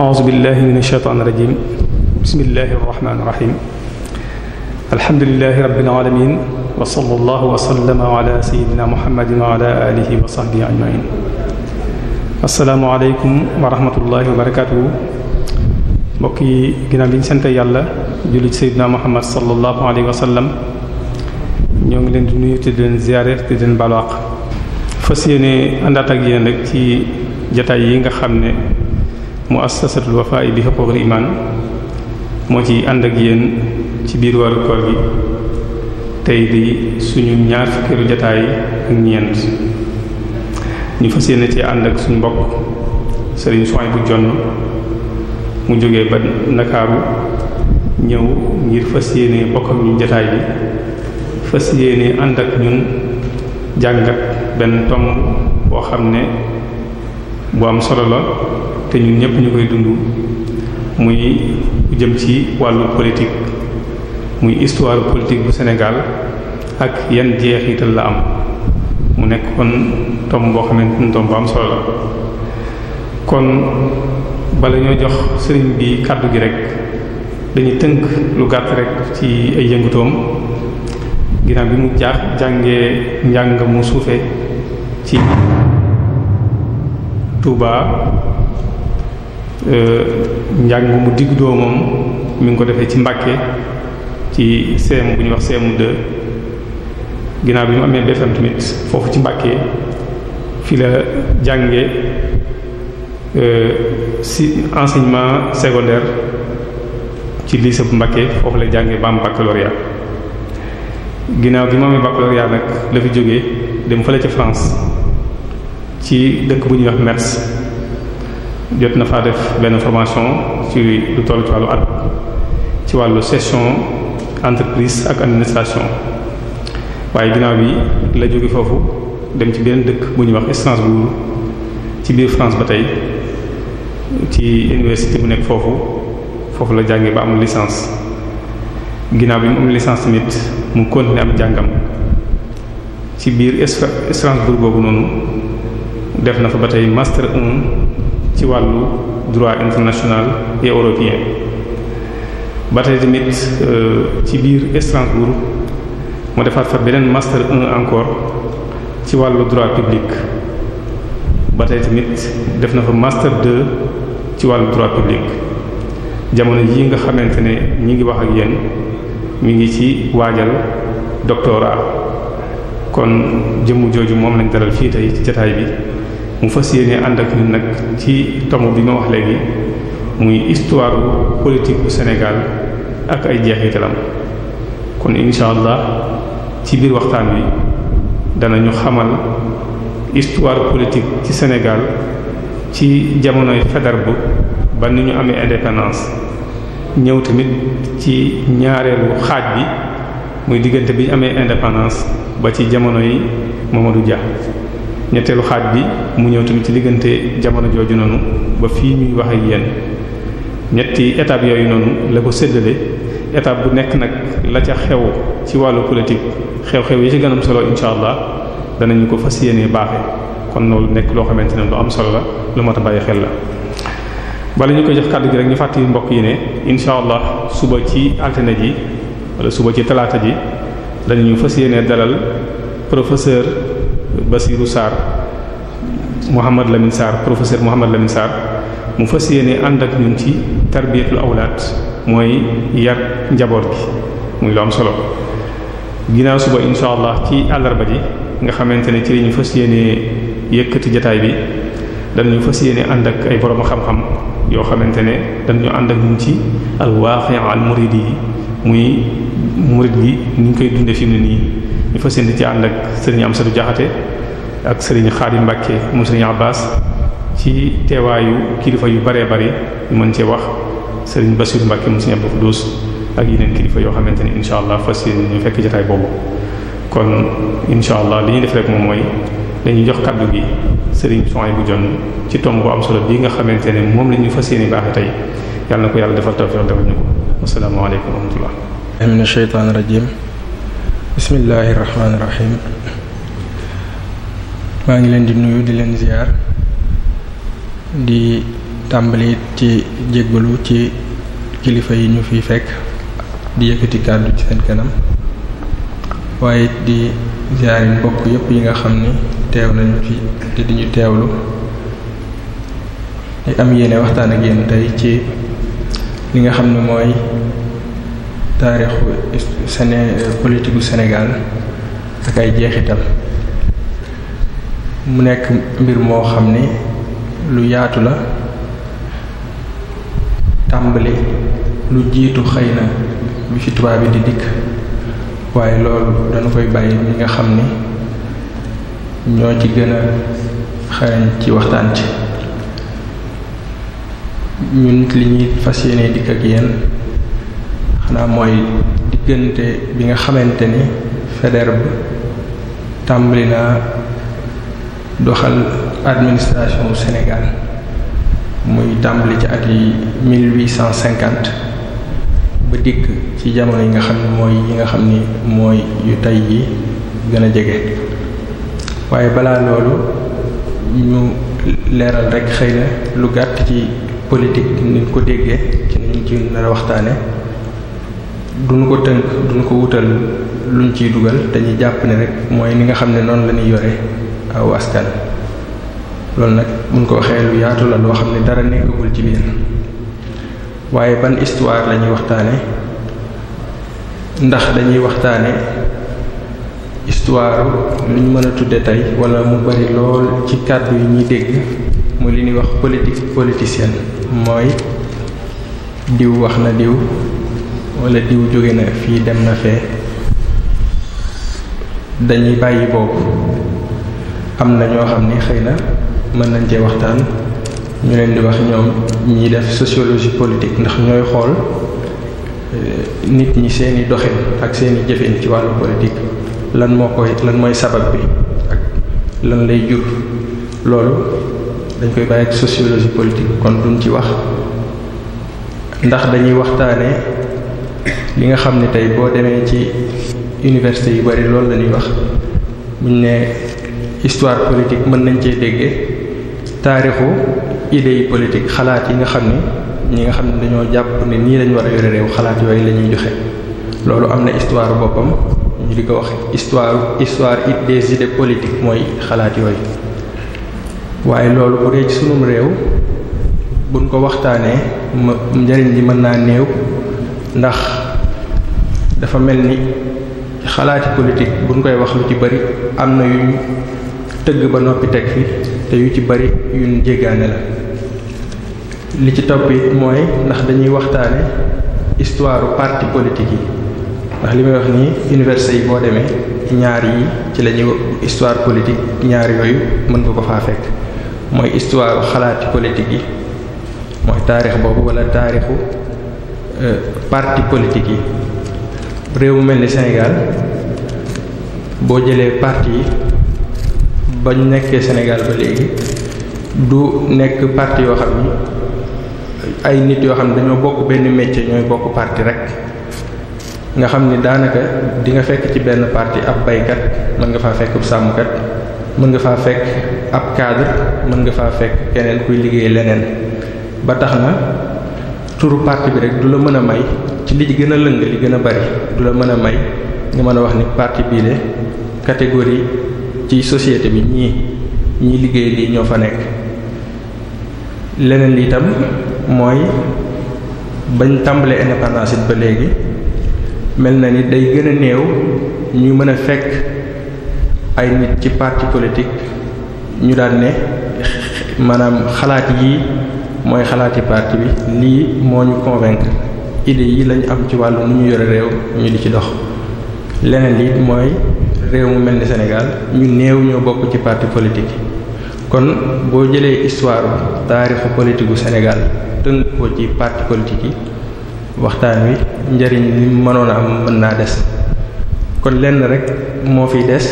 أعوذ بالله من الشيطان الرجيم بسم الله الرحمن الرحيم الحمد لله رب العالمين وصلى الله وسلم على سيدنا محمد وعلى آله وصحبه أجمعين asalaamaaleykum wa rahmatullahi wa barakaatu yi ginnaaw bi ñu sant yàlla julli ci sayyidina muhammad sallallahu alayhi wa ñoo ngi leen di nuyu te di leen ziyaare te di leen balu àq fas yéene àndaat yéen rek ci jataay yi nga xam ne muassasatul wafa'i bi huquqil iman moo ci ànd ak yéen ci biir waru koor gi tey di suñu ñaar fukkeelu jataay ak ñeent ñu fas yéene ci ànd ak suñu mbokk sëriñ soy bu jonn mu jógee ba Ndakaaru ñëw ngir fës yéene bokk ak jataay bi fës yéene ànd ak ñun jàngat benn tom boo xam ne bu am solo la te ñun ñëpp ñu koy dund muy jëm ci wàllu politique muy histoire politique bu senegal ak yan jeexital la am mu nekk kon tomb boo xamante ni tomb bu am solo la kon bala ñoo jox sëriñ bi kàddu gi rek dañuy tënk lu gàtt rekk ci ay yëngutoom ginnaaw bi mu jaar jàngee njàng mu suufe ci Touba euh, njàng mu digg doomam mi ngi ko defee ci Mbàkke ci seem bu ñuy wax seemu 2 ginaaw bi mu amee BFM tamit foofu ci Mbàkke fi la jànge euh, si enseignement secondaire ci lycée bu Mbàkke foofu la jànge ba am baccalauréat ginnaaw bi mu amee baccalauréat nag la fi jógee dem fële ca France ci dëkk bu ñuy wax Metz jot na faa def benn formation ci lu toll ci wàllu at ci wàllu session entreprise ak administration waaye ginnaaw bi la jóge foofu dem ci benn dëkk bu ñuy wax Strasbourg ci biir France ba tey ci université bu nekk foofu foofu la jàngee ba am licence ginnaaw bi mu am licence tamit mu continuer am jàngam ci biir Strasbourg boobu noonu def na fa ba tey master 1 ci wàllu droit international et européen ba tey tamit euh, ci biir Strasbourg moo defaat fa beneen master 1 encore ci wàllu droit public ba tey tamit def na fa master 2 ci wàllu droit public jamono ji nga xamante ne ñu ngi wax ak yéen mi ngi ci waajal doctorat kon jëmm jooju moom lañ dalal fii tey ci jataay bi mu fas yéene ànd ak ñun nag ci tomb bi ma wax léegi muy histoire politique bu Sénégal ak ay jeexitalam kon insha allah ci biir waxtaan wi danañu xamal histoire politique ci Sénégal ci jamonoy bu ba ni ñu amee indépendance ñëw tamit ci ñaareelu xaaj bi muy diggante bi amee indépendance ba ci jamono yi Mamadou ja ñetteelu xaaj bi mu ñëw tamit ci diggante jamono jooju noonu ba fii ñuy wax ak ñetti étape yooyu noonu la ko séddale étape bu nekk nag la ca xew ci wàllu politique xew-xew yi ci gënam solo incha allah danañu ko fas yéenee baaxee kon loolu nekk loo xamante ne lu am solo la lu mat a bàyyi xel la. bala ñu koy jox kàddu gi rek ñu fàttali mbokk yi ne incha allah suba ci altine ji wala suba ci talaata ji dañu fas yéenee dalal professeur Basirou Sarr Mouhamad Lamine Sarr professeur Mouhamad Lamine Sarr mu fas yéenee ànd ak ñun ci tarbiyatul awlaat mooy yar njaboot gi muy lu am solo ginnaaw suba insha allah ci àllarba ji nga xamante ne ci li ñu fas yéene yëkkati jataay bi dañu fas yéene ànd ak ay borom xam-xam yoo xamante ne dañu ànd ak ñun ci al waaqi' al muridi yi muy murid gi ni ñu koy dunde fi mu nii ñu fas yéene ci ànd ak sëriñ Amsatu Jaxate ak sëriñ Xaadim Mbàkke moom sëriñ Abbaas ci teewaayu kilifa yu baree bari ñu mën cee wax sëriñ Basiru Mbàkke mu sëriñ Abdou Khoudoss ak yeneen kilifa yoo xamante ni incha allah fas yéene ñu fekk jotaay boobu kon incha allah li ñuy def rek moom mooy dañuy jox kaddu gi sëriñ soy bu jon ci tomb bu am solo bii nga xamante ne moom la ñu fas yéene baaxe tey yàlla ko yàlla defal tawfiq defal ñu ko asalaamaaleykum wa rahmatullah min ashaytaan rajim bismillahi rahmaani rahim ngi leen di nuyu di leen ziar di tàmbali ci jéggalu ci kilifa yi ñu fi fekk di yëkkati kàddu ci seen kanam waaye di ziare mbokk yépp yi nga xam ni teew nañ fi te di ñu teewlu di am yéene waxtaan a yéen tey ci li nga xam ne mooy taarixu Séné politique gu Sénégal ak ay jeexital mu nekk mbir moo xam ni lu yaatu la. tàmbali lu jiitu xëy na lu ci tubaab di dikk waaye loolu dañu koy bàyyi bi nga xam ni ñoo ci gën a ci waxtaan ci ñun li ñuy fas yéene dikk ak yéen xanaa mooy diggante bi nga xamante ni Faidherbe tàmbali naa doxal administration Sénégal muy tàmbali ci at yi 1850 ba dikk ci jamono yi nga xam ne mooy yi nga xam ni mooy yu tey yi gën a jege waaye balaa loolu ñu leeral rek xëy na lu gàtt ci politique ni ko déggee ci niñ ci nar a waxtaane duñu ko tënk duñu ko wutal luñ ciy dugal dañuy jàpp ne rek mooy ni nga xam ne noonu la yore aw askan loolu nag mun ko waxee lu yaatu la loo xam ne dara nekkagul ci biir waaye ban histoire lañuy waxtaane ndax dañuy waxtaane histoire lu ñu mën a tudde tey wala mu bari lool ci kàddu yi ñuy dégg mu li ñuy wax politique politicienne mooy diw wax na diw wala diw jóge na fii dem na fee dañuy bàyyi boobu am na ñoo xam ni xëy na mën nañ cee waxtaan ñu leen di wax ñoom ñiy def sociologie politique ndax ñooy xool eh, nit ñi seeni doxee ak seeni jëfin ci wàllu politique lan moo koy lan mooy sabab bi ak lan lay jur loolu dañ koy bàyyi ak sociologie politique kon duñ ci wax ndax dañuy waxtaanee li nga xam ne tey boo demee ci université yu bari loolu lañuy ñuy wax buñ ne histoire politique mën nañ cee déggee taarixu idées yi politique xalaat yi nga xam ni ñi nga xam ne dañoo jàpp ne nii lañ war a yore réew xalaat yooyu lañuy joxe loolu am na histoire boppam ñu di ko wax histoire histoire des idées politiques mooy xalaat yooyu waaye loolu bu dee sunum réew buñ ko waxtaanee ma njariñ li mën naa néew ndax dafa mel ni xalaati politique buñ koy wax lu ci bari am na yu tëgg ba noppi teg fi te yu ci bari yuñ jéggaane la li ci topp mooy ndax dañuy waxtaane histoire parti politique yi ndax li may wax nii université yi boo demee ñaar yi ci la ñuy histoire ñaar yooyu mën nga ko faa fekk mooy histoire xalaati politique yi mooy taarix boobu walla taarixu euh, parti politique yi réew mu mel ni Sénégal boo jëlee parti yi ba ñu nekkee Sénégal ba léegi du nekk parti yoo xam ni ay nit yoo xam ne dañoo bokk benn métier ñooy bokk parti rek nga xam ni daanaka di nga fekk ci benn parti ab baykat mën nga faa fekk sàmm sàmmkat mën nga faa fekk ab cadre mën nga faa fekk keneen kuy liggéey leneen ba tax na turu parti bi rek du la mën a may ci li gën a lëng li gën a bari du la mën a may nga mën a wax ni parti bii de catégorie ci société bi ñii ñii liggéey lii ñoo fa nekk leneen li itam mooy bañ tàmbalee indépendance ba léegi mel na ni day gën a néew ñuy mën a fekk ay nit ci parti politique ñu daan ne maanaam xalaat yii mooy xalaati parti bi lii moo ñu convaincre idées yi lañ am ci wàllu nu ñu yore réew ñu di ci dox leneen li mooy réew mu mel ni Sénégal ñu néew bokk ci parti yi kon boo jëlee histoire taarixu politique senegal Sénégal tënk ko ci parti politique yi waxtaan wi njariñ li mënoon a am mën naa des kon lenn rek moo fi des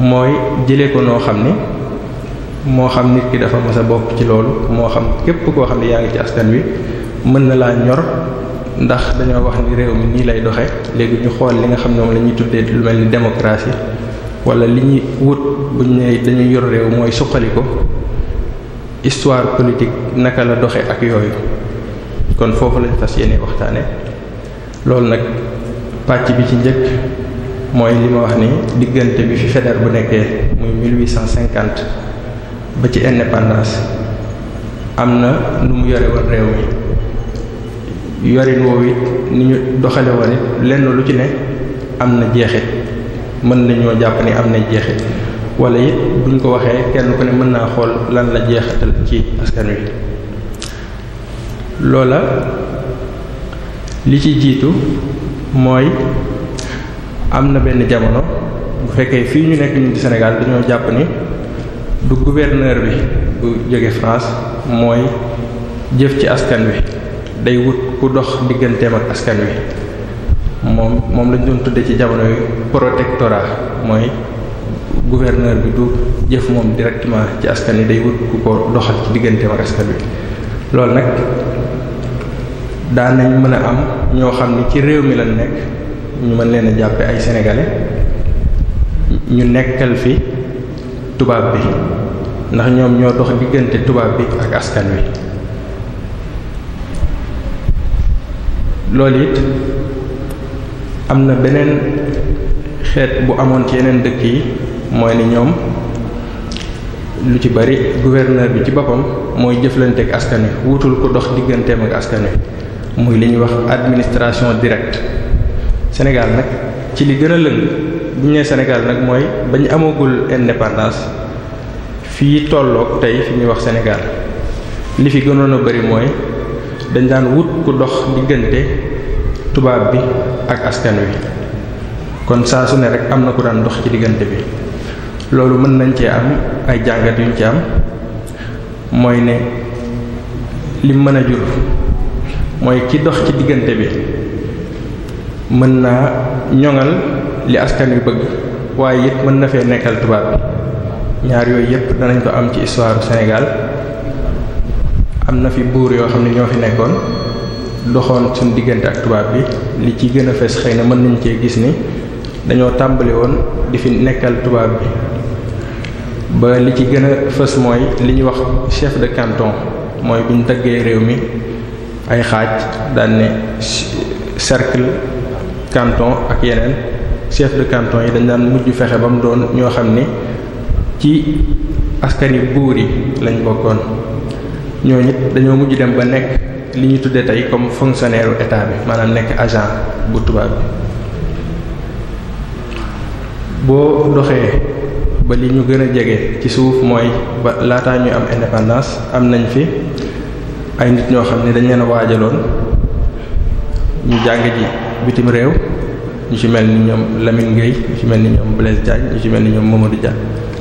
mooy jëlee ko noo xam ni moo xam nit ki dafa masa a ci loolu moo xam képp koo xam ne yaa ngi ci askan wi mën na laa ñor ndax dañoo wax ni réew mi nii lay doxe léegi ñu xool li nga xam ne moom la ñuy tuddee lu mel ni démocratie wala li ñuy wut bu ñu ne dañuy yor réew mooy suqali ko histoire politique naka la doxe ak yooyu kon foofu lañ tas yéene waxtaane loolu nag pàcc bi ci njëkk mooy li ma wax ni diggante bi fi Faidherbe bu nekkee muy 1850 ba ci indépendance am na nu mu yore réew mi yorin woowu it ni ñu doxale woon lenn lu ci ne am na jeexit mën nañoo jàpp ni am na jeexit wala it buñ ko waxee kenn ku ne mën naa xool lan la jeexital ci askan wi loola li ci jiitu mooy am na benn jamono bu fekkee fii ñu nekk ñun di Sénégal dañoo jàpp ni du gouverneur bi bu jóge France mooy jëf ci askan wi day wut ku dox digganteem ak askan wi moom moom lañ doon tudde ci jamono yu protectorat mooy gouverneur bi du jëf moom directement ci askan wi day wut ku ko doxal ci digganteem ak askan wi loolu nag daan nañ mën a am ñoo xam ni ci réew mi lañ nekk ñu mën leen jàppe ay sénégalais ñu nekkal fi tubaab bi ndax ñoom ñoo dox diggante tubaab bi ak askan wi loolu it am na beneen xeet bu amoon ci yeneen dëkk yi mooy ni ñoom lu ci bari gouverneur bi ci boppam mooy jëflante ak askan wi wutul ko dox digganteem ak askan wi muy li ñuy wax administration directe Sénégal nag ci li gën a lëng bu ñu nag mooy ba ñu amagul indépendance fii tolloog tey fi ñuy wax Sénégal li fi gënoon bari mooy dañ daan wut ku dox diggante tubaab bi ak askan wi kon saa su ne rek am na ku daan dox ci diggante bi loolu mën nañ cee am ay jàngat yuñ ci am mooy ne lim mën a jur mooy ki dox ci diggante bi mën naa ñoŋal li askan wi bëgg waaye it mën na fee nekkal tubaab bi ñaar yooyu yépp danañ ko am ci histoire Sénégal am na fi buur yoo xam ne ñoo fi nekkoon doxoon suñ diggante ak tubaab bi li ci gën a fees xëy na mën nañ cee gis ni dañoo tàmbali woon di fi nekkal tubaab bi ba li ci gën a fës mooy li ñuy wax chef de canton mooy bu ñu réew mi ay xaaj daan ne cercle canton ak yeneen chef de canton yi dañ daan mujj fexe ba mu doon ñoo xam ni ci askani buur yi lañ bokkoon ñooñu it dañoo mujj dem ba nekk li ñu tuddee tey comme fonctionnaire u état bi maanaam nekk agent bu tubaab bi boo doxee ba li ñu gën a jege ci suuf mooy ba laataa ñu am indépendance am nañ fi ay nit ñoo xam ne dañ leen waajaloon ñu jàng ji bitim réew ñu ci mel ni ñoom Lamine Gueye ñu ci mel ni ñoom Blaise Diagne ñu ci mel ni ñoom Mamadou Dia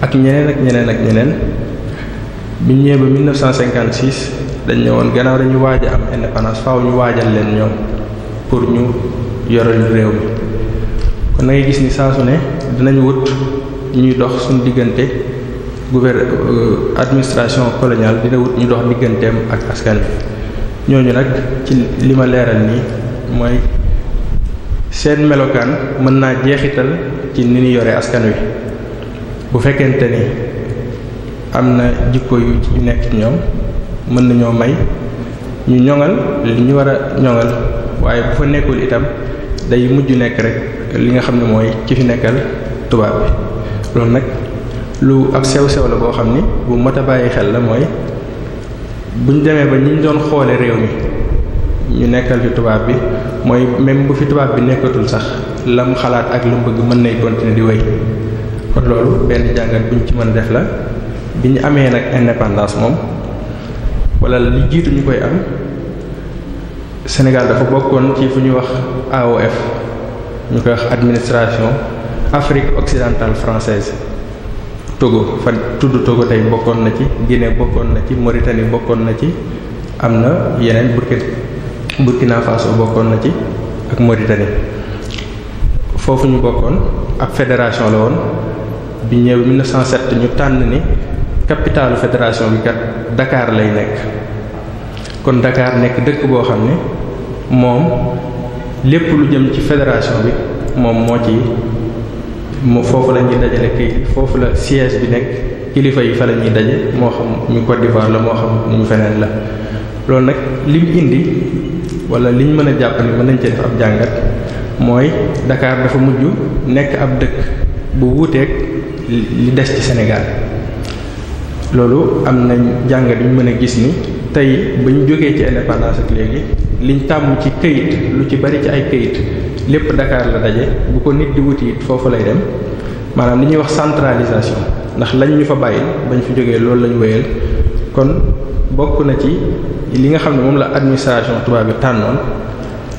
ak ñeneen ak ñeneen ak ñeneen bi ñëwee ba 1956 dañ ne woon gannaaw dañu waaj a am indépendance faaw ñu waajal leen ñoom pour ñu yoral réew mi kon da ngay gis ni saa su ne dinañ wut ñuy dox suñu diggante gouver euh, administration coloniale dina wut ñu dox digganteem ak askan wi ñooñu nag ci li ma leeral ni mooy seen melokaan mën naa jeexital ci ni ñu yore askan wi bu fekkente ni am na jikko yu nekk ci ñoom mën nañoo may ñu ñoŋal li ñu war a ñoŋal waaye bu fa nekkul itam day mujj nekk rek li nga xam ne mooy ci fi nekkal tubaab bi loolu nag lu ak sew sew la boo xam ni bu mat a bàyyi xel la mooy buñ demee ba ñu doon xoole réew mi ñu nekkal fi tubaab bi mooy même bu fi tubaab bi nekkatul sax lam xalaat ak lu mu bëgg mën nay continuer di wéy kon loolu benn jàngat buñ ci mën a def la bi ñu amee nag indépendance moom wala li jiitu ñu koy am Sénégal dafa bokkoon ci fu ñuy wax AOF ñu koy wax administration Afrique occidentale française Togo fan tudd Togo tey bokkoon na ci Guinée bokkoon na ci Mauritanie bokkoon na ci am na yeneen Burkina Faso bokkoon na ci ak Mauritanie foofu ñu bokkoon ab fédération la woon bi ñëw ñu tànn ni capitalu fédération bi kat dakaar lay nekk kon Dakar nekk dëkk boo xam ne moom lépp lu jëm ci fédération bi moom moo ci mu foofu la ñuy dajale foofu la siège bi nekk kilifa yi fa la ñuy daje moo xam ñu Côte d'Ivoire la moo xam ñu feneen la loolu nag lim indi wala liñ mën a jàpp ne mën nañ ci def ab jàngat mooy Dakar dafa mujj nekk ab dëkk bu wuuteeg li des ci Sénégal loolu am nañ jàngat yu mën a gis ni tey ba ñu jógee ci indépendance ak léegi liñ tàmm ci kayit lu ci bari ci ay kayit lépp Dakar la daje bu ko nit di wuti it foofu lay dem maanaam li ñuy wax centralisation ndax lañu ñu fa bàyyi bañ fi jógee loolu lañ wéyal kon bokk na ci li nga xam ne moom la administration tubaab bi tànnoon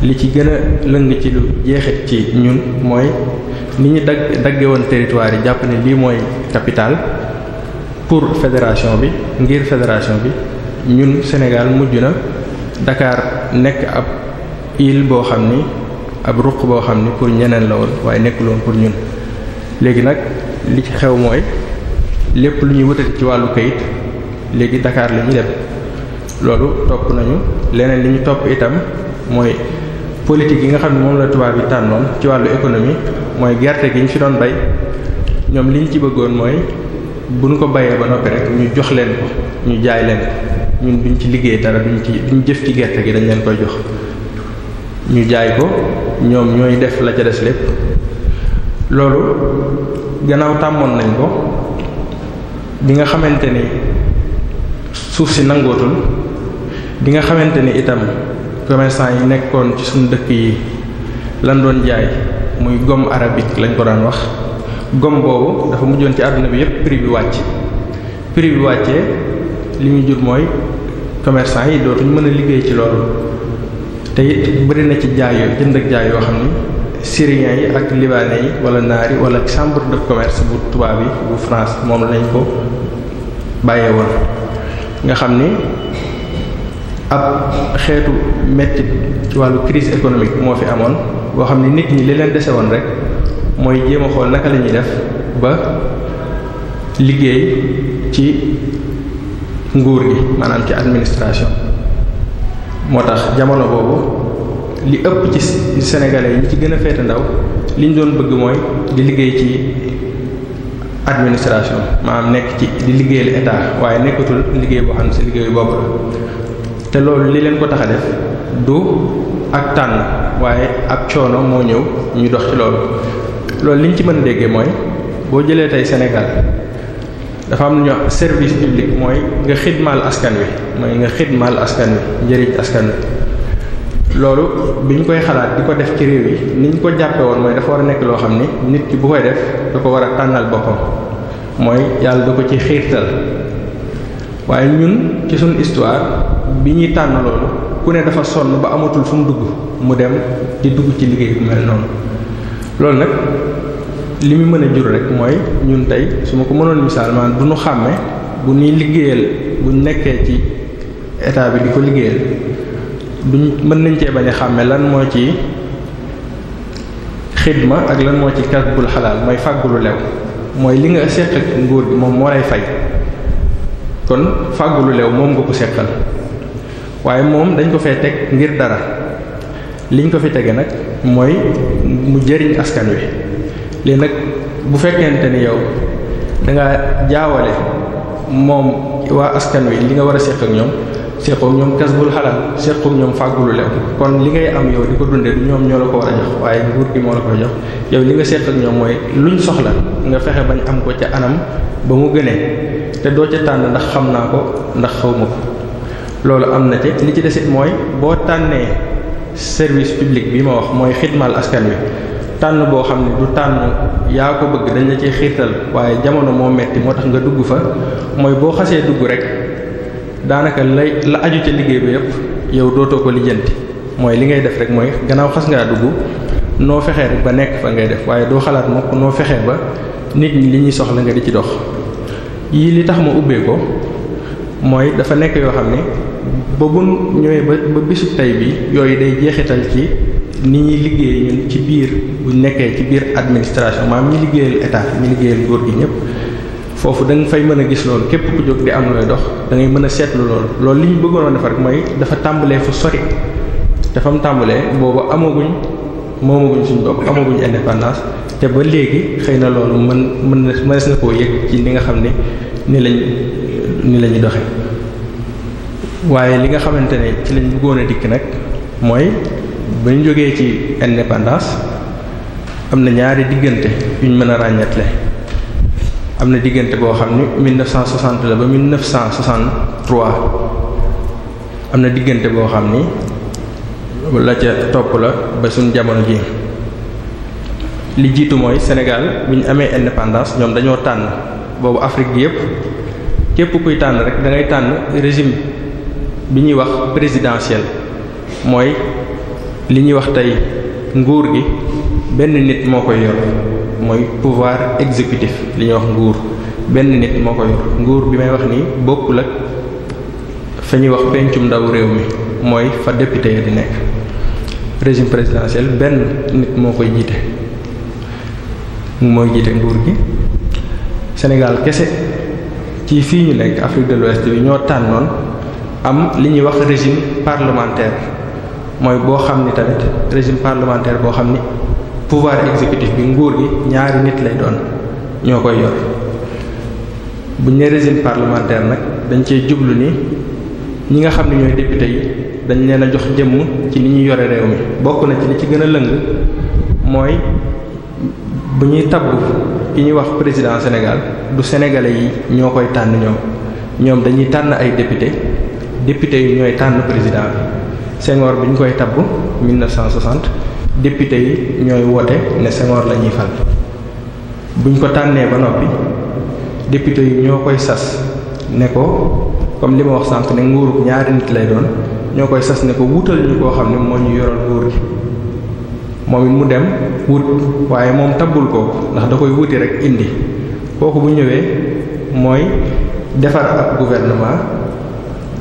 li ci gën a lëng ci lu jeexit ci ñun mooy ni ñu dagg dagge woon territoire yi jàpp ne lii mooy capitale pour fédération bi ngir fédération bi ñun Sénégal mujj na Dakar nekk ab île boo xam ni ab ruq boo xam ni pour ñeneen la woon waaye nekkuloon pour ñun léegi nag li ci xew mooy lépp lu ñuy wutati ci wàllu kayit léegi Dakar la ñu dem loolu topp nañu leneen li ñu topp itam mooy politique yi nga xam ne moom la tubaab yi tànnoon ci wàllu économie mooy gerte gi ñu fi doon bay ñoom li ñu ci bëggoon mooy bu ñu ko bayee ba noppi rek ñu jox leen ko ñu jaay leen ko ñun duñ ci liggéey dara duñ ci duñ jëf ci gerte gi dañ leen koy jox ñu jaay ko ñoom ñooy def la ca des lépp loolu gannaaw tàmmoon nañ ko bi nga xamante ni suuf si nangootul bi nga xamante ni itam commerçant yi nekkoon ci suñu dëkk yi lan doon jaay muy gomme arabique lañ ko daan wax gomme boobu dafa mujjoon ci àdduna bi yépp prix bi wàcc prix bi wàccee li ñu jur mooy commerçant yi dootuñ mën a liggéey ci loolu te it bëri na ci jaay yoo jënd ak jaay yoo xam ni syriens yi ak libanais yi wala naar yi wala chambre def commerce bu tubaab yi bu France moom lañ ko bàyyee woon nga xam ni ab xeetu metti ci wàllu crise économique moo fi amoon boo xam ni nit ñi li leen dese woon rek mooy jéem xool naka la def ba liggéey ci nguur gi maanaam ci administration moo tax jamono boobu li ëpp ci sénégalais yi ñu ci gën a féete ndaw li ñu doon bëgg mooy di liggéey ci administration maanaam nekk ci di liggéeyal état waaye nekkatul liggéey boo xam ne sa liggéeyu bopp te loolu li leen ko tax a def du ak tànn waaye ab coono moo ñëw ñu dox ci loolu loolu liñ ci mën a déggee mooy boo jëlee tey senegal dafa am ñoo service public mooy nga xidmaal askan wi mooy nga xidmaal askan wi njëriñ askan wi loolu bi ñu koy xalaat di ko def ci réew yi ni ñu ko jàppe woon mooy dafa war a nekk loo xam ni nit ki bu koy def da ko war a tànnal boppam mooy yàlla da ko ci xiirtal waaye ñun ci suñu histoire bi ñuy tànn loolu ku ne dafa sonn ba amatul fu dugg mu dem di dugg ci liggéey bu mel noonu loolu nag li muy mën a jur rek mooy ñun tey su ma ko mënoon misaal maanaam du ñu xàmme bu ñuy liggéeyal bu nekkee ci état bi di ko liggéeyal duñ mën nañ cee bañ xàmme lan moo ci ma ak lan moo ci kasbul xalaal mooy fàggulu lew mooy li nga seq ak moom fay kon fàggulu moom nga ko seqal waaye moom dañ ko fee teg ngir dara liñ ko fi tege nag mooy mu jëriñ askan wi lii nag bu fekkente ni yow danga nga jaawale moom waa askan wi li nga war a seq ak ñoom seqoom ñoom kasbul xalaal seqoom ñoom fàggulu lekk kon li ngay am yow di ko dundee du ñoom ñoo la ko war a jox waaye nguur gi moo la koy jox yow li nga seq ak ñoom mooy luñ soxla nga fexe bañ am ko ca anam ba mu gënee te doo ca tànn ndax xam naa ko ndax xaw ma ko loolu am na ci li ci desit mooy boo tànnee service public bi ma wax mooy xidmaal askan wi tànn boo xam ne du tànn yaa ko bëgg dañ la ci xiirtal waaye jamono moo metti moo tax nga dugg fa mooy boo xasee dugg rek daanaka la aju ca liggéey bi yépp yow dootoo ko lijjanti mooy li ngay def rek mooy gannaaw xas ngaa dugg noo fexee rek ba nekk fa ngay def waaye doo xalaat mukk noo fexee ba nit ñi li ñuy soxla nga di ci dox yii li tax ma ubbee ko mooy dafa nekk yoo xam ne ba ñëwee ba ba bisu tey bi yooyu day jeexital ci ni ñuy liggéey ñun ci biir bu nekkee ci biir administration maam ñi liggéeyal état ñi liggéeyal góor gi ñëpp foofu danga fay mën a gis loolu képp ku jóg di am dox da ngay mën a seetlu loolu loolu li ñu bëggoon a def rek mooy dafa tàmbalee fu sori dafa am tàmbalee boobu amaguñ moomaguñ suñ bopp amaguñ indépendance te ba léegi xëy na loolu mën mën na mënees na koo yëg ci li nga xam ne ni lañ ni la ñu doxee waaye li nga xamante ne ci lañ bëggoon a dikk nag mooy. ba ñu jógee ci indépendance am na ñaari diggante yuñ mën a ràññatle am na diggante boo xam ni 1960 la ba 1963 am na diggante boo xam ni la ca topp la ba suñ jamono ji li jiitu mooy Sénégal bi ñu amee indépendance ñoom dañoo tànn boobu Afrique gi yépp képp kuy tànn rek da ngay tànn régime bi ñuy wax présidentiel mooy li ñuy wax tey nguur gi benn nit moo koy yor mooy pouvoir exécutif li ñuy wax nguur benn nit moo koy yor nguur bi may wax nii bokkul ak fa ñuy wax pencum ndaw réew mi mooy fa député ya di nekk régime présidentiel benn nit moo koy jiite mooy jiite nguur gi Sénégal kese ci fii ñu nekk Afrique de l'Ouest bi ñoo tànnoon am li ñuy wax régime parlementaire mooy boo xam ne tamit régime parlementaire boo xam ni pouvoir exécutif bi nguur gi ñaari nit lay doon ñoo koy yor buñ ne régime parlementaire nag dañ cee jublu ni ñi nga xam ne ñooy député yi dañ leen a jox jëmm ci ni ñuy yore réew mi bokk na ci li ci gën a lëng mooy bu ñuy tabbu ki ñuy wax président Sénégal du sénégalais yi ñoo koy tànn ñoom ñoom dañuy tànn ay député député yi ñooy tànn président bi Senghor bi ñu koy tabb 1960 député yi ñooy woote ne Senghor lañuy ñuy fal buñ ko tànnee ba noppi député yi ñoo koy sas ne ko comme li ma wax sànq ne nguurub ñaari nit lay doon ñoo koy sas ne ko wutal ñu koo xam ne moo ñu yoral nguur gi moom it mu dem wut waaye moom tabbul ko ndax da koy wuti rek indi kooku bu ñëwee mooy defar ab gouvernement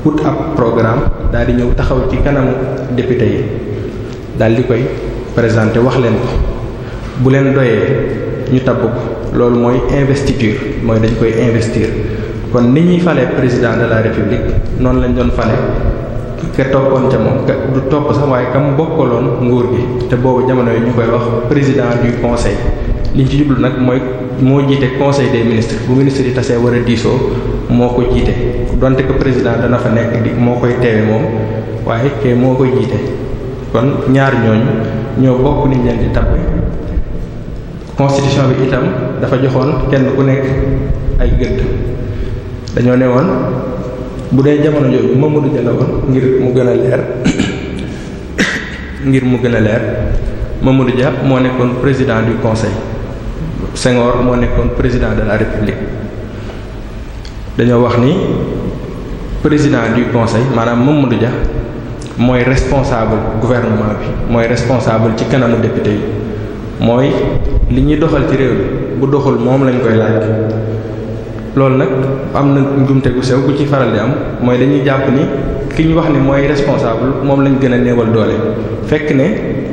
ut ab programme daal di ñëw taxaw ci kanamu député yi daal di koy présenté wax leen ko bu leen doyee ñu tabb ko loolu mooy investiture mooy dañ koy investir kon ni ñuy fale président de la république noonu lañ doon fale ke toppoon ca moom ka du topp sax waaye kam bokkaloon nguur gi te boobu jamono yi ñu koy wax président du conseil liñ ci jublu nag mooy moo jiite conseil de ministre bu ministres yi tasee war a diisoo moo ko jiite donte ko président dana fa nekk di moo koy teewe moom waaye kay moo koy jiite kon ñaar ñooñu ñoo bokk ni leen di tabb constitution bi itam dafa joxoon kenn ku nekk ay gëdd dañoo ne woon bu dee jamono yooyu Mamadou Dia la woon ngir mu gën a leer ngir mu gën a leer Mamadou Dia moo nekkoon président du conseil Senghor moo nekkoon président de la république dañoo wax ni président du conseil maanaam Mamadou Dia mooy responsable gouvernement bi mooy responsable ci kanamu député yi mooy li ñuy doxal ci réew bi bu doxul moom lañ koy laaj loolu nag am na njumte ku sew ku ci faral di am mooy dañuy jàpp ni ki ñu wax ni mooy responsable moom lañ gën a néewal doole fekk ne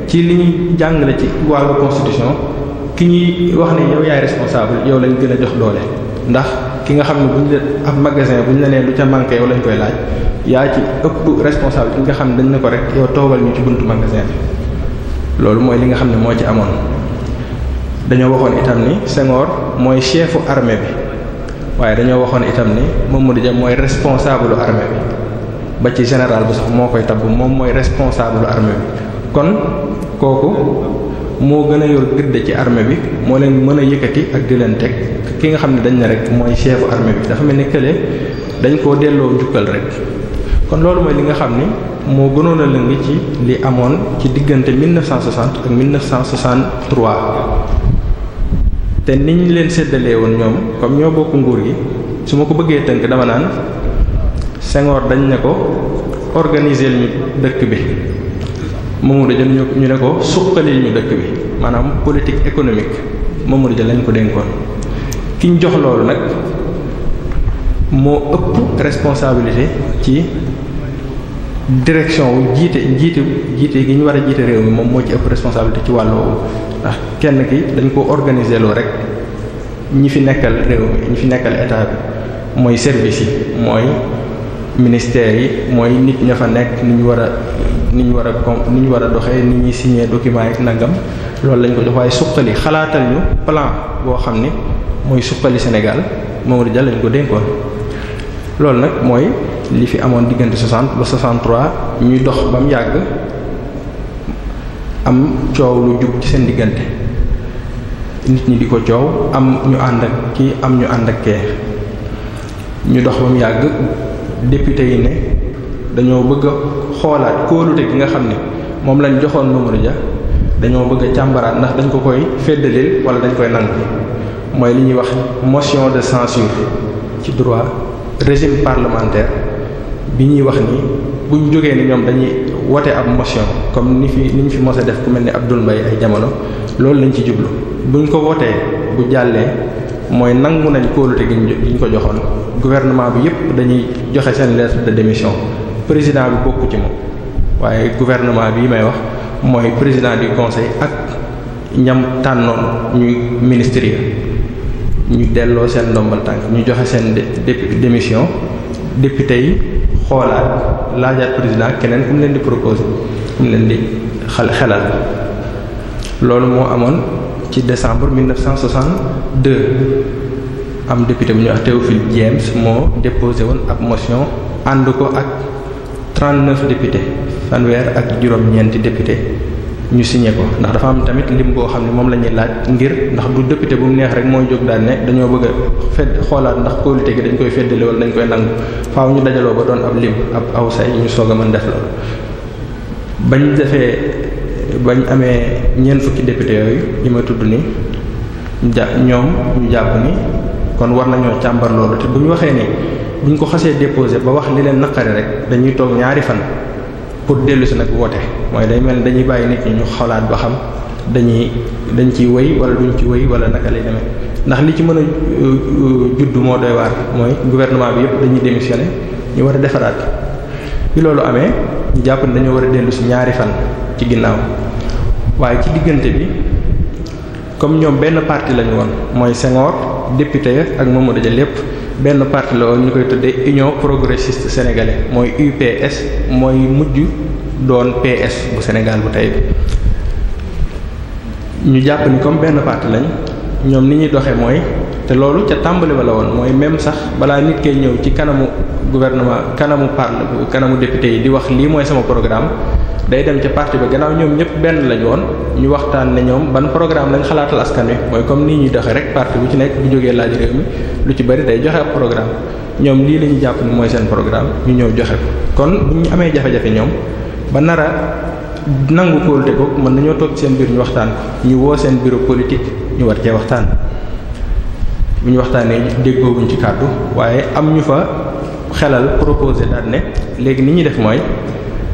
ci li ñuy jàngale ci wàllu constitution ki ñuy wax ne yow yaay responsable yow lañ gën a jox doole ndax ki nga xam ne bu ñu ab magasin bu ñu la nee lu ca manqué yow lañ koy laaj yaa ci ëpp responsable ki nga xam ne dañ ne ko rek yow toogal ñu ci buntu magasin bi loolu mooy li nga xam ne moo ci amoon dañoo waxoon itam ni Senghor mooy chefu armée bi waaye dañoo waxoon itam ni moom Mamadou Dia mooy responsable armée bi ba ci général bu sax moo koy tab moom mooy responsable armée bi kon kooku moo gën a yor gëdd ci armée bi moo leen mën a yëkkati ak di leen teg ki nga xam ne dañu ne rek mooy chef armée bi dafa mel ni kële dañ koo delloo njukkal rek kon loolu mooy li nga xam ni moo gënoon a lëng ci li amoon ci diggante 1960 ak 1963 te niñ leen séddalee woon ñoom comme ñoo bokk nguur yi su ma ko bëggee tënk dama naan Senghor dañ ne ko organiser ñu dëkk bi Mamadou Dia ñu ñu ne ko suqalil dëkk bi maanaam politique économique Mamadou Dia lañ ko dénkoon ki ñu jox loolu nag moo ëpp responsabilité ci direction wu jiite njiite jiite ñu war a jiite réew mi moom moo ci ëpp responsabilité ci wàll woowu ndax kenn ki dañ ko organiser loolu rek ñi fi nekkal réew mi ñi fi nekkal état bi mooy service yi mooy ministère yi mooy nit ña fa nekk ni ñu war a ni ñu war a com ni ñu war a doxee ni ñuy signé document yi nangam loolu lañ ko def waaye suqali xalaatal ñu plan boo xam ne mooy suqali Sénégal Mamadou Dia lañ ko dénkoon. loolu nag mooy li fi amoon diggante 60 ba 63 ñuy dox ba mu yàgg am coow seen diggante nit ñi di ko coow ñu ànd ak kii am ñu ànd ñu dox ba yàgg. député yi ne dañoo bëgg a xoolaat kóolute gi nga xam ne moom lañ joxoon Mamadou Dia dañoo bëgg a càmbaraat ndax dañ ko koy féddaleel wala dañ koy nangu mooy li ñuy wax motion de censure ci droit régime parlementaire bi ñuy wax ni buñ jógee ne ñoom dañuy wote ab motion comme ni fi ni ñu fi mos def ku mel ni Abdoul Mbaye ay jamono loolu lañ ci jublu buñ ko wotee bu jàllee mooy nangu nañ kóolute gi ñu ko joxoon gouvernement bi yépp dañuy joxe seen lettre de démission président bi bokku ci moom waaye gouvernement bi may wax mooy président du conseil ak ñam tànnoon ñuy ministre ñu delloo seen ndombal tànk ñu joxe seen démission député yi xoolaat laajaat président keneen ku mu leen di proposer ku mu leen di xel xelal loolu moo amoon ci décembre 1962 am député bu ñu wax Théophile James moo déposé woon ak motion ànd ko ak 39 députés fanweer ak juróom-ñeenti député ñu signé ko ndax dafa am tamit lim boo xam ne moom la ñuy laaj ngir ndax du deputé bu mu neex rek mooy jóg daal ne dañoo bëgg a fedd xoolaat ndax kóolute gi dañ koy feddali wala dañ koy nangu faaw ñu dajaloo ba doon ab lim ab aw say ñu soog a mën def loolu bañ defee ñu amee ñeen fukki député yooyu yi ma tudd ni ja ñoom ñu jàpp ni kon war nañoo càmbar loolu te bu ñu waxee ne bu ñu ko xasee déposé ba wax li leen naqari rek dañuy toog ñaari fan pour dellu si nag woote mooy day mel ni dañuy bàyyi nit ñi ñu xalaat ba xam dañuy dañ ciy woy wala duñ ci wëy wala naka lay demee ndax li ci mën a euh, juddu moo doy waar mooy gouvernement bi yëpp dañuy démissionné ñu war a defaraat bi loolu amee. ñu jàpp ne dañoo war a dellu si ñaari fan ci ginnaaw waaye ci diggante bi comme ñoom benn parti lañu woon mooy Senghor député ak moom Mamadou Dia lépp benn parti la woon ñu koy tëdde Union progressiste sénégalais mooy UPS mooy mujj doon PS bu Sénégal bu tey ñu jàpp ni comme benn parti lañ ñoom ni ñuy doxee mooy te loolu ca tàmbali ba la woon mooy même sax balaa nit kee ñëw ci kanamu gouvernement kanamu parle kanamu député yi di wax lii mooy sama programme day dem ca parti ba gannaaw ñoom ñëpp benn lañu woon ñu waxtaan ne ñoom ban programme lañ xalaatal askan wi mooy comme ni ñuy doxee rek parti bu ci nekk bu jógee laaj réew mi lu ci bari day joxe ab programme ñoom lii la jàpp ne mooy seen programme ñu ñëw joxe ko kon bu ñu amee jafe-jafe ñoom ba nara nangu kóolute boobu mën nañoo toog seen biir ñu waxtaan ñu woo seen bureau politique ñu war cee waxtaan bu ñu waxtaanee ci kàddu xelal proposé daal ne léegi ni ñuy def mooy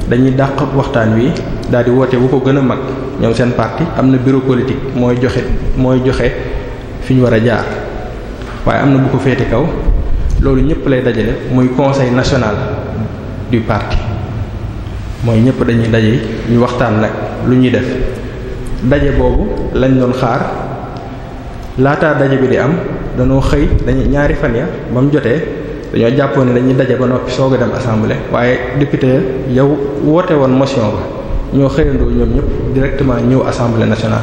dañuy dàq waxtaan wi daal di woote bu ko gën a mag ñoom seen parti am na bureau politique mooy joxe mooy joxe fi ñu war a jaar waaye am na bu ko feete kaw loolu ñëpp lay dajale muy conseil national du parti mooy ñëpp dañuy daje ñu waxtaan nag lu ñuy def daje boobu lañ doon xaar laataa daje bi di am danoo xëy dañuy ñaari fan ya ba mu jotee dañoo jàppoon ne dañuy daje ba noppi soog a dem assemblée waaye député yow woote woon motion ba ñoo xëyandoo ñoom ñëpp directement ñëw assemblée national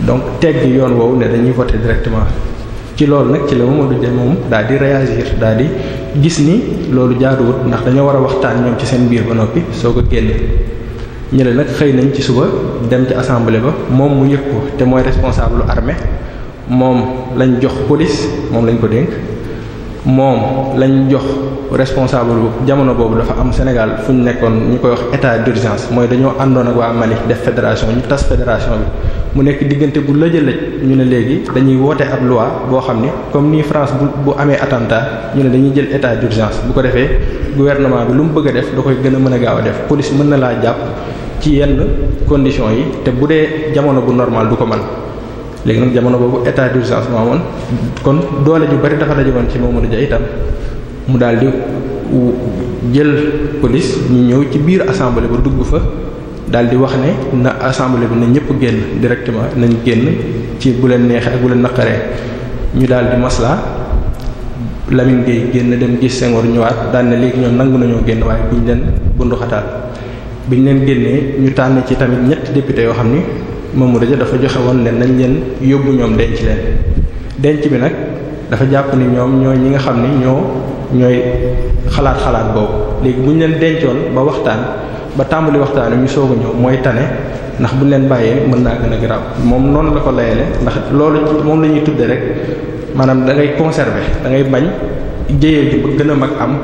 donc teggi yoon woowu ne dañuy voter directement ci loolu nag ci la Mamadou Dia moom daal di réagir daal di gis ni loolu jaaduwut ndax dañoo war a waxtaan ñoom ci seen biir ba noppi soog a génn ñu ne nag xëy nañ ci suba dem ci assemble ba moom mu yëg te mooy responsable armée moom lañ jox police moom lañ ko dénk moom lañ jox responsable jamono boobu dafa am Sénégal fu ñu nekkoon ñu koy wax état d'urgence mooy dañoo àndoon ak waa Mali def fédération ñu tas fédération bi mu nekk diggante bu lëjëlëj ñu ne léegi dañuy woote ab loi boo xam ni comme nii France bu bu amee attentat ñu ne dañuy jël état d'urgence bu ko defee gouvernement bi lu mu bëgg def da koy gën a mën a gaaw a def police mën na laa jàpp ci yenn conditions yi te bu dee jamono bu normal du ko man léegi nag jamono boobu état d'urgence moo amoon kon doole ju bari dafa daje woon ci Mamadou Dia itam mu daal di jël polis ñu ñëw ci biir assemblée ba dugg fa daal di wax ne na assemblée bi na ñëpp génn directement nañ génn ci bu leen neexee ak bu naqaree ñu daal di maslaa Lamine Gueye génn dem gis Senghor ñëwaat daan ne léegi ñoom nangu nañoo génn waaye buñ leen bunduxataal biñ leen génnee ñu tànn ci tamit ñetti député yoo xam ni Mamadou Ja dafa joxe woon ne nañ leen yóbbu ñoom denc leen denc bi nag dafa jàpp ni ñoom ñoo ñi nga xam ni ñoo ñooy xalaat xalaat boobu léegi bu ñu leen dencoon ba waxtaan ba tàmbali waxtaan ñu soog a ñëw mooy tane ndax bu ñu leen bàyyee mën naa gën a garaaw moom noonu la ko layale ndax loolu moom la ñuy tudde rek maanaam da ngay conserver da ngay bañ jëyee ji ba a mag am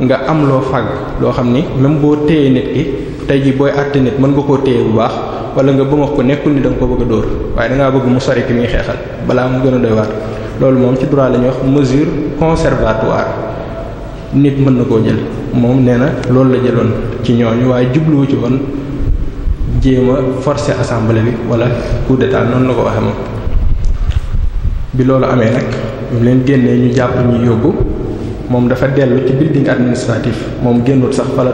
nga am loo fàgg loo xam ni même boo téyee nit ki tey jii booy àtte nit mën nga koo téye bu baax wala nga bëgg ko nekkul ni da ko bëgg a dóor waaye dangaa bëgg mu sore ki muy xeexal balaa mu gën a doy waar loolu moom ci droit la ñuy wax mesure conservatoire nit mën na koo jël moom nee na loolu la jëloon ci ñooñu waaye jubluwu ci woon jéem a forcer bi wala coup noonu la ko waxee moom. bi loolu amee nag ñu leen génnee ñu jàpp ñu yóbbu moom dafa dellu ci building administratif moom génnul sax fa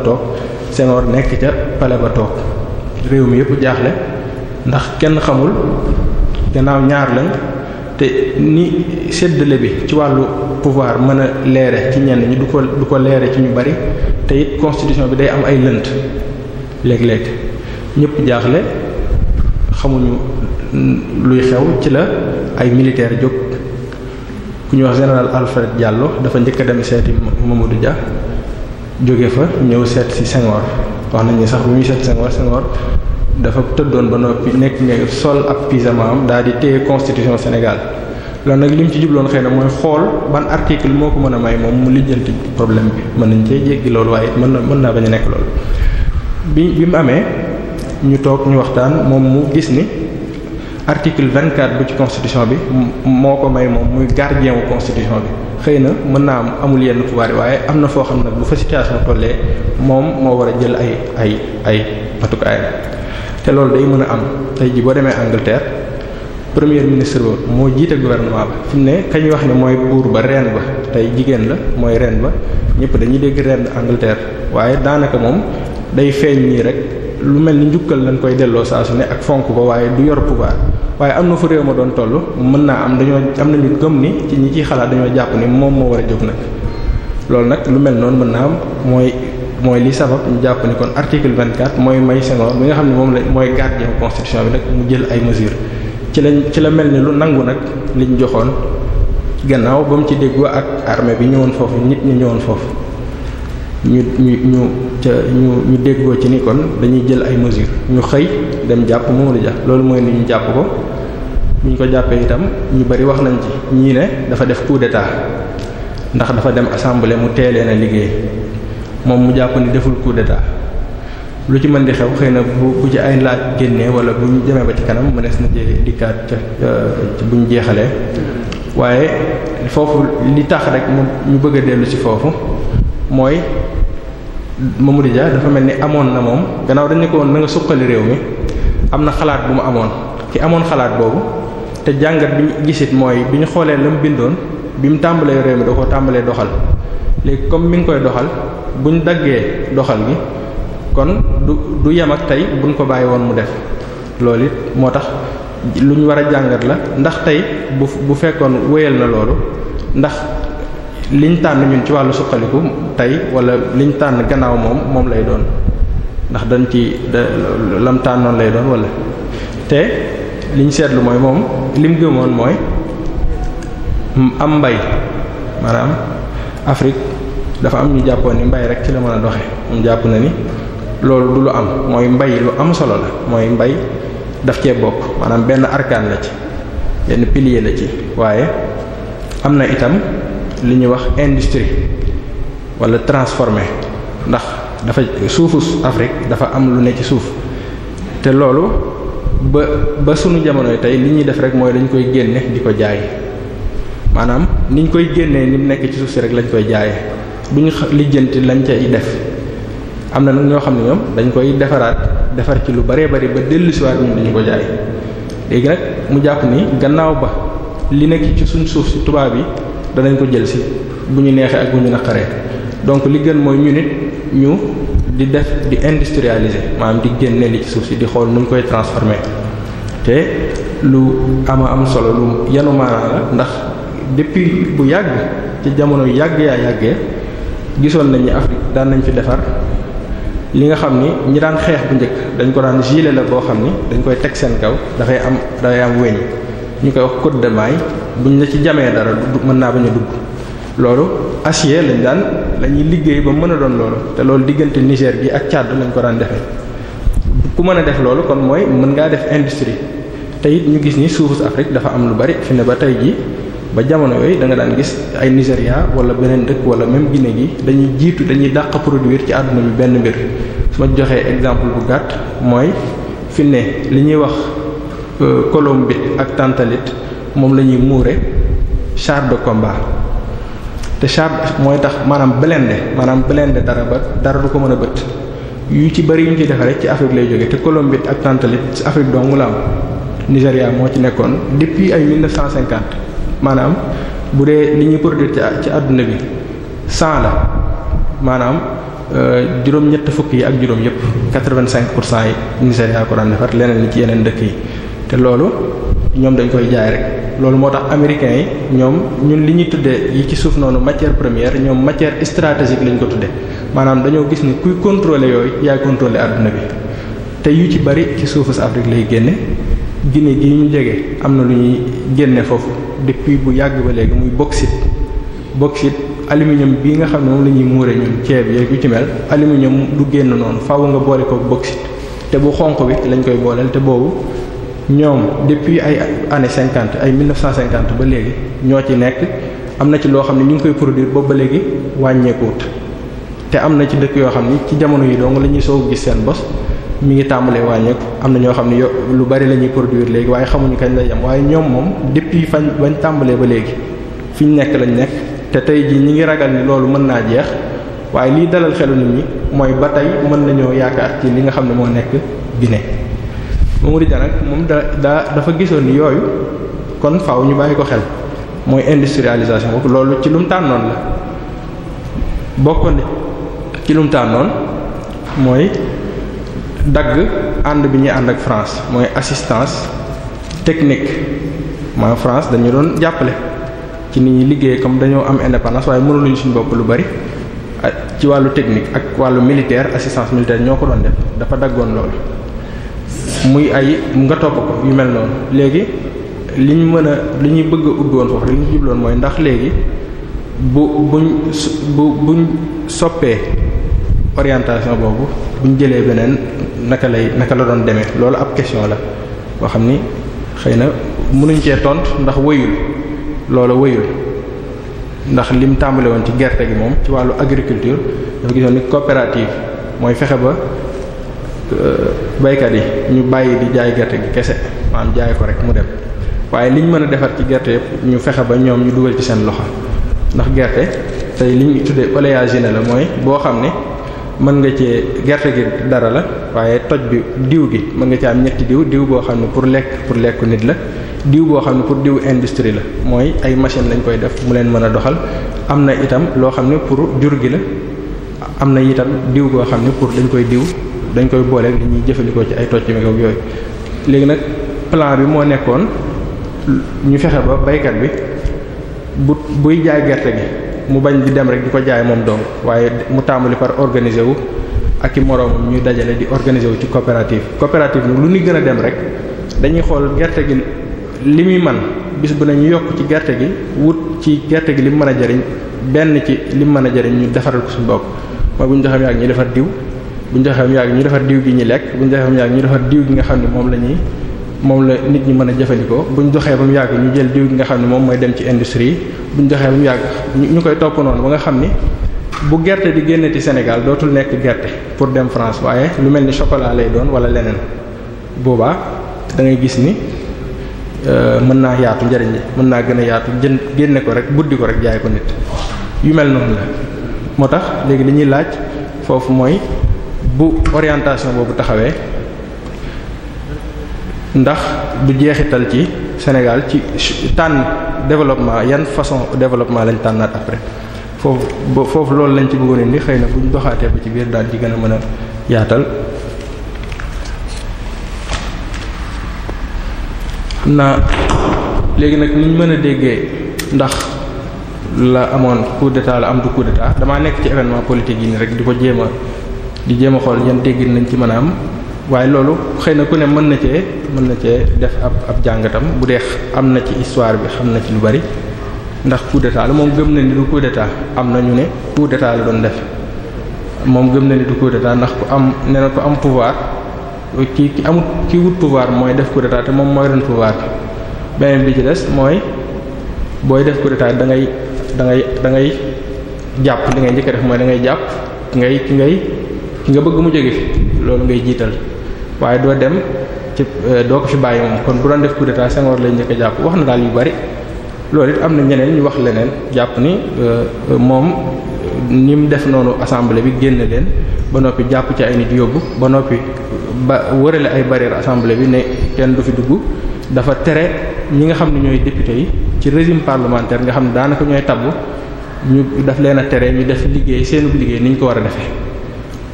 Senghor nekk ca palais ba toog réew mi yëpp jaaxle ndax kenn xamul gannaaw ñaar lañ te ni séddale bi ci wàllu pouvoir mën a leere ci ñenn ñi du ko du ko leere ci ñu bari tey it constitution bi day am ay lënt léeg-léeg ñëpp jaaxle xamuñu luy xew ci la ay militaires jóg ku ñuy wax général Alfred jàlloo dafa njëkk a dem seeti du Dia jóge fa ñëw seet si Senghor wax nañ ne sax bu muy seet Senghor Senghor dafa tëddoon ba noppi nekk ne sol ab pyjama am daal di téye constitution Sénégal loolu nag li mu ci jubloon xëy na mooy xool ban article moo ko mën a may moom mu lijjanti problème bi mën nañ cee jéggi loolu waaye mën na mën naa bañ a nekk loolu. bi bi mu amee ñu toog ñu waxtaan moom mu gis ni article vingt-quatre bu ci constitution bi moo ko may moom muy gardien wu constitution bi. xëy na mën naa am amul yenn pouvoir yi waaye am na foo xam ne bu fa situation tollee moom moo war a jël ay ay ay matukaayam te loolu day mën a am tey ji boo demee Angleterre premier ministre ba moo jiite gouvernement ba fi mu ne kañ wax ne mooy buur ba reen ba tey jigéen la mooy reen ba ñëpp dañuy dégg reen Angleterre waaye daanaka moom day feeñ nii rek lu mel ni njukkal lañ koy delloo saa su ne ak fonk ko waaye du yor pouvoir waaye am na fu réew ma doon toll mën naa am dañoo am nañu gëm ni ci ñi ciy xalaat dañoo jàpp ni moom moo war a jóg nag. loolu nag lu mel noonu mën naa am mooy mooy li sabab ñu jàpp ni kon article 24 mooy may Senghor bi nga xam ne moom la mooy gardien constitution bi nag mu jël ay mesures ci lañ ci la mel ni lu nangu nag ñu joxoon gannaaw ba mu ci déggoo ak armée bi ñëwoon foofu nit ñi ñëwoon foofu. ñu ñu ñu ca ñu ñu déggoo ci ni kon dañuy jël ay mesures ñu xëy dem jàpp Mamadou ja loolu mooy ni ñu jàpp ko bu ñu ko jàppee itam ñu bari wax nañ ci ñii ne dafa def coup d'état ndax dafa dem assemblée mu teelee na liggéey moom mu jàpp ni deful coup d'état lu ci mën di xew xëy na bu bu ci ay laaj génnee wala bu ñu ba ci kanam mënees na jee dikkaat ca bu jeexalee waaye foofu li tax rek mu ñu bëgg a dellu ci foofu. mooy Mamadou Dia dafa mel ni amoon na moom gannaaw dañu ko woon na nga suqali réew mi am na xalaat bu mu amoon ci amoon xalaat boobu te jàngat bi gisit mooy bi ñu xoolee la mu bindoon bi mu tàmbalee réew mi da ko tàmbalee doxal léegi comme mi nga koy doxal bu ñu daggee doxal gi kon du du yem ak tey buñ ko bàyyi woon mu def loolu it moo tax lu ñu war a jàngat la ndax tey bu bu fekkoon wéyal na loolu ndax liñ tànn ñun ci wàllu suqaliku tey wala liñ tànn gannaaw moom moom lay doon ndax dañ ci da lam tànnoon lay doon wala te liñ seetlu mooy moom lim gëmoon mooy am mbay maanaam Afrique dafa am ñu jàppoon ni mbay rek ci la mën a doxe moom jàpp na ni loolu du lu am mooy mbay lu am solo la mooy mbay daf cee bokk maanaam benn arkaan la ci benn pilier la ci waaye am na itam li ñuy wax industrie wala transformé ndax dafa suufu Afrique dafa am lu ne ci suuf te loolu ba ba sunu jamonoy tey li ñuy def rek mooy dañ koy génne di ko jaay maanaam niñ koy génnee ni mu nekk ci suuf si rek lañ koy jaayee bu ñu lijjanti lañ cay def am na nag ñoo xam ne ñoom dañ koy defaraat defar ci lu baree bari ba dellusiwaat ñun dañu ko jaay léegi nag mu jàpp ni gannaaw ba li nekk ci suñ suuf si tubaab yi danañ ko jël si bu ñu neexee ak bu ñu naqaree donc li gën mooy ñu nit ñu di def di industrialiser maanaam di génne li ci suuf si di xool nuñ koy transformer te lu ama am solo lu yanu maanaa la ndax depuis bu yàgg ci jamono yàgg yaa yàggee gisoon nañ ni Afrique daan nañ fi defar li nga xam ni ñi daan xeex bu njëkk dañ ko daan gilet la boo xam ni dañ koy teg seen kaw dafay am dafay am weñ ñu koy wax côte de buñ la ci jamee dara mën naa bañ a dugg loolu acier lañ daan la liggéey ba mën a doon loolu te loolu diggante Niger gi ak Tchad lañ ko daan defee ku mën a def loolu kon mooy mën ngaa def industrie te ñu gis ni suufu Afrique dafa am lu bari fi ba tey jii ba jamono yooyu da nga daan gis ay Nigéria wala beneen dëkk wala même ginne gi dañuy jiitu dañuy dàq produire ci àdduna bi benn mbir su joxee exemple bu gàtt mooy fi ne li ñuy wax euh, colombite ak tantalite moom la ñuy muure char de combat te char mooy tax maanaam blindé maanaam blindé dara ba dara du ko mën a bët yu ci bari yu ñu ci defaree ci Afrique lay jóge te colombite ak tantalite ci Afrique dong la am moo ci nekkoon depuis ay 1950 maanaam bu dee nit ñuy produire ci ci àdduna bi 100 la maanaam euh, juróom ñett fukk yi ak juróom yépp 85 pour cent yi Nigéria ko daan defar leneen li ci yeneen dëkk yi te loolu ñoom dañ koy jaay rek loolu moo tax américains yi ñoom ñun li ñuy tuddee yi ci suuf noonu matière première ñoom matière stratégique lañ ko tuddee maanaam dañoo gis ni kuy contrôler yooyu yaay contrôler adduna bi te yu ci bari ci suufu si Afrique lay génne Guinée gi ñu jege am na lu ñuy génne foofu depuis bu yàgg ba léegi muy bauxite bauxite aluminium bii nga xam ne moom la ñuy muure ñun ceeb yeeg yu ci mel aluminium du génn noonu faaw nga boole ko bauxite te bu xonq bi lañ koy booleel te boobu ñoom depuis ay années cinquante ay mille neuf cent ba léegi ñoo ci nekk am na ci loo xam ne ñu ngi koy produire boobu ba léegi wàññeekuwut te am na ci dëkk yoo xam ne ci jamono yi dong la ñuy soog gis seen bos mi ngi tàmbalee wàññeeku am na ñoo xam ne yo lu bari la ñuy produire léegi waaye xamuñu kañ lay yem waaye ñoom moom depuis fañ bañ tàmbalee ba léegi fi ñu nekk lañ nekk te tey jii ñi ngi ragal ni loolu mën naa jeex waaye liy dalal xelu nit ñi mooy ba tey mën nañoo yaakaar ci li nga xam ne moo nekk Guinée Mauritanie nag moom da daa dafa gisoon ni yooyu kon faaw ñu bàyyi ko xel mooy industrialisation boobu loolu ci lu tànnoon la bokkoon ci lu tànnoon mooy dagg ànd bi ñuy ànd ak France mooy assistance technique ma France dañu doon jàppale ci nit ñi liggéey comme dañoo am indépendance waaye mënuñu suñ bopp lu bari ci wàllu technique ak wàllu militaire assistance militaire ñoo ko doon def dafa daggoon loolu. muy ay nga topp ko yu mel noonu léegi li ñu mën a li ñuy bëgg a ubbiwoon foofu li ñu jubloon mooy ndax léegi bu buñ bu buñ soppee orientation boobu buñ jëlee beneen naka lay naka la doon demee loolu ab question la boo xam ni xëy na mënuñ cee tontu ndax wëyul loola wëyul ndax lim tàmbale woon ci gerte gi moom ci wàllu agriculture dafa gisoon ni coopérative mooy fexe ba Euh, baykat yi ñu bàyyi di jaay gerte gi kese maanaam jaay ko rek mu dem waaye liñ mën a defar ci gerte yëpp ñu fexe ba ñoom ñu dugal ci seen loxo ndax gerte tey li ñu tuddee oléagineux la mooy boo xam ne mën nga cee gerte gi dara la waaye toj bi diw gi mën nga ci am ñetti diw diw boo xam ne pour lekk pour lekku nit la diw boo xam ne pour diw industrie la mooy ay machine lañ koy def mu leen mën a doxal am na itam loo xam ne pour jur gi la am na itam diw goo xam ne pour dañ koy diw dañ koy booleeg li ñuy jëfandikoo ci ay tocc mi ak yooyu léegi nag plan bi moo nekkoon ñu fexe ba baykat bi bu buy jaay gerte gi mu bañ di dem rek di ko jaay moom dong waaye mu tàmbali par organiser wu ak i moroomam ñuy dajale di organiser wu ci coopérative coopérative nag lu ñu gën a dem rek dañuy xool gerte gi li muy man bis bu ne ñu yokk ci gerte gi wut ci gerte gi li mu mën a jariñ benn ci li mu mën a jariñ ñu defaral ko suñu bopp mooy bu ñu joxam ak ñi defar diw bu ñu defee am yàgg ñu defar diw gi ñu lekk bu ñu defee am yàgg ñu defar diw gi nga xam ne moom la ñuy moom la nit ñi mën a jëfandikoo bu ñu doxee ba mu yàgg ñu jël diw gi nga xam ne moom mooy dem ci industrie yi bu ñu doxee ba mu yàgg ñu koy topp noonu ba nga xam ni bu gerte di génne ci Sénégal dootul nekk gerte pour dem France waaye lu mel ni chocolat lay doon wala leneen boobaa da ngay gis ni euh, mën naa yaatu njariñ li mën naa gën a yaatu jën génne ko rek buddi ko rek jaay ko nit yu mel noonu la moo tax léegi li ñuy laaj foofu mooy bu orientation boobu taxawee ndax bu jeexital ci Sénégal ci tànn développement yan façon développement lañ tànnaat après foofu foofu loolu lañ ci bëggoon indi xëy na buñ doxaatee ba ci biir daal di gën a mën a yaatal na naa léegi nag niñ mën a déggee ndax la amoon coup d'état la am du coup d'état damaa nekk ci événement politique yi nii rek di ko jéem di jéem a xool yan teggin nañ ci mën a am waaye loolu xëy na ku ne mën na cee mën na cee def ab ab jàngatam bu dee am na ci histoire bi xam na ci lu bari ndax coup d'état la moom gëm na ni du coup d'état am na ne coup d'état doon def moom gëm na ni du coup ndax ku am ne na ku am pouvoir ki ki amut ki wut pouvoir mooy def coup d'état te moom mooy doon pouvoir bi beneen bi ci des mooy booy def coup d'état da ngay da ngay da jàpp li ngay njëkk def mooy da ngay jàpp ngay ngay. nga bëgg mu jóge fi loolu ngay jiital waaye doo dem ci euh, doo ko fi bàyyi moom kon bu doon def coup d'état Senghor lañ njëkk a jàpp wax na daal yu bari loolu it am na ñeneen ñu wax leneen jàpp ni euh, moom ni mu def noonu assemble bi génn leen ba noppi jàpp ci ay nit yóbbu ba noppi ba wërale ay barrière assemblée bi ne kenn du fi dugg dafa tere ñi nga xam ne ñooy député yi ci régime parlementaire nga xam ne daanaka ñooy tabbu ñu daf leen a tere ñu def liggéey seenu liggéey ni ñu ko war a defee.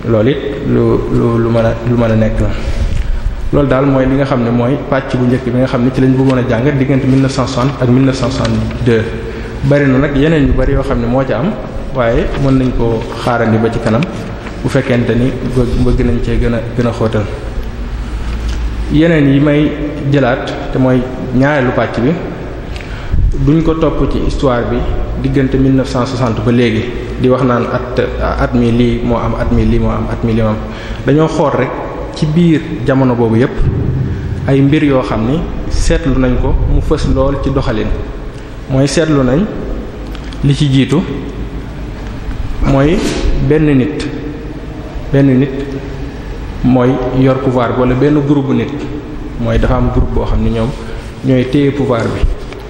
loolu it lu lu lu mën a lu mën a nekk la loolu daal mooy li nga xam ne mooy pàcc bu njëkk bi nga xam ne ci lañ bëggoon a jàng diggante 1960 ak 1962 bari na nag yeneen yu bari yoo xam ne moo ca am waaye mën nañ koo xaaral ni ba ci kanam bu fekkente ni bëgg nañ cee gën a gën a xóotal yeneen yi may jëlaat te mooy ñaareelu pàcc bi duñ ko topp ci histoire bi diggante 1960 ba léegi di wax naan at at mi lii moo am at mi lii moo am at mi lii moo dañoo xool rek ci biir jamono boobu yépp ay mbir yoo xam ni seetlu nañ ko mu fës lool ci doxalin mooy seetlu nañ li ci jiitu mooy benn nit benn nit mooy yor pouvoir bi wala benn bu nit mooy dafa am groupe boo xam ni ñoom ñooy téye pouvoir bi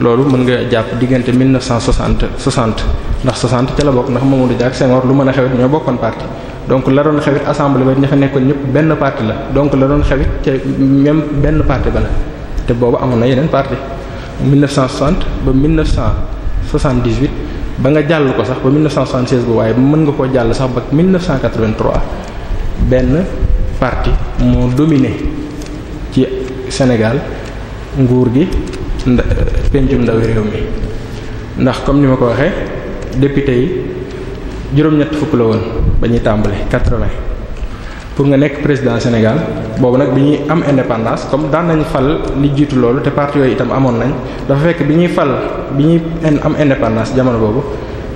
loolu mën nga jàpp diggante 1960 60 ndax 60 ca la bokk ndax Mamadou Dia ak Senghor lu mën a xewit ñoo bokkoon parti donc la doon xewit assemblée ba ña fa nekkoon ñëpp benn parti la donc la doon xewit ca même benn parti ba te boobu amoon na yeneen parti 1960 ba 1978 ba nga jàll ko sax ba 1976 bu waaye mën nga koo jàll sax ba 1983 benn parti moo dominé ci Sénégal nguur gi nda pencum ndaw réew mi ndax comme ni ma ko waxee député yi juróom-ñett fukk la woon ba ñuy tàmbali quatre-vingt pour nga nekk président Sénégal boobu nag bi ñuy am indépendance comme daan nañ fal li jiitu loolu te parti yooyu itam amoon nañ dafa fekk bi ñuy fal bi ñuy am indépendance jamono boobu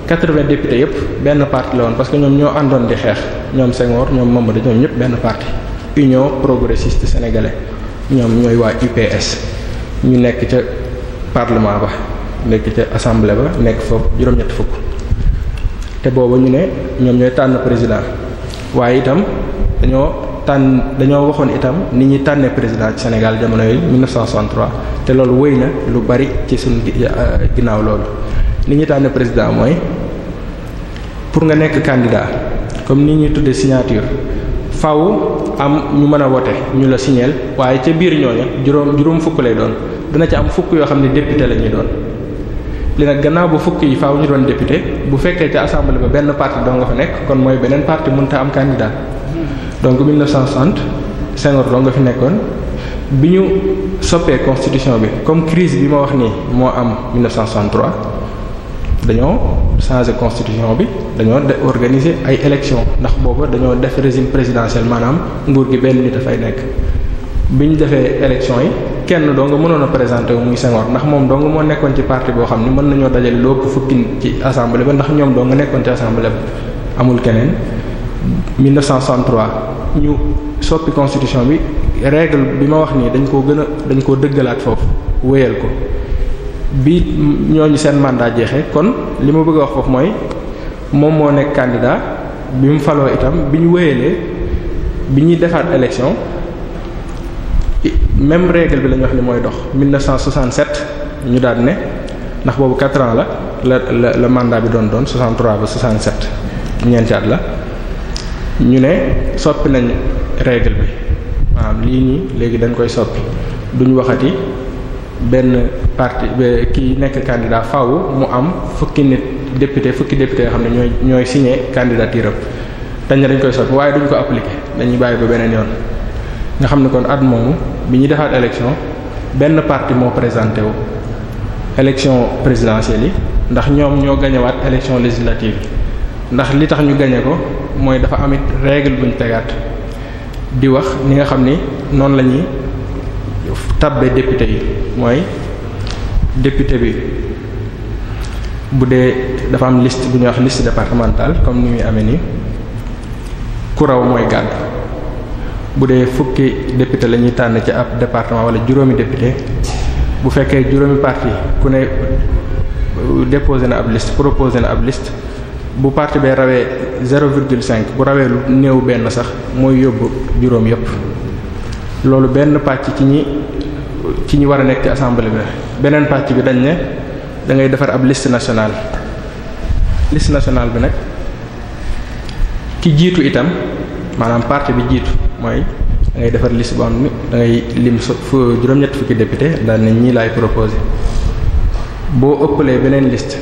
quatre-vingt députés yëpp benn parti la woon parce que ñoom ñoo àndoon di xeex ñoom Senghor ñoom Mamadou ñoom ñëpp benn parti Union progressiste sénégalais ñoom ñooy waa UPS ñu nekk ca parlement ba nekk ca assemblée ba nekk foofu juróom-ñett fukk. te booba ñu ne ñoom ñooy tànn président waaye itam dañoo tànn dañoo waxoon itam ni ñuy tànnee président ci Sénégal jamono yooyu 1963 te loolu wéy na lu bari ci suñ euh, ginnaaw loolu ni ñuy tànn président mooy pour nga nekk candidat comme ni ñuy tuddee signature faw am ñu mën a wote ñu la signeel waaye ca biir ñooñu juróom juróom fukk lay doon dina ci am fukk yoo xam ne député la ñuy doon li nag gannaaw ba fukk yi faaw ñu doon député bu fekkee ca assemblée ba benn parti doo nga fa nekk kon mooy beneen parti mënta am candidat donc 1960 Senghor doo nga fi nekkoon bi ñu soppee constitution bi comme crise bi ma wax nii moo am 1963 dañoo changer constitution bi dañoo de organiser ay élections ndax booba dañoo def régime présidentiel maanaam nguur gi benn nit dafay nekk bi ñu defee élections yi. kenn doo nga mënoon a présenté wu muy Senghor ndax moom doo nga moo nekkoon ci parti boo xam ni mën nañoo dajale lépp fukki ci assemblée ba ndax ñoom doo nga nekkoon ci assemblée ba amul keneen 1963 ñu soppi constitution bi règle bi ma wax nii dañ koo gën a dañ koo dëggalaat foofu wéyal ko bi ñooñu seen mandat jeexee kon li ma bëgg a wax foofu mooy moom moo nekk candidat bi mu faloo itam bi ñu wéyalee bi ñuy defaat élection même règle bi la ñu wax ni mooy dox 1967 ñu daal ne ndax boobu 4 ans la la la la bi doon doon 63 ba 67 ñeenti at la ñu ne soppi nañ règle bi maanaam lii nii léegi dañ koy soppi duñu waxati benn parti ki nekk candidat faw mu am fukki nit député fukki député yoo xam ne ñooy ñooy signé candidature am dañ dañ koy soppi waaye duñ ko appliquer dañuy bàyyi ba beneen yoon nga xam ne kon at moomu. bi ñu defaat élection benn parti moo présenté wu élection présidentielle yi ndax ñoom ñoo gañewaat élection législative ndax li tax ñu gañe ko mooy dafa amit règle buñ tegaat di wax ñi nga xam ni noonu la ñuy tabbe député yi mooy député bi bu dee dafa am liste bu ñuy wax liste départementale comme ni muy amee nii ku raw mooy gàddu bu dee fukki député la ñuy tànn ci ab département wala juróomi député bu fekkee juróomi parti ku ne euh, déposé na ab liste proposé na ab liste bu parti bee rawee zéro cinq bu rawee lu néew benn sax mooy yóbbu juróom yépp loolu benn pàcc ci ñi ci ñi war a nekk ci assemblée bi beneen pàcc bi dañ ne da ngay defar ab liste nationale liste national bi nag ki jiitu itam maanaam parti bi jiitu mooy da ngay defar liste boo xam ne da ngay lim sa juróom-ñett fukki député daal ne ñii laay proposé boo ëppalee beneen list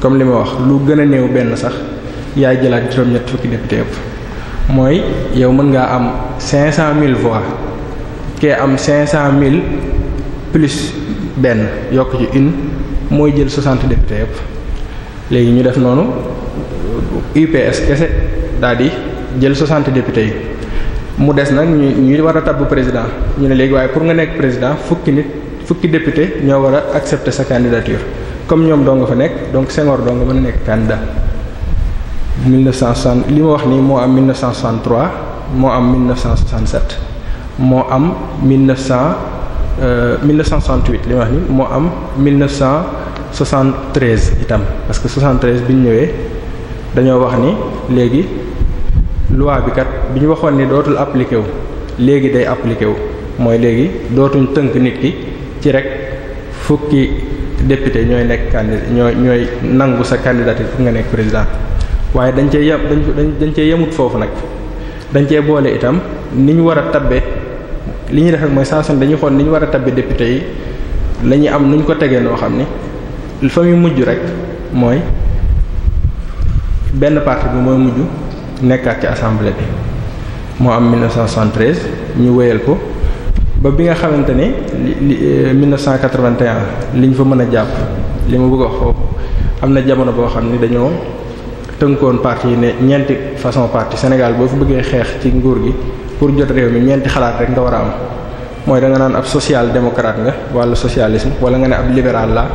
comme li ma wax lu gën a néew benn sax yaay jëlaat juróom-ñett fukki député yëpp mooy yow mën ngaa am cinq cent mille voix kee am cinq cent mille plus benn yokk ci une mooy jël 60 député yëpp léegi ñu def noonu UPS kese daal di jël 60 députés yi. mu des nag ñu ñu war a tabb président ñu ne léegi waaye pour nga nekk président fukki nit fukki député ñoo war a accepter sa candidature comme ñoom doo nga fa nekk donc Senghor doo nga mën a nekk candidat 1960 li ma wax nii moo am 1963 moo am 1967 moo am 1900 1968 euh, li ma wax moo am 1973 itam parce que 73 bi ñu ñëwee dañoo wax ni léegi. loi bi kat bi ñu waxoon ni dootul appliqué wu léegi day appliqué wu mooy léegi dootuñ tënk nit ki ci rek fukki député ñooy nekk candidat ñooy ñooy nangu sa candidature pour nga nekk président waaye dañ cee yem dañ dañ cee yemut foofu nag dañ cee boole itam ni ñu war a tabbe li ñuy def mooy saa dañuy xool ni ñu war a tabbe député yi la am nu ñu ko tegee noo xam ni fa muy mujj rek mooy benn parti bi mooy mujj. nekkaat ci assemblée bi moo am 1973 ñu wéyal ko ba bi nga xamante ne li euh, ñu fa mën a jàpp li ma bëgg a am na jamono boo xam ni dañoo tënkoon parti yi ne ñeenti façon parti Sénégal boo fi bëggee xeex ci nguur gi pour jot réew mi ñeenti xalaat rek nga war a am mooy da nga naan ab social démocrate nga wala socialisme wala nga ne ab libéral la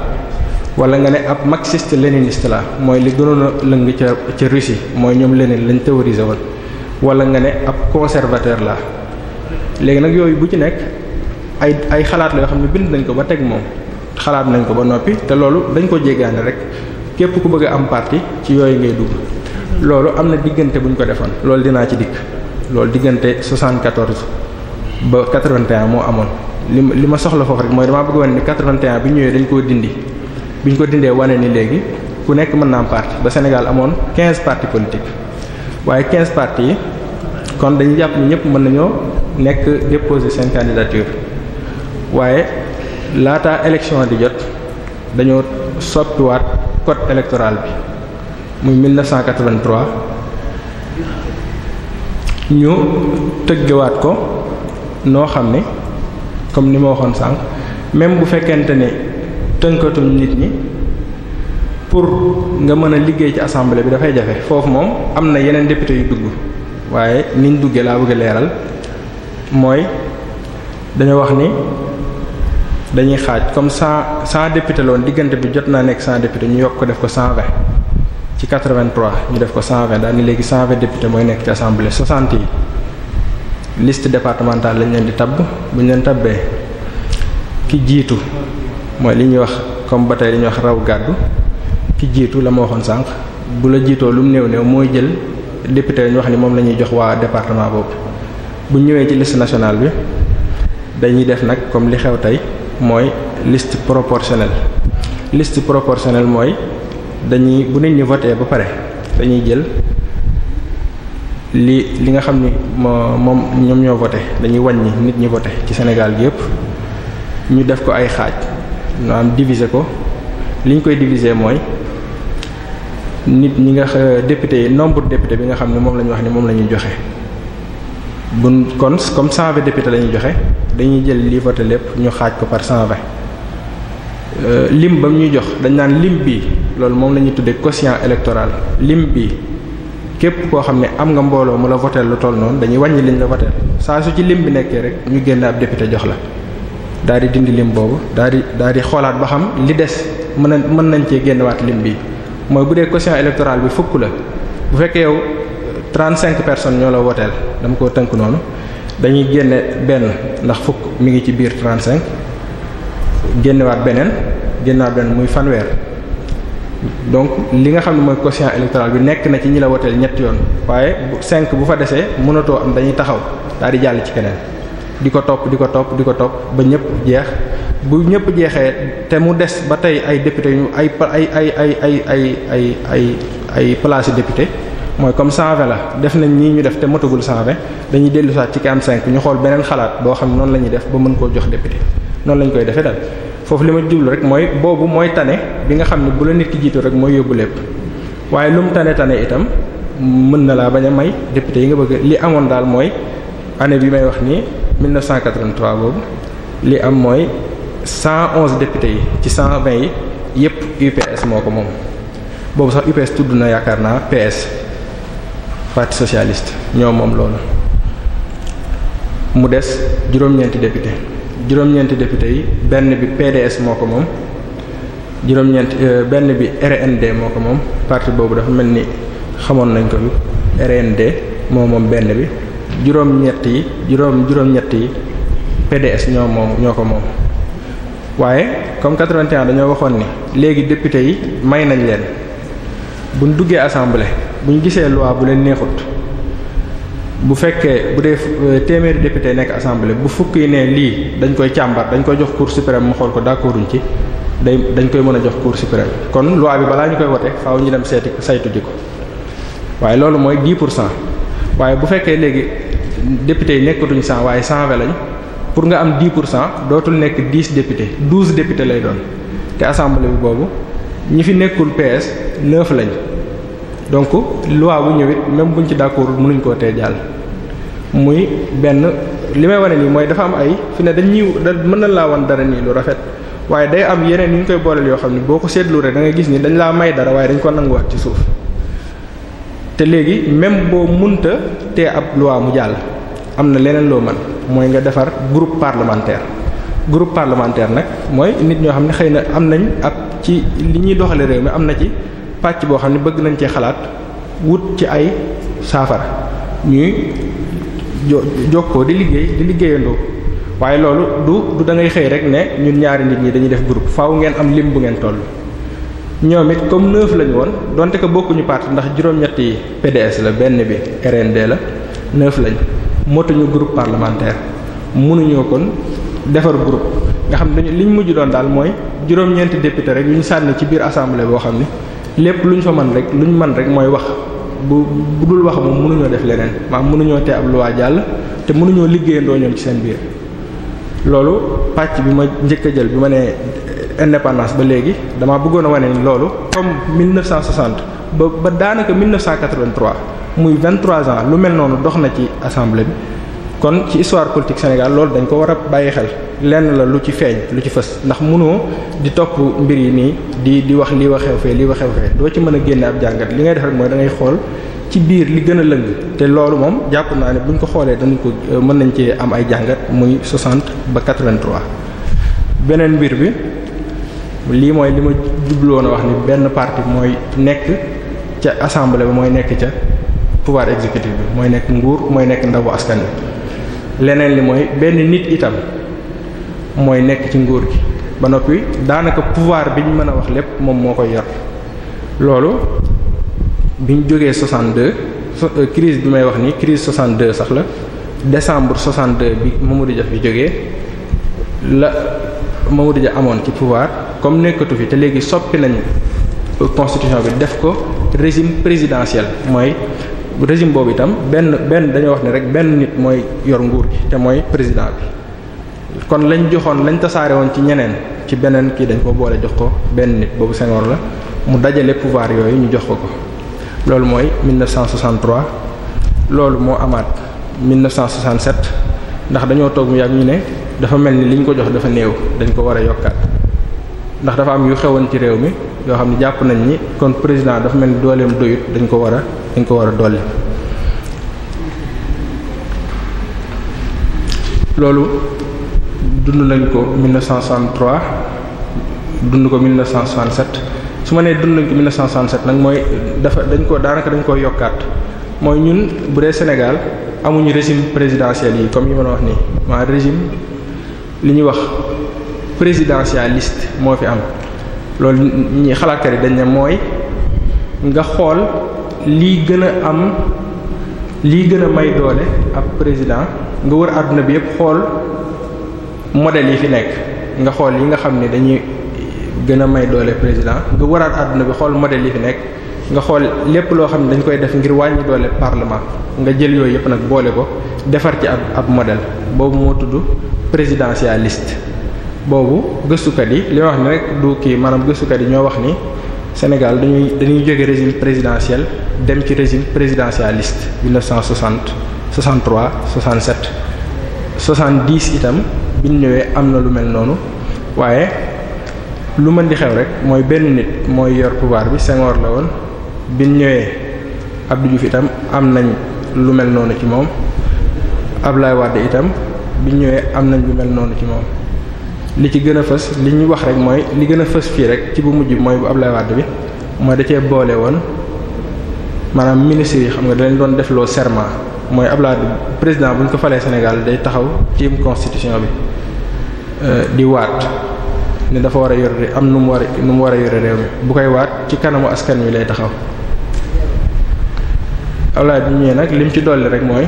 wala nga ne ab marxiste léniniste la mooy li gënoon a lëng ca ca Russie mooy ñoom Lénine lañ théorisé woon wala nga ne ab conservateur la léegi nag yooyu bu ci nekk ay ay xalaat la yoo xam ne bind nañ ko ba teg moom xalaat nañ ko ba noppi te loolu dañ ko jéggaane rek képp ku bëgg a am parti ci yooyu ngay dugg loolu am na diggante bu ko defoon loolu dinaa ci dikk loolu diggante 74 ba 81 moo amoon li ma li ma soxla foofu rek mooy damaa ni 81 bi ñëwee dañ koo dindi bi ñu ko dindee wane ni léegi ku nekk mën na am parti ba Sénégal amoon quinze partis politiques waaye quinze partis yi kon dañu jàpp ni ñëpp mën nañoo nekk déposer seen candidature waaye laata élection di jot dañoo soppiwaat code électoral bi muy 1983 ñu tëggewaat ko noo xam ni comme ni ma waxoon sànq même bu fekkente ne tënkatuñ nit ñi pour nga mën a liggéey ci assemblée bi dafay jafe foofu moom am na yeneen député yu dugg waaye niñ duggee laa bëgg leeral mooy dañoo wax ni dañuy xaaj comme cent cent député loon diggante bi jot naa nekk cent député ñu yokk ko def ko cent ci quatre vingt ñu def ko cent vingt léegi cent vingt député mooy nekk ci assemblée soixante yi liste départementale lañ leen di tabb buñ leen tabbee ki jiitu mooy li ñuy wax comme ba tey dañuy wax raw gàddu ki jiitu la ma waxoon sànq bu la jiitoo lu mu néew néew mooy jël député ñu wax ni moom la ñuy jox waa département boobu bu ñëwee ci liste nationale bi dañuy def nag comme li xew tey mooy liste proportionnelle liste proportionnelle mooy dañuy bu nit ñi ba pare dañuy jël li li nga xam ni moom ñoom ñoo voté dañuy wàññi nit ñi voté ci Sénégal gi yépp ñu def ko ay xaaj maanaam diviser ko li ñu koy diviser mooy nit ñi nga euh, député yi nombre député bi nga xam ne moom la ñu wax ni moom lañuy joxe buñ kon comme cent vingt député la joxe dañuy jël li voté lépp ñu xaaj ko par cent vingt euh, lim ba mu ñuy jox dañ naan lim bi loolu moom la ñuy tuddee quotient électoral lim bi képp koo xam ne am nga mbooloo mu la voté lu toll noonu dañuy wàññi liñ la vote saa su ci lim bi nekkee rek ñu génn ab député jox la. daal di dindi lim boobu daal di daal di xoolaat ba xam li des mën na mën nañ cee génnewaat lim bi mooy bu dee quotient électoral bi fukk la bu fekkee yow 35 personnes ñoo la woteel dama koo tënk noonu dañuy génne benn ndax fukk mi ngi ci biir 35 génnewaat beneen génnaaw benn muy fanweer donc li nga xam ne mooy quotient électoral bi nekk na ci ñi la woteel ñett yoon waaye bu 5 bu fa desee mënatoo am dañuy taxaw daal di jàll ci keneen. di ko topp di ko topp di ko topp ba ñëpp jeex bu ñëpp jeexee te mu des ba tey ay député ñu ay ay ay ay ay ay ay ay ay place député mooy comme 120 la def nañ nii ñu def te motagul 120 dañuy dellu saat ci cinq ñu xool beneen xalaat boo xam ne noonu la ñuy def ba mën koo jox député noonu la koy defee daal foofu li ma jublu rek mooy boobu mooy tane bi nga xam ne bu la nit ki jiitu rek mooy yóbbu lépp waaye lu mu tane tane itam mën na laa bañ a may député yi nga bëgg li amoon daal mooy année bi may wax nii 1983 boobu li am mooy 111 députés yi ci 120 yi yépp UPS moo ko moom boobu sax UPS tudd na yaakaar naa PS parti socialiste ñoo moom loolu mu des juróom-ñeenti député juróom-ñeenti député yi benn bi PDS moo ko moom juróom-ñeenti euh, benn bi RND moo ko moom parti boobu dafa mel ni xamoon nañ ko bi RND moo moom benn bi juróom-ñett yi juróom juróom-ñett yi PDS ñoo moom ñoo ko moom. waaye comme 81 dañoo waxoon ni léegi député yi may nañ leen buñ duggee assemblée buñ gisee loi bu leen neexut bu fekkee bu dee euh, téeméeri député nekk assemblée bu fukk ne lii dañ koy càmbar dañ koy jox cour suprême mu xool ko d'accorduñ ci. day dañ koy mën a jox cour suprême kon loi bi balaa ñu koy wote faaw ñu dem seeti saytu ji ko waaye loolu mooy députés yi nekkatuñ cent waaye cent vingt lañ pour nga am dix cent dootul nekk diis députés douze députés lay doon te assemblée bi boobu ñi fi nekkul PS neuf lañ donc loi bu ñëw it même buñ ci d'accord mënuñ koo tee jàll muy benn li may wane nii mooy dafa am ay fi ne dañuy mën na laa woon dara nii lu rafet waaye day am yeneen yu ñu koy booleel yoo xam ne boo ko seetlu rek da nga gis ni dañ laa may dara waaye dañ ko nanguwaat ci suuf te léegi même boo munta te ab loi mu jàll am na leneen loo man mooy nga defar groupe parlementaire groupe parlementaire nag mooy nit ñoo xam ne xëy na am nañ ab ci li ñuy doxale réew mi am na ci pàcc boo xam ne bëgg nañ ci xalaat wut ci ay saafara ñuy jo jokkoo di liggéey di liggéeyandoo waaye loolu du du da ngay xëy rek ne ñun ñaari nit ñi dañuy def groupe faw ngeen am lim bu ngeen toll. ñoom it comme neuf lañu woon donte ko bokkuñu parti ndax juróom-ñett yi PDS la benn bi RND la neuf lañ motuñu groupe parlementaire mënuñoo kon defar groupe nga xam dañu ñu mujj doon daal mooy juróom-ñeenti député rek yu ñu sànni ci biir assemblée boo xam ni lépp lu luñ fa man rek lu ñu man rek mooy wax bu bu dul wax moom mënuñoo def leneen maa mënuñoo te ab luwaa jàll te mënuñoo liggéeyandoo ñoom ci seen biir loolu pàcc bi ma njëkk jël bi ma nee indépendance ba léegi dama bëggoon a wane ni loolu comme 1960 ba ba daanaka 1983 muy 23 ans lu mel noonu dox na ci assemble bi kon ci histoire politique senegal loolu dañ ko war a bàyyi xel lenn la lu ci feeñ lu ci fës ndax mënoo di topp mbir yi nii di di wax lii waxew fee lii waxew fee doo ci mën a génne ab jàngat li ngay def rek mooy dangay xool ci biir li gën a lëng te loolu moom jàpp naa ne buñ ko xoolee dañ ko euh, mën nañ cee am ay jàngat muy 60 ba 83 beneen mbir bi lii mooy li ma jubloon a wax ni benn parti mooy nekk ca assemble ba mooy nekk ca pouvoir exécutif bi mooy nekk nguur mooy nekk ndawu askan wi leneen li mooy benn nit itam mooy nekk ci nguur gi ba noppi daanaka pouvoir bi ñu mën a wax lépp moom moo koy yor loolu bi ñu jógee 62 euh, crise bi may wax ni crise 62 sax la décembre 62 bi Mamadou Dia fi jógee la Mamadou Dia amoon ci pouvoir comme nekkatu fi te léegi soppi nañu constitution bi def ko régime présidentiel mooy régime boobu itam benn benn dañoo wax ne rek benn nit mooy yor nguur gi te mooy président bi kon lañ joxoon lañ tasaare woon ci ñeneen ci beneen kii dañ ko boole jox ko benn nit boobu Senghor la mu dajale pouvoir yooyu ñu jox ko ko loolu mooy 1963 loolu moo amaat 1967 ndax dañoo toog mu yàgg ñu ne dafa mel ni liñ ko jox dafa néew dañ ko war a yokkaat ndax dafa am yu xewoon ci réew mi yoo xam ne jàpp nañ ni kon président dafa mel ni dooleem doyut dañ ko war a dañ ko war a dolli loolu dund nañ ko 1963 dund ko 1967 su ma nee dund nañ ko nag mooy dafa dañ ko daanaka dañ koy yokkaat mooy ñun bu dee Sénégal amuñu régime présidentiel yi comme yi ma la wax nii maa régime li ñuy wax présidentialiste moo fi am loolu ñi xalaatkat dañ ne mooy nga xool lii gën a am lii gën a may doole ab président nga wër àdduna bi yëpp xool modèle yi fi nekk nga xool yi nga xam ne dañuy gën a may doole président nga wëraat àdduna bi xool modèle yi fi nekk nga xool lépp loo xam ne dañ koy def ngir wàññi doole parlement nga jël yooyu yëpp nag boole ko defar ci ab ab model boobu moo tudd présidentialiste boobu gëstukat yi li wax ni rek du kii maanaam gëstukat yi ñoo wax ni Sénégal dañuy dañuy jóge régime présidentiel dem ci régime présidentialiste 1960 63 67 70 itam biñ ñëwee am na lu mel noonu waaye lu mën di xew rek mooy benn nit mooy yor pouvoir bi Senghor la woon biñ ñëwee Abdou Diouf itam am nañ lu mel noonu ci moom Abdoulaye Wade itam biñ ñëwee am nañ lu mel noonu ci moom. li ci gën a fës li ñuy wax rek mooy li gën a fës fii rek ci bu mujj mooy bu Abdoulaye Wade bi mooy da cee boole woon maanaam ministre yi xam nga dañ doon def loo serment mooy Abdoulaye président bu ñu ko falee Sénégal day taxaw ci constitution bi euh, di ne dafa war a yor am nu mu war a nu mu war a yore réew mi bu koy waat ci kanamu askan wi lay taxaw Abdoulaye bi ñëwee nag lim ci dolli rek mooy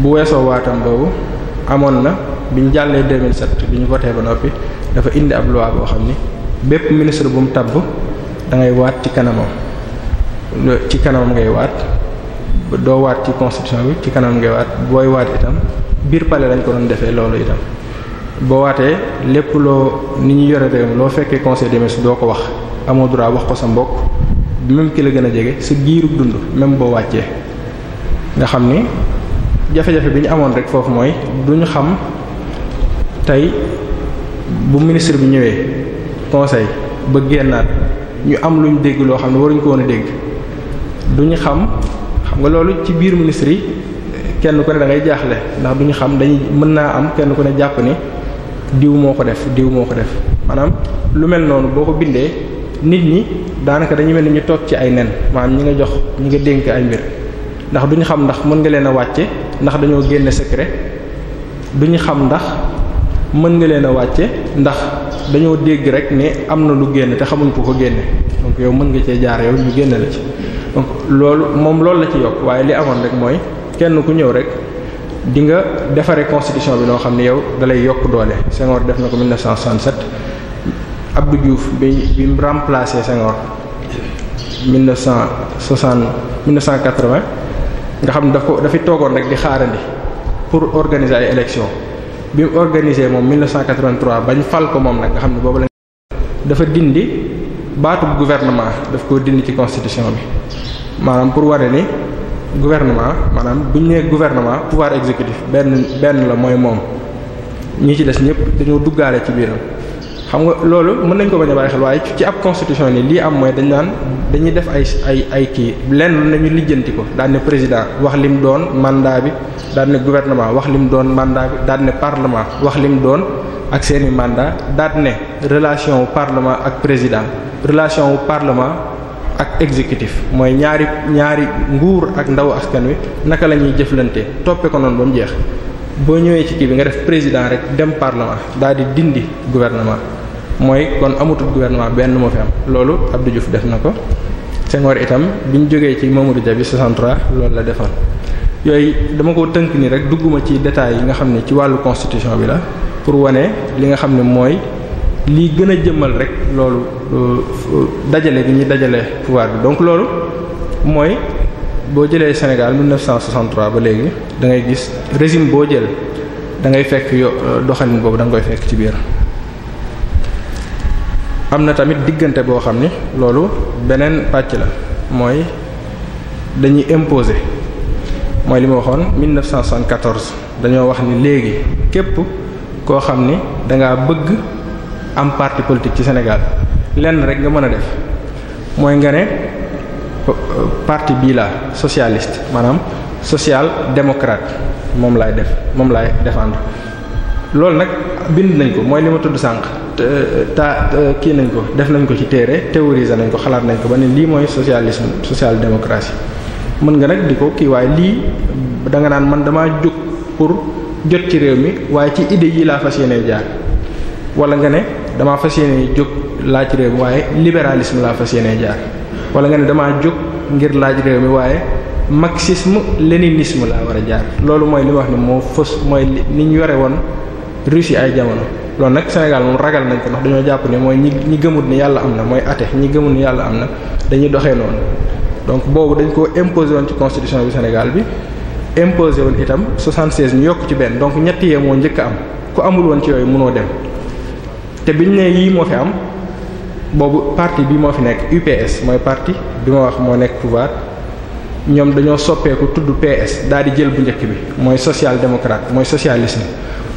bu weesoo waatam boobu amoon na. bi ñu jàllee 2007 bi ñu voté ba noppi dafa indi ab loi boo xam ni bépp ministre bu mu tabb da ngay waat ci kanamam ci kanamam ngay waat doo waat ci constitution bi ci kanamam ngay waat booy waat itam biir palais lañ ko doon defee loolu itam. boo waatee lépp loo ni ñu yore réew loo fekkee conseil des si doo ko wax amoo droit wax ko sa mbokk même ki la gën a jege si giirub dund même boo wàccee nga xam ni jafe-jafe bi ñu amoon rek foofu mooy duñu xam. tey bu ministre bi ñëwee conseil ba génnaat ñu am lu ñu dégg loo xam ne waruñ ko woon a dégg duñu xam xam nga loolu ci biir ministre yi kenn ku ne dangay ngay jaaxle ndax duñu xam dañuy mën naa am kenn ku ne jàpp moo ko def diw moo ko def maanaam lu mel noonu boo ko bindee nit ñi daanaka dañu mel ni ñu toog ci ay nen maanaam ñi nga jox ñi nga dénk ay mbir ndax duñu xam ndax mën nga leen a wàcce ndax dañoo génne secret duñu xam ndax mën nga leen a wàcce ndax dañoo dégg rek ni am na lu génn te xamuñ ko ko génne donc yow mën nga cee jaar yow ñu génne la ci donc loolu moom loolu la ci yokk waaye li amoon rek mooy kenn ku ñëw rek di nga defaree constitution bi noo xam ne yow dalay yokk doole Senghor def na ko 1967 Abdou Diouf bi bi mu remplacé Senghor 1960 1980 nga xam ne daf ko dafi toogoon rek di xaarandi pour organiser ay élections. bi mu organisé moom 1983 bañ fal ko moom nag nga xam ne boobu la dafa dindi baatub gouvernement daf koo dindi ci constitution bi maanaam pour waree ni gouvernement maanaam bu ñu nee gouvernement pouvoir exécutif benn benn la mooy moom ñi ci des ñëpp dañoo duggaale ci biiram xam nga loolu mën nañ ko bañ a bàyyi xel waaye ci ab constitution ni lii am mooy dañ naan dañuy def ay ay ay kii lenn nañu lijjanti ko daan président wax lim doon mandat bi daan ne wax li mu doon mandat bi daan ne parlement wax lim doon ak seeni mandat daane ne relation wu parlement ak président relation wu parlement ak exécutif mooy ñaari ñaari nguur ak ndaw askan wi naka la ñuy jëflante toppe ko noonu ba mu jeex boo ñëwee ci kii bi nga def président rek dem parlement daal di dindi gouvernement mooy kon amatul gouvernement benn moo fi am loolu Abdou Diouf def na ko Senghor itam bi ñu jógee ci moom Mamadou Dia bi 63 loolu la defoon. yooyu dama ko tënk nii rek dugguma ci détails yi nga xam ne ci wàllu constitution bi la pour wane li nga xam ne mooy lii gën a jëmmal rek loolu euh, dajale gi ñuy dajale pouvoir bi donc loolu mooy boo jëlee Sénégal 1963 ba léegi da ngay gis résime boo jël da ngay fekk yo euh, doxalin boobu da nga koy fekk ci biir. am na tamit diggante boo xam ni loolu beneen pàcc la mooy dañuy imposer mooy li ma waxoon 1974 dañoo wax ni léegi képp koo xam ni dangaa bëgg am parti politique ci Sénégal lenn rek nga mën a def mooy nga ne parti bii la socialiste maanaam social démocrate moom laay def moom lay défendre loolu nag bind nañ ko mooy li ma tudd sànq ta kii nañ ko def nañ ko ci téere théoriser nañ ko xalaat nañ ko ba ne lii mooy socialisme social démocratie mën nga nag di ko kii waaye lii da nga naan man damaa jóg pour jot ci réew mi waaye ci idée yi laa fas yéenee jaar wala nga ne damaa fas yéenee jóg laaj réew mi waaye libéralisme laa fas yéenee jaar wala nga ne damaa jóg ngir laaj réew mi waaye marxisme léninisme laa war a jaar loolu mooy li wax ne moo fës mooy ni ñu yore woon Russie ay jamono loolu nag Sénégal moom ragal nañ ko ndax dañoo jàpp ne mooy ñi ñi gëmut ni yàlla am na mooy athée ñi gëmut ni yàlla am na dañuy doxee noonu donc boobu dañ ko imposé woon ci constitution bi Sénégal bi imposé woon itam 76 ñu yokk ci benn donc ñett yee am ku amul ci yooyu mënoo dem te biñ ne moo fi am boobu parti bi moo fi nekk UPS mooy parti bi ma wax moo nekk pouvoir ñoom dañoo soppeeku tudd daal di jël bu njëkk bi mooy social démocrate mooy socialisme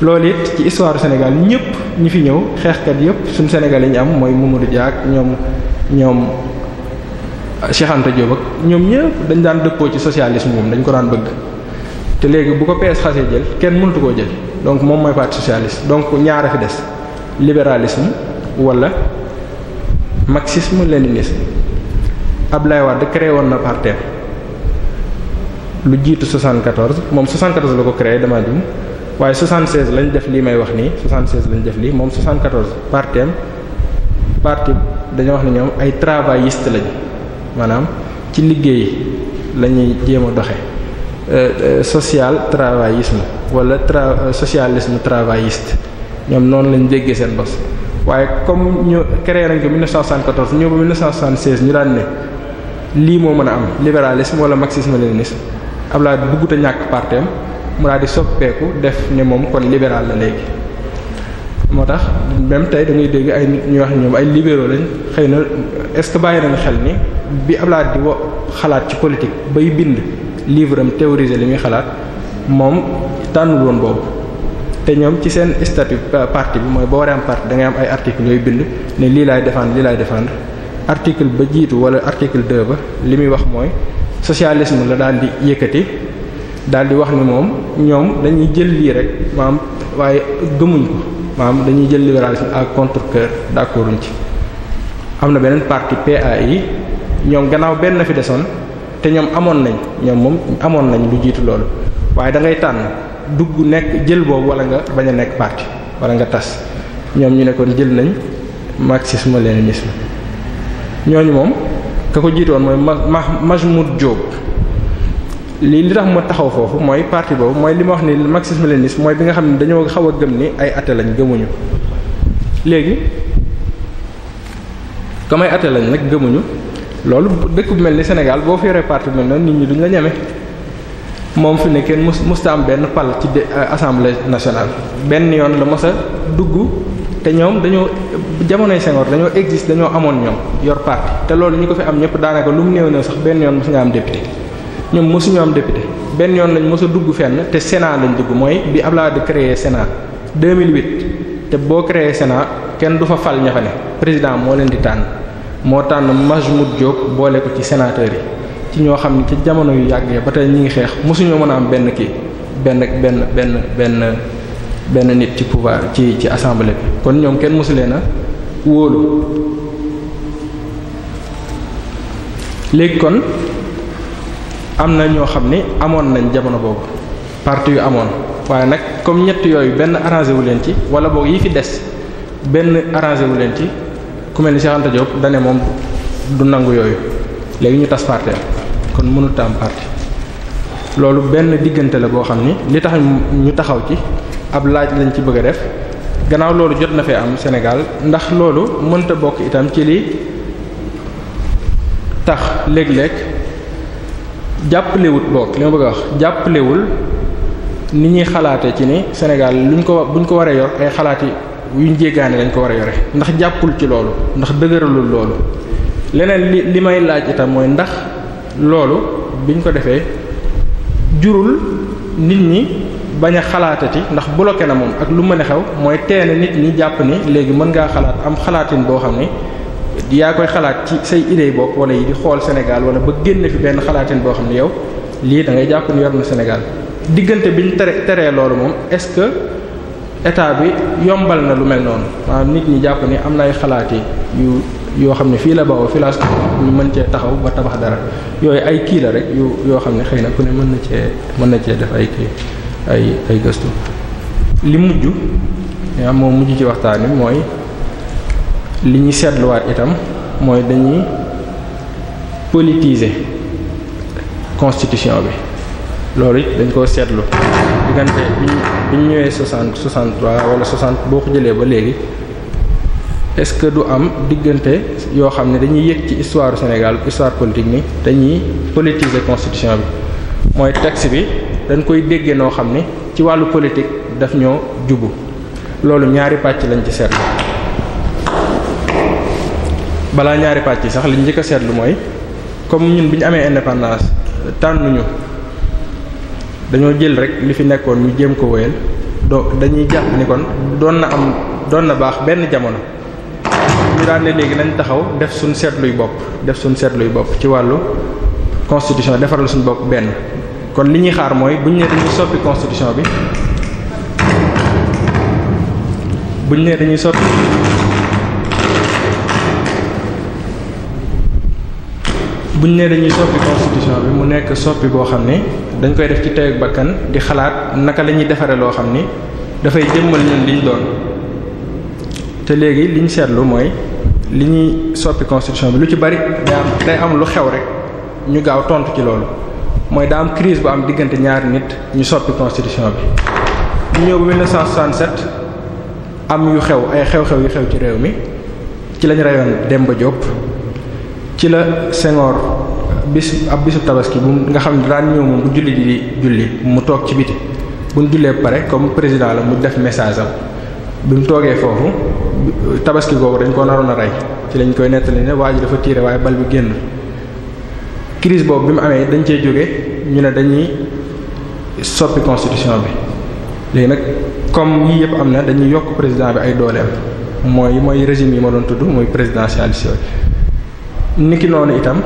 loolu it ci histoire Sénégal ñëpp ñi fi ñëw xeexkat yëpp suñu Sénégal yi am mooy Mamadou Dia ak ñoom ñoom Cheikh Anta Diop ñoom ñëpp dañ daan dëppoo ci socialisme moom dañ ko daan bëgg te léegi bu ko PS xasee jël kenn mëntu koo jël donc moom mooy parti socialiste donc ñaara fi des libéralisme wala marxisme léninisme Abdoulaye Wade créé woon na parti lu jiitu 74 moom 74 la ko créé dama jum waaye 76 lañ def lii may wax nii 76 lañ def lii moom 74 parti am dañoo wax ne ñoom ay travailliste lañ maanaam ci liggéey lañuy ñuy jéem a doxe euh, euh, social travaillisme wala tra euh, socialisme travailliste ñoom noonu lañ déggee seen bos waaye comme ñu créé nañ ko 1974 ñëw ba 1976 ñu daan ne lii moo mën a am libéralisme wala marxisme léninisme Abdoulaye bëggut a ñàkk parti mu daal di soppeeku def ne moom kon libéral la léegi moo tax même tey da dégg ay nit ñuy wax ñoom ay libéraux lañ xëy na est-ce que bàyyi nañ xel ni bi Ablaye di xalaat ci politique bay bind livre am théoriser li muy xalaat moom tànnul woon boobu te ñoom ci seen statut parti bi mooy boo waree am parti da ngay am ay articles yooyu bind ne lii laay defaan lii laay défendre article ba jiitu wala article 2 ba li muy wax mooy socialisme la daal di yëkkati daal di wax ni moom ñoom dañuy jël lii rek maam waaye gëmuñ ko maam dañuy jël libéralisme ak contre-cœur d'accorduñ ci am na beneen parti PAI ñoom gannaaw benn fi desoon te ñoom amoon nañ ñoom moom amoon nañ lu jiitu loolu waaye da ngay tànn dugg nekk jël boobu wala nga bañ a nekk parti wala nga tas ñoom ñu ne kon jël nañ marxisme-léninisme ñooñu moom ka ko jiitoon mooy ma Mahmoud Diop lii li tax ma taxaw foofu mooy parti boobu mooy li ma wax ni marxisme léninisme mooy bi nga xam ne dañoo xaw a gëm ni ay athée lañ gëmuñu léegi comme ay athée nag gëmuñu loolu dëkk bu mel ni senegal boo fi yoree parti bu mel noonu nit ñi duñ la ñeme moom fu ne kenn mos am benn pal ci euh, assemblée nationale benn yoon la mas a dugg te ñoom dañoo jamonoy Senghor dañoo existe dañoo amoon ñoom yor parti te loolu ñu ko fi am ñëpp daanaka lu mu néew néew sax benn yoon m nga am député. ñoom mosuñu am député benn yoon lañ mos a dugg fenn te Sénat lañ dugg mooy bi Abdoulaye Wade créé Sénat 2008 te boo créé Sénat kenn du fa fal ña président moo leen di tànn moo tànn Majmoud Diop boole ko ci sénateur yi ci ñoo xam ne ci jamono yu yàggee ba tey ñi ngi xeex mosuñoo mën a am benn kii benn benn benn benn benn nit ci pouvoir ci ci assemblée bi kon ñoom kenn mosu leen a wóolu léegi kon. am na ñoo xam ni amoon nañ jamono boobu parti yu amoon waaye nag comme ñett yooyu benn arrangé wu leen ci wala boog yi fi des benn arrangé wu leen ci ku mel ni Cheikh Anta dane moom du nangu yooyu léegi ñu tas parti kon mënut am parti loolu benn diggante la boo xam ni li tax ñu taxaw ci ab laaj lañ ci bëgg a def gannaaw loolu jot na fee am Sénégal ndax loolu mënta bokk itam ci li tax léeg-léeg jàppalewut boog li ma bëgg a wax jàppalewul ni ñuy xalaate ci ni Sénégal luñ ko buñ ko waree yor ay xalaati yuñ jéggaane lañ ko war a yore ndax jàppul ci loolu ndax dëgëralul loolu leneen li li may laaj itam mooy ndax loolu biñ ko defee jurul nit ñi bañ a xalaatati ndax bloqué na moom ak lu mën a xew mooy teene nit ñi jàpp ni léegi mën ngaa xalaat am xalaatin boo xam ni yaa koy xalaat ci say idées yi bopp wala yi di xool Sénégal wala ba génn fi benn xalaatin boo xam ne yow lii da ngay jàpp ne yor na Sénégal diggante bi ñu tere teree loolu moom est-ce que état bi yombal na lu mel noonu maanaam nit ñi jàpp ni am na ay xalaat yu yoo xam ne fii la bawoo fii laa ñu mën cee taxaw ba tabax dara yooyu ay kii la rek yu yoo xam ne xëy na ku ne mën na cee mën na cee def ay kii ay ay li mujj yaa moom mujj ci waxtaan wi mooy. li ñuy seetluwaat itam mooy dañuy politiser constitution bi loolu it dañ koo seetlu diggante bi ñu ñëwee soixante soixante-trois wala soixante boo ko jëlee ba léegi est-ce que du am diggante yoo xam ne dañuy yëg ci histoire Sénégal histoire politique ni dañuy politiser constitution bi mooy texte bi dañ koy déggee noo xam ne ci wàllu politique daf ñoo jubu loolu ñaari pàcc lañ ci seetlu balaa ñaari pàcc yi sax li ñu njëkk a seetlu mooy comme ñun bi ñu amee indépendance tànnuñu dañoo jël rek li fi nekkoon ñu jéem ko wéyal doo dañuy jàpp ni kon doon na am doon na baax benn jamono ñu daan ne léegi nañ taxaw def suñ seetluy bopp def suñ seetluy bopp ci wàllu constitution defaral suñ bopp benn kon li ñuy xaar mooy buñ ne dañuy soppi constitution bi buñ ne dañuy soppi buñ ne dañuy soppi constitution bi mu nekk soppi boo xam ne dañ koy def ci tey ak bakkan di xalaat naka la ñuy defaree loo xam ni dafay jëmmal ñun liñ doon te léegi li ñu seetlu mooy li ñuy soppi constitution bi lu ci bari day am lu xew rek ñu gaaw tontu ci loolu mooy daa am bu am diggante ñaari nit ñu soppi constitution bi. ñu ñëw ba 1967 am yu xew ay xew-xew yu xew ci réew mi ci lañ dem ba Diop. ci la Senghor bis ab bisu tabaski bu nga xam ne daan ñëw moom bu julli di julli mu toog ci biti bu ñu jullee pare comme président la mu def message am bi mu toogee foofu tabaski googu dañ ko naroon a rey ci lañ koy nettali ne waa ji dafa tiire waaye bal bi génn crise boobu bi mu amee dañ cee jóge ñu ne dañuy soppi constitution bi léegi nag comme yii yëpp am na dañuy yokk président bi ay dooleem mooy mooy régime yi ma doon tudd mooy président yooyu niki noonu itam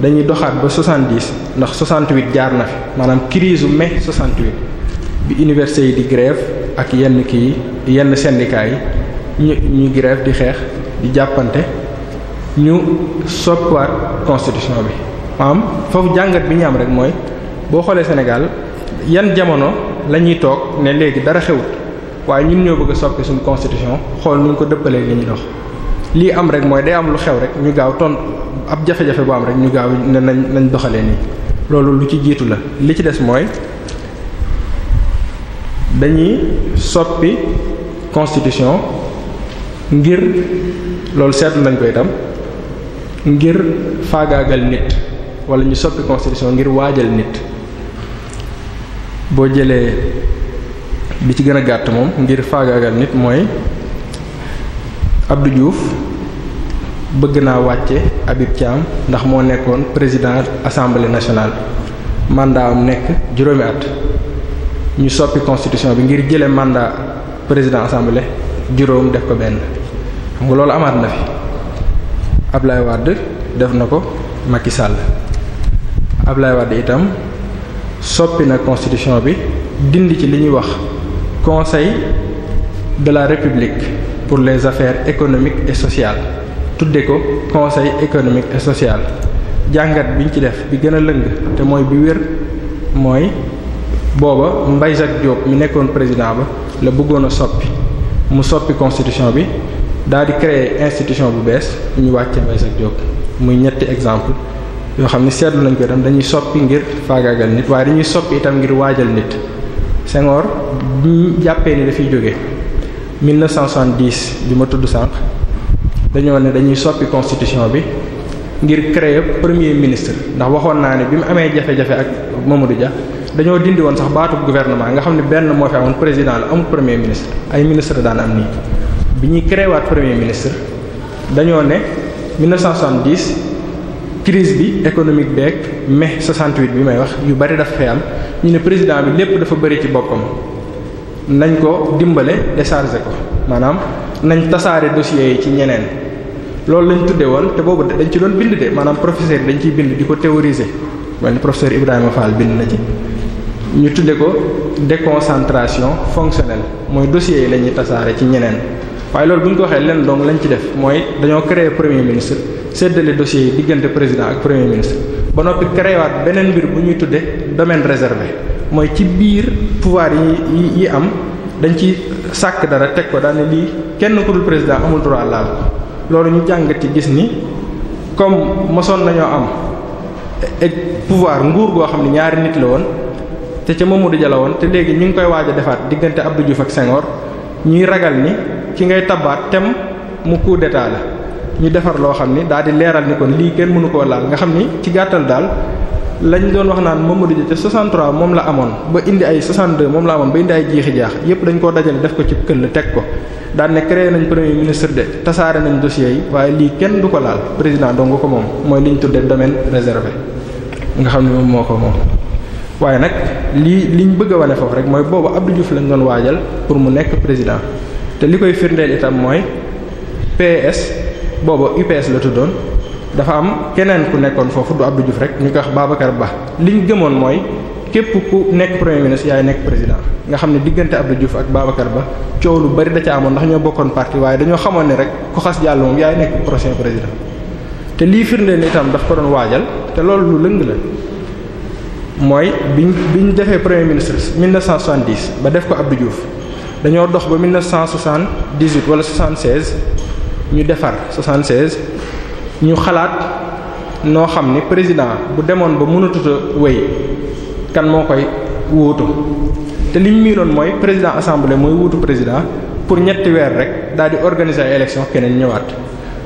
dañuy doxaat ba 70 ndax 68 jaar na fi maanaam crise mai 68 bi université yi di grève ak yenn kii yenn syndicats yi ñu ñu grève di xeex di jàppante ñu soppiwaat constitution bi maanaam foofu jàngat bi ñu am rek mooy boo xoolee Sénégal yan jamono la ñuy toog ne léegi dara xewut waaye ñun ñoo bëgg a soppi suñu constitution xool nu ñu ko dëppalee li ñu dox lii am rek mooy day am lu xew rek ñu gaaw ton ab jafe-jafe bu am rek ñu gaaw ne nañ nañ doxalee nii loolu lu ci jiitu la li ci des mooy dañuy soppi constitution ngir loolu seetlu nañ ko itam ngir faagaagal nit wala ñu soppi constitution ngir waajal nit boo jëlee bi ci gën a gàtt moom ngir faagaagal nit mooy abdu Diouf bëgg naa wàcce Habib Thiam ndax moo nekkoon président assemblée nationale mandat am nekk juróomi at ñu soppi constitution bi ngir jële mandat président assemblée juróom def ko benn xam nga loolu amaat na fi Ablaye wàdd def na ko Macky Sall Ablaye Wade itam soppi na constitution bi dindi ci li ñuy wax conseil de la république pour les affaires économiques et sociales tudde ko conseil économique et social jàngat biñ ci def bi gën a lëng te mooy bi wér mooy booba Mbaye Jacques Diop mi nekkoon président ba la bëggoon a soppi mu soppi constitution bi daal di créer institution bu bees ñu wàcce Mbaye Jacques Diop muy ñetti exemple yoo xam ne seetlu nañ koy dem dañuy soppi ngir faagaagal nit waaye dañuy soppi itam ngir waajal nit Senghor jàppee ni dafiy jóge 1970 bi ma tudd sànq dañoo ne dañuy soppi constitution bi ngir créer premier ministre ndax waxoon naa ne bi mu amee jafe-jafe ak Mamadou ja dañoo dindi woon sax baatu gouvernement nga xam ne benn moo fi amoon président la amul premier ministre ay ministre daan am nii. bi ñuy créé waat premier ministre dañoo ne 1970 crise bi économique beeg mai 68 bi may wax yu bari dafa fay am ñu ne président bi lépp dafa bari ci boppam. nañ ko dimbale décharger ko maanaam nañ tasaare dossiers yi ci ñeneen loolu lañ tudde woon te boobu dañ ci loon bind de maanaam professeur yi dañ ciy bind di ko théoriser wala professeur Ibrahima Fall bind na ci ñu tudde ko déconcentration fonctionnelle mooy dossiers yi la ñuy tasaare ci ñeneen waaye loolu bu ñu ko waxee lenn dong lañ ci def mooy dañoo créer premier ministre séddale dossiers yi diggante président ak premier ministre ba noppi créé waat beneen mbir bu ñuy tudde domaine réservé mooy ci biir pouvoir yi yi am dañ ci sàkk dara teg ko daane lii kenn ku dul président amul droit laal loolu ñu jàngati gis ni comme mosoon nañoo am ak e-, e-, pouvoir nguur goo xam ne ñaari nit la woon te ca Mamadou Dia la woon te léegi ñu ngi koy waaj a defaat diggante Abdou Diouf ak Senghor ñuy ragal ni ki ngay tabaat tem mu coup d'état ñu defar loo xam ni daal di leeral ni kon lii kenn mënu koo laal nga xam ni ci gàttal daal lañ doon wax naan Mamadou Dia te 63 moom la amoon ba indi ay 62 moom la amoon ba indi ay jiixi jaax yépp dañ ko dajale def ko ci këll teg ko daan ne créé nañ premier ministre de tasaare nañ dossier yi waaye lii kenn du ko laal président dong ko moom mooy li ñu tuddee domaine réservé nga xam ne moom moo ko moom. waaye nag lii liñ bëgg a wane foofu rek mooy boobu Abdou Diouf lañu doon waajal pour mu nekk président te li koy firndeel itam mooy PS boobu UPS la tuddoon. dafa am keneen ku nekkoon foofu du Abdou Diouf rek ñu koy wax Babacar Ba li ñu gëmoon mooy képp ku nekk premier ministre yaay nekk président nga xam ne diggante Abdou Diouf ak Babacar Ba coow lu bari da ca amoon ndax ñoo bokkoon parti waaye dañoo xamoon ne rek ku xas jàll moom yaay nekk prochain président te lii firndeel ni itam daf ko doon waajal te loolu lu lëng la mooy biñ biñ defee premier ministre 1970 ba def ko Abdou Diouf dañoo dox ba 1978 wala 76 ñu defar 76 ñu xalaat noo xam ne président bu demoon ba mënatut a wéy kan moo koy wuutu te li ñu miinoon mooy président assemblée mooy wuutu président pour ñetti weer rek daal di organiser ay élection keneen ñëwaat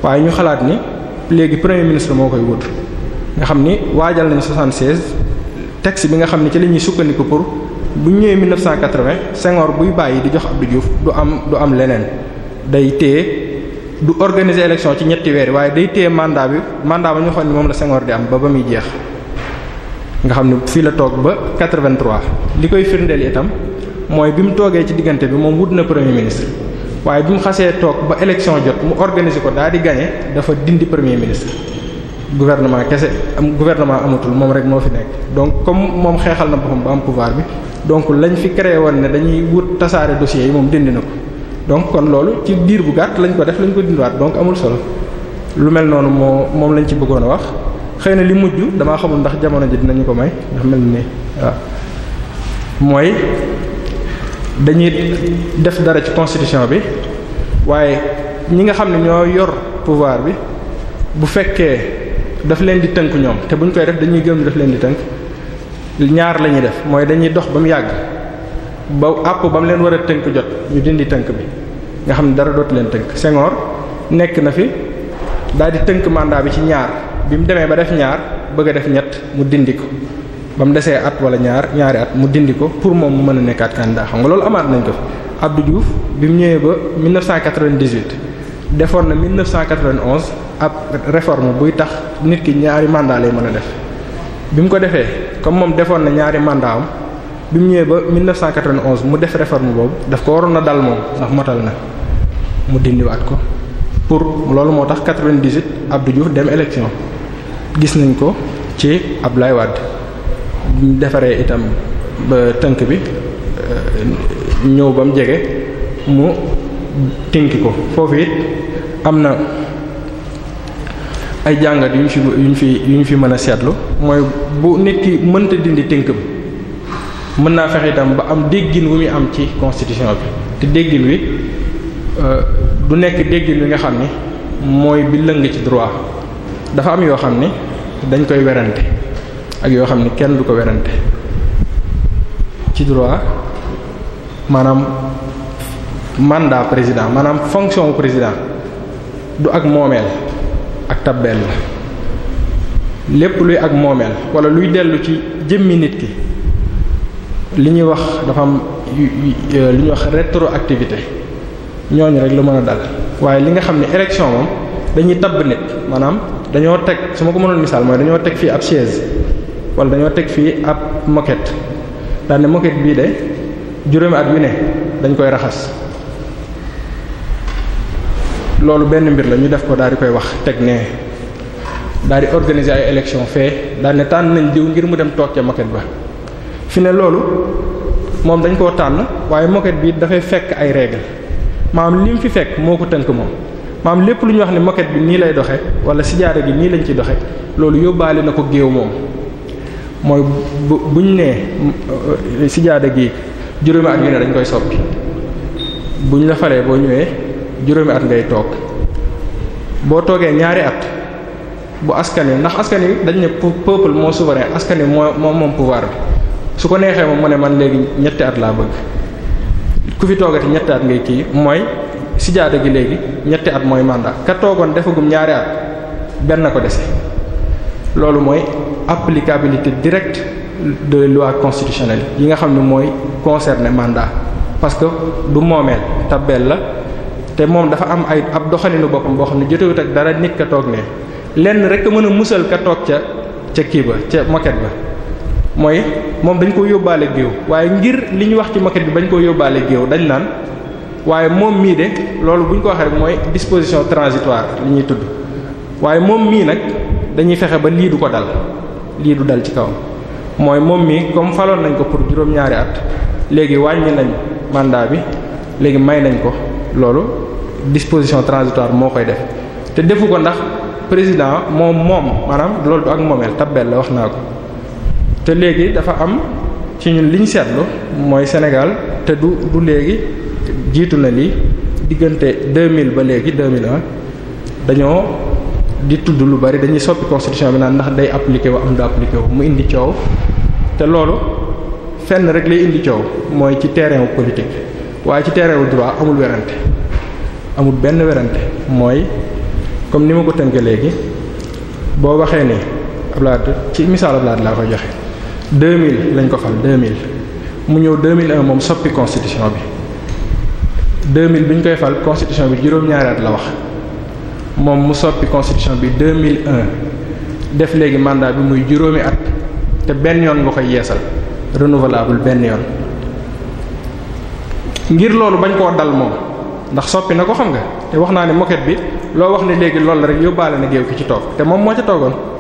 waaye ñu xalaat ni léegi premier ministre moo koy wuutu nga xam ni waajal nañu 76 texte bi nga xam ne ci la ñuy sukkandiku pour bu ñëwee 1980 Senghor buy bàyyi di jox Abdou juuf du am du am leneen day téye. du organiser élection ci ñetti weer waaye day téye mandat bi mandat ba ñu xool ni moom la Senghor di am ba ba muy jeex nga xam ne fii la toog ba 83 li koy firndeel itam mooy bi mu toogee ci diggante bi moom wut na premier ministre waaye bi mu xasee toog ba élection jot mu organiser ko daal di gagné dafa dindi premier ministre gouvernement kese am gouvernement amatul moom rek moo fi nekk donc comme moom xeexal na boppam ba am pouvoir bi donc lañ fi créé woon ne dañuy wut tasaare dossiers moom dindi na ko donc kon loolu ci biir bu gàtt lañ ko def lañ ko dindiwaat donc amul solo lu mel noonu moo moom lañ ci bëggoon a wax xëy na li mujj damaa xamul ndax jamono ji dinañu ko may ndax mel ni waaw ah, mooy dañuy def dara ci constitution bi waaye ñi nga xam ne ñoo yor pouvoir bi bu fekkee daf leen di tënk ñoom te buñ koy def dañuy gëm daf leen di tënk ñaar la ñuy def mooy dañuy dox ba mu yàgg. ba àpp ba mu leen war a tënk jot ñu dindi tënk bi nga xam ne dara dootu leen tënk Senghor nekk na fi daal di tënk mandat bi ci ñaar bi mu demee ba def ñaar bëgg a def ñett mu dindi ko ba mu desee at wala ñaar ñaari at mu dindi ko pour moom mu mën a nekkaat candidat xam nga loolu amaat nañ ko fi Abdou bi mu ñëwee ba 1998 defoon na 1991 ab réforme buy tax nit ki ñaari mandat lay mën a def bi mu ko defee comme moom defoon na ñaari mandat am bi mu ñëwee ba 1991 mu def réforme boobu daf ko waroon a dal moom ndax motal na mu dindiwaat ko pour loolu moo tax ab Abdou Diouf dem élection gis nañ ko ci Abdoulaye Wade bu defaree itam ba tënk bi euh, ñëw ba mu jege mu tinki ko foofu yi am na ay jàngat yu ñu fi yu ñu fi yu ñu fi mën a seetlu mooy bu nit ki mënta dindi tënk bi. mën naa fexe itam ba am déggin wu muy am ci constitution bi te déggin wi euh, du nekk déggin wi nga xam ni mooy bi lëng ci droit dafa am yoo xam ni dañ koy werante ak yoo xam ni kenn du ko werante ci droit maanaam mandat président maanaam fonction président du ak moomeel ak tabel la lépp luy ak moomeel wala luy dellu ci jëmmi nit ki li ñuy wax dafa am euh, li ñuy wax rétroactivité ñooñu rek la mën a dal waaye li nga xam ne élection moom dañuy tabb nit maanaam dañoo teg su ma ko mënoon misaal mooy dañoo teg fii ab chaise wala dañoo teg fii ab moquette daal moket bii de juróomi at yu ne dañ koy raxas loolu benn mbir la ñu def ko daal di koy wax teg ne daal di organiser ay élection fee daal tànn nañ diw ngir mu dem toog ca moquette ba fi ne loolu moom dañ koo tànn waaye moquette bi dafay fekk ay règle maam li fi fekk moo ko tënk moom maam lépp lu ñu wax ne moquette bi nii lay doxe wala sijaada gi nii lañ ci doxe loolu yóbbaale na ko géew moom mooy bu buñ nee euh, sijaada gi juróomi at yu ne dañ koy soppi buñ la falee boo ñëwee juróomi at ngay toog boo toogee ñaari at bu askan wi ndax askan wi dañ ne peuple moo souverain askan wi moo moom moom bi su ko neexee moom mu ne man léegi ñetti at laa bëgg ku fi toogati ñetti at ngay kii mooy sijaada gi léegi ñetti at mooy mandat ka toogoon defagum ñaari at benn ko dese loolu mooy applicabilité direct de loi constitutionnelle yi nga xam ni mooy concerner mandat parce que du moomeel tabel la te moom dafa am ay ab doxalinu boppam boo xam ne jotewut ak dara nit ka toog ne lenn rek mën a musal ka toog ca ca kii ba ca moquette ba mooy moom dañ koo yóbbaale géew waaye ngir li ñu wax ci maquette bi bañ koo yóbbaale géew dañ naan waaye moom mii de loolu bu ñu ko waxee rek mooy disposition transitoire li ñuy tudd waaye moom mii nag dañuy fexe ba lii du ko dal lii du dal ci kawam mooy moom mii comme faloon nañ ko pour juróom-ñaari at léegi wàññi nañ mandat bi léegi may nañ ko loolu disposition transitoire moo koy def te defu ko ndax président moom moom maanaam loolu du ak moom tabbeel la wax naa ko te léegi dafa am ci ñun liñ seetlu mooy Sénégal te du du léegi jiitu na lii diggante 2000 ba léegi mil 2001 dañoo di tudd lu bari dañuy soppi constitution bi naan ndax day appliqué wu am du appliqué mu indi coow te loolu fenn rek lay indi coow mooy ci terrain wu politique waaye ci terrain wu droit amul werante amul benn werante mooy comme ni ma ko tënkee léegi boo waxee ni Abdoulaye ci misaal Abdoulaye laa koy joxe. mille lañ ko fal mille mu ñëw 2001 moom soppi constitution bi 2000 bi ñu koy fal constitution bi juróom-ñaari at la wax moom mu soppi constitution bi 2001 def léegi mandat bi muy juróomi at te benn yoon nga koy yeesal renouvelable benn yoon ngir loolu bañ koo dal moom ndax soppi na ko xam nga te wax naa ne moquette bi loo wax ne léegi loolu rek yóbbaale na géew ki ci toog te moom moo ca toogoon.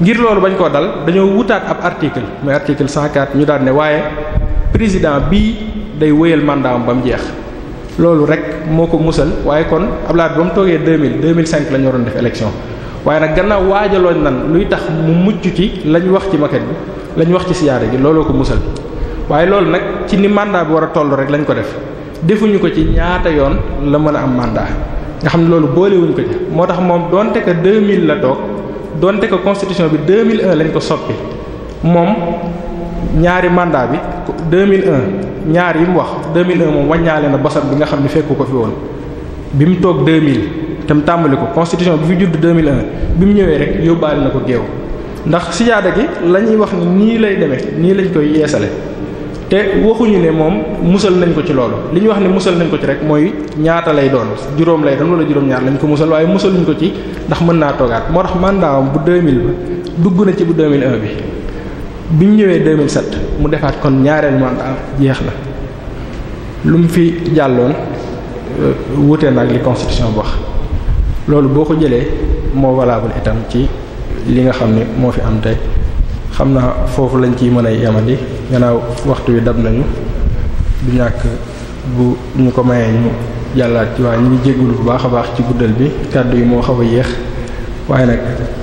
ngir loolu bañ koo dal dañoo wutaat ab article mooy article 104 ñu daan ne waaye président bi day wéyal mandat am ba mu jeex loolu rek moo ko musal waaye kon Abdoulaye ba mu toogee 2000 2005 la ñu waroon def élection waaye nag gannaaw waajalooñ nan luy tax mu mucc ci lañ wax ci maquette bi lañ wax ci siyaare gi looloo ko musal waaye loolu nag ci ni mandat bi war a toll rek lañ ko def defuñu ko ci ñaata yoon la mën a am mandat nga xam ne loolu boolewuñ ko moo tax moom donte que 2000 la toog. donte ko constitution bi 2001 lañ ko soppi moom ñaari mandat bi 2001 ñaari yi mu wax 2001 moom wàññaale na basam bi nga xam ne fekku ko fi woon bi mu toog 2000 tam tàmbali ko constitution bi fi judd 2001 bi mu ñëwee rek yóbbaale na ko géew ndax sijaada gi la ñuy wax ni nii lay demee nii lañ koy yeesale te waxuñu ne moom musal nañ ko ci loolu li ñu wax ne musal nañ ko ci rek mooy ñaata lay doon juróom lay doon wala juróom-ñaar lañ ko musal waaye musaluñ ko ci ndax mën naa toogaat moo tax mandaawam bu 2000 ba dugg na ci bu 2001 bi bi mu ñëwee 2007 mu defaat kon ñaareel mandat jeex na lu mu fi jàlloon euh, wuute na ak li constitution bu wax loolu boo ko jëlee moo valable itam ci li nga xam ni moo fi am tey xam naa foofu lañ ciy mën a yamadi gannaaw waxtu wi dab nañu du ñàkk bu ñu ko mayee ñu jàllaat ci waaye ñu ngi jéggul bu baax a baax ci guddal bi kàddu yi moo xaw a yéex waaye nag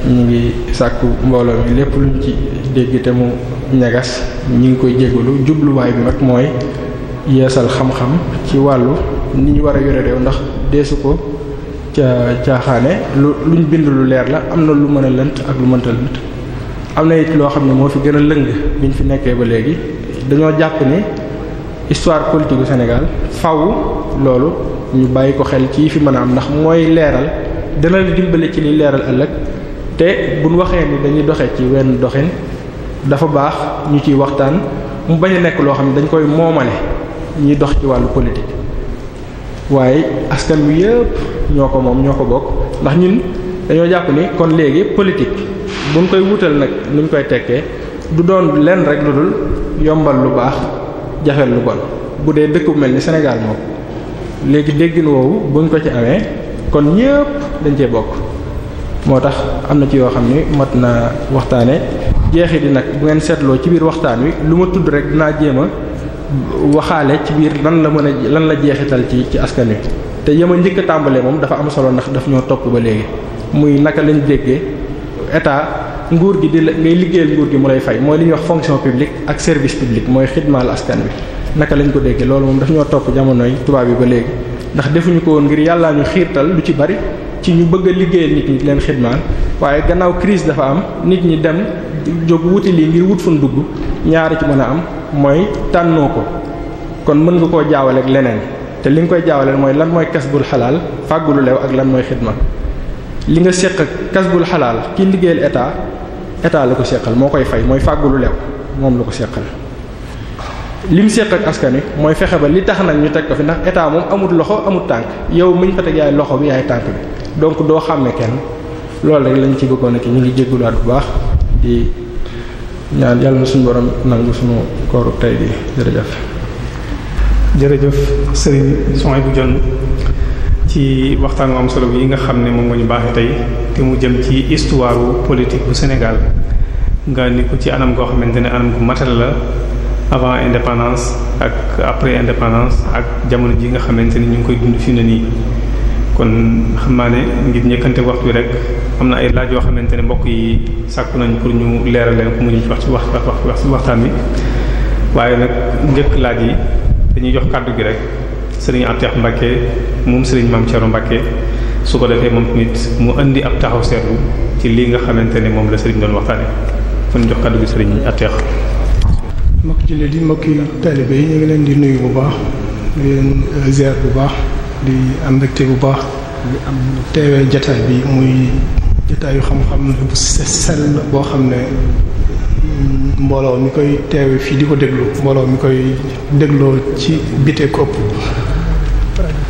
ñu ngi sàkku mbooloo mi lépp luñ ci dégg te mu ñagas ñu ngi koy jégalu jubluwaay bi nag mooy yéesal xam-xam ci wàllu ni ñu war a yore réew ndax deesu ko ca caaxaane lu luñ bind lu leer la am na lu mën a lënt ak lu mënta lënt am na it loo xam ne moo fi gën a lëng ñu fi nekkee ba léegi dañoo jàpp ni histoire politique du faw loolu ñu bàyyi ko xel ci fi mën a am ndax mooy leeral dana la dimbale ci li leeral ëllëg te buñ waxee ni dañuy doxee ci wenn doxin dafa baax ñu ci waxtaan mu bañ a nekk loo xam ne dañ koy moomale ñuy dox ci wàllu politique waaye askan bi yëpp ñoo ko moom ñoo ko bokk ndax ñun dañoo jàpp ni kon léegi politique buñ koy wutal nag luñ koy tekkee du doon lenn rek lu dul yombal lu baax jafel lu bon bu dee dëkk bu mel ni Sénégal moom léegi déggin woowu buñ ko ci amee kon ñépp dañ cee bokk moo tax am na ci yoo xam ni mat na waxtaane jeexi di nag bu ngeen seetloo ci biir waxtaan wi lu ma tudd rek dinaa jéem a waxaale ci biir lan la mën a lan la jeexital ci ci askan wi te yema njëkk tàmbalee moom dafa am solo ndax daf ñoo topp ba léegi muy naka lañu déggee état nguur gi di la ngay liggéeyal nguur gi mu lay fay mooy li ñuy wax fonction publique ak service public mooy xidmaal askan bi naka lañ ko déggee loolu moom daf ñoo topp jamonoy tubaab yi ba léegi ndax defuñu ko woon ngir yàllaa ñu xiirtal lu ci bari ci ñu bëgg a liggéeyal nit ñi di leen xidmaal waaye gannaaw crise dafa am nit ñi dem jóg wuti lii ngir wut fun dugg ñaari ci mën a am mooy tànnoo ko kon mën nga koo jaawale leneen te li nga koy jaawalee mooy lan mooy kasbul xalaal fàggulu lew ak lan mooy xidma li nga séq ak kasbul xalaal ki liggéeyal état état la ko séqal moo koy fay mooy fàggu lu lew moom la ko séqal lim séq ak askan wi mooy fexe ba li tax nag ñu teg ko fi ndax état moom amut loxo amut tànk yow miñ fa teg yaay loxo bi yaay tànk bi donc doo xàmme kenn loolu rek lañ ci bëggoon a ki ñu ngi jéggulaat bu baax di ñaan yàlla na suñu borom nangu suñu kooru tey bi jërëjëf jërëjëf sëriñ Sohaibou Dione ci waxtaan wu am solo yi nga xam ne moom nga ñu baaxee tey te mu jëm ci histoire politique bu Sénégal nga ni ko ci anam goo xamante ne anam gu matal la avant indépendance ak après indépendance ak jamono ji nga xamante ni ñu ngi koy dund fi na nii. kon xam naa ne ngir ñëkkante waxtu wi rek am na ay laaj yoo xamante ne mbokk yi sàkku nañ pour ñu leeral leen ko mu ñu wax ci wax wax waxtaan wi waaye nag njëkk laaj yi dañuy jox kàddu gi rek. sëriñ Atex Mbacke moom sëriñ Mame Thierno Mbacke su ko defee moom tamit mu indi ab taxaw seetlu ci lii nga xamante ne moom la sëriñ doon waxtaane kon jox kàddu bi sëriñ Atex. mbokk jullit di mbokk taalibe yi ñu ngi leen di nuyu bu baax di leen euh, ziar bu baax di am mbégte bu baax di am teewee jataay bi muy jataayu xam-xam bu sell boo xam ne. mbooloo mi koy teewe fii di ko déglu mbooloo mi koy dégloo ci biteek ëpp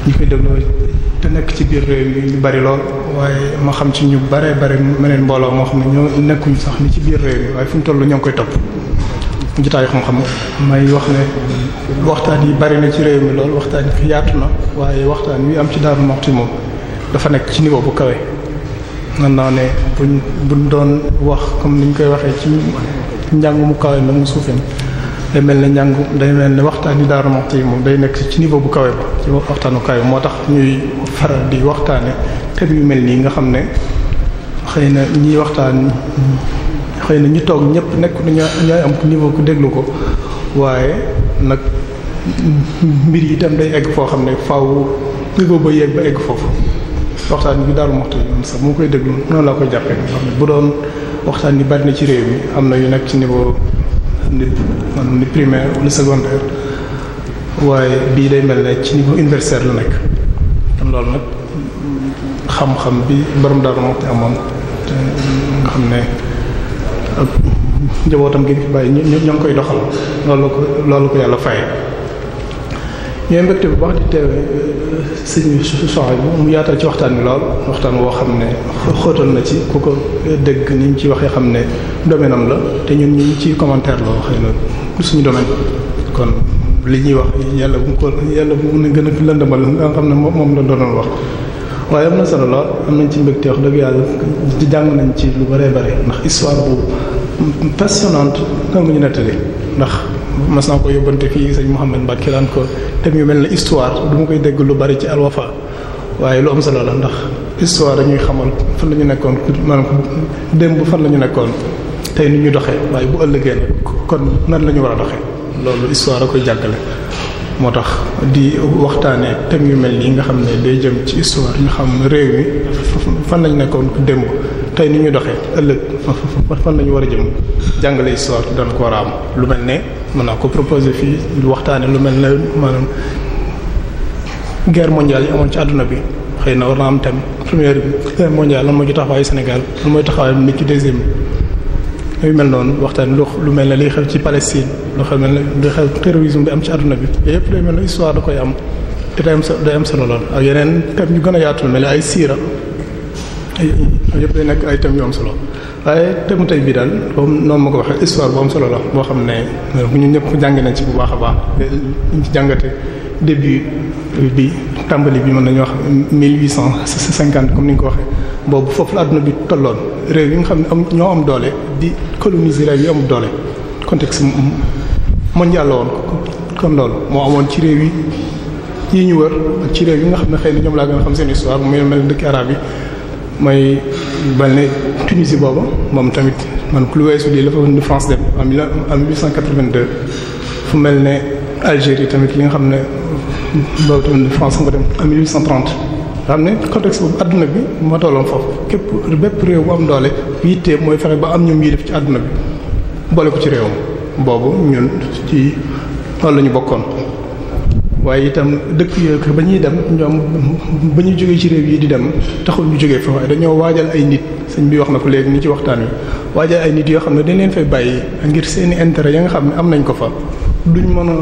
ñi koy dégloo te nekk ci biir réew mi ñu bari lool waaye ma xam ci ñu bare bare meneen mbooloo moo xam ne ñoo nekkuñu sax ni ci biir réew mi waaye fi mu toll ñoo koy topp jotaayu xam-xam may wax ne waxtaan yi bari na ci réew mi lool waxtaan yi yaatu na waaye waxtaan wi am ci Darou Moukhty moom dafa nekk ci niveau bu kawe mën naa ne buñ buñ doon wax comme niñ koy waxee ci njàng mu kawe la mu suufeen day mel ni njàng day mel ni waxtaan yi Darou Moukhty moom day nekk ci niveau bu kawe ba ci waxtaanu kawe moo tax ñuy faral di waxtaane thème yu mel nii nga xam ne xëy na ñi waxtaan xëy na ñu toog ñëpp nekk nañu ñooy am niveau ku déglu ko waaye nag mbir yi itam day egg foo xam ne faaw niveau ba egg foofu waxtaan bi Daaru Muxti yoon sax mu koy déglu noonu laa koy jàppee nga bu doon waxtaan yi bari na ci réew mi am na yu nekk ci niveau ni man ni primaire wala secondaire waaye bii day mel ne ci niveau universitaire la nekk loolu nag xam-xam bi borom Daaru Muxti amoon te nga xam ne ak njabootam gi fi bàyyi ñu ñu ngi koy doxal loolu ko loolu ko yàlla faye ñooy te bu baax di teewee euh, sëñ soxna bi mu yaatal ci waxtaan wi lool waxtaan woo xam ne xóotal na ci ku ko dégg ni ñu ci waxee xam ne domaine am la te ñun ñu ci commentaire la waxee na suñu domaine kon li ñuy wax yàlla bu ko yàlla bu mu gën a lëndëmal nga xam ne moom moom la doonoon wax waaye am na solo lool am nañ ci mbégte wax dëgg yàlla di jàng nañ ci lu bëree bëri ndax histoire bu passionnante nga ñu nettali ndax mas naa ko yóbbante fii sëñ Mouhamed Mbacke daan ko te yu mel ne histoire du ma koy dégg lu bari ci alwafa waaye lu am solo la ndax histoire dañuy xamal fan la ñu nekkoon maanaam démb fan la ñu nekkoon tey ni ñu doxee waaye bu ëllëgee kon nan la ñu war a doxee loolu histoire a koy jàggale moo tax di waxtaanee thèmes yu nga xam ne day jëm ci histoire ñu xam réew mi fan lañ nekkoon démb tey ni ñu doxee ëllëg fan lañu war a jëm jàngale histoire daan ko war a am lu mel ne mën naa ko proposer fii lu waxtaane lu mel na maanaam guerre mondiale yi amoon ci àdduna bi xëy na war naa am thème première bi guerre mondiale lan moo ju taxawaayu Sénégal lan mooy taxawaayu nit ci deuxième bi. yu mel noonu waxtaan lu lu mel ne liy xew ci Palestine lu xew ne lu xew terrorisme bi am ci àdduna bi yëpp day mel ne histoire da koy am te day am solo lool ak yeneen thèmes yu gën a yaatu mel ne ay siira yëpp day nekk ay thèmes yu am solo. waaye temu tey bii daal comme noonu ma ko waxee histoire bu am solo la boo xam ne bu ñu ñëpp jàng nañ ci bu baax a baax ñu jàngate début bi tàmbali bi mën nañu wax mille huit cinquante comme ni ñu ko waxee boobu foofu la àdduna bi tolloon réew yi nga xam ne am ñoo am doole di coloniser réew yi amul doole contexte mondial la woon kon moo amoon ci réew yi yi ñu wër ci réew yi nga xam ne xëy na ñoom laa gën a xam seen histoire mu mel ne dëkk yi mel ne Tunisie booba moom tamit man ku lu weesu lii la fa wënd France dem en mille en 1882 fu mel tamit li nga xam ne boobu tamit France nga dem en 1830. nga xam ne contexte boobu adduna bi moo tolloon foofu képp bépp réew bu am doole yittee mooy fexe ba am ñoom yi def ci adduna bi boole ko ci réewam boobu ñun ci loolu la ñu bokkoon. waaye itam dëkk yooyu ba ñuy dem ñoom ba ñu jógee ci réew yi di dem taxul ñu jógee fa waaye dañoo waajal ay nit sëñ bi wax na ko léegi ni ci waxtaan wi waajal ay nit yoo xam ne dañ leen fay bàyyi ngir seeni intérêt ya nga xam ne am nañ ko fa duñ mën a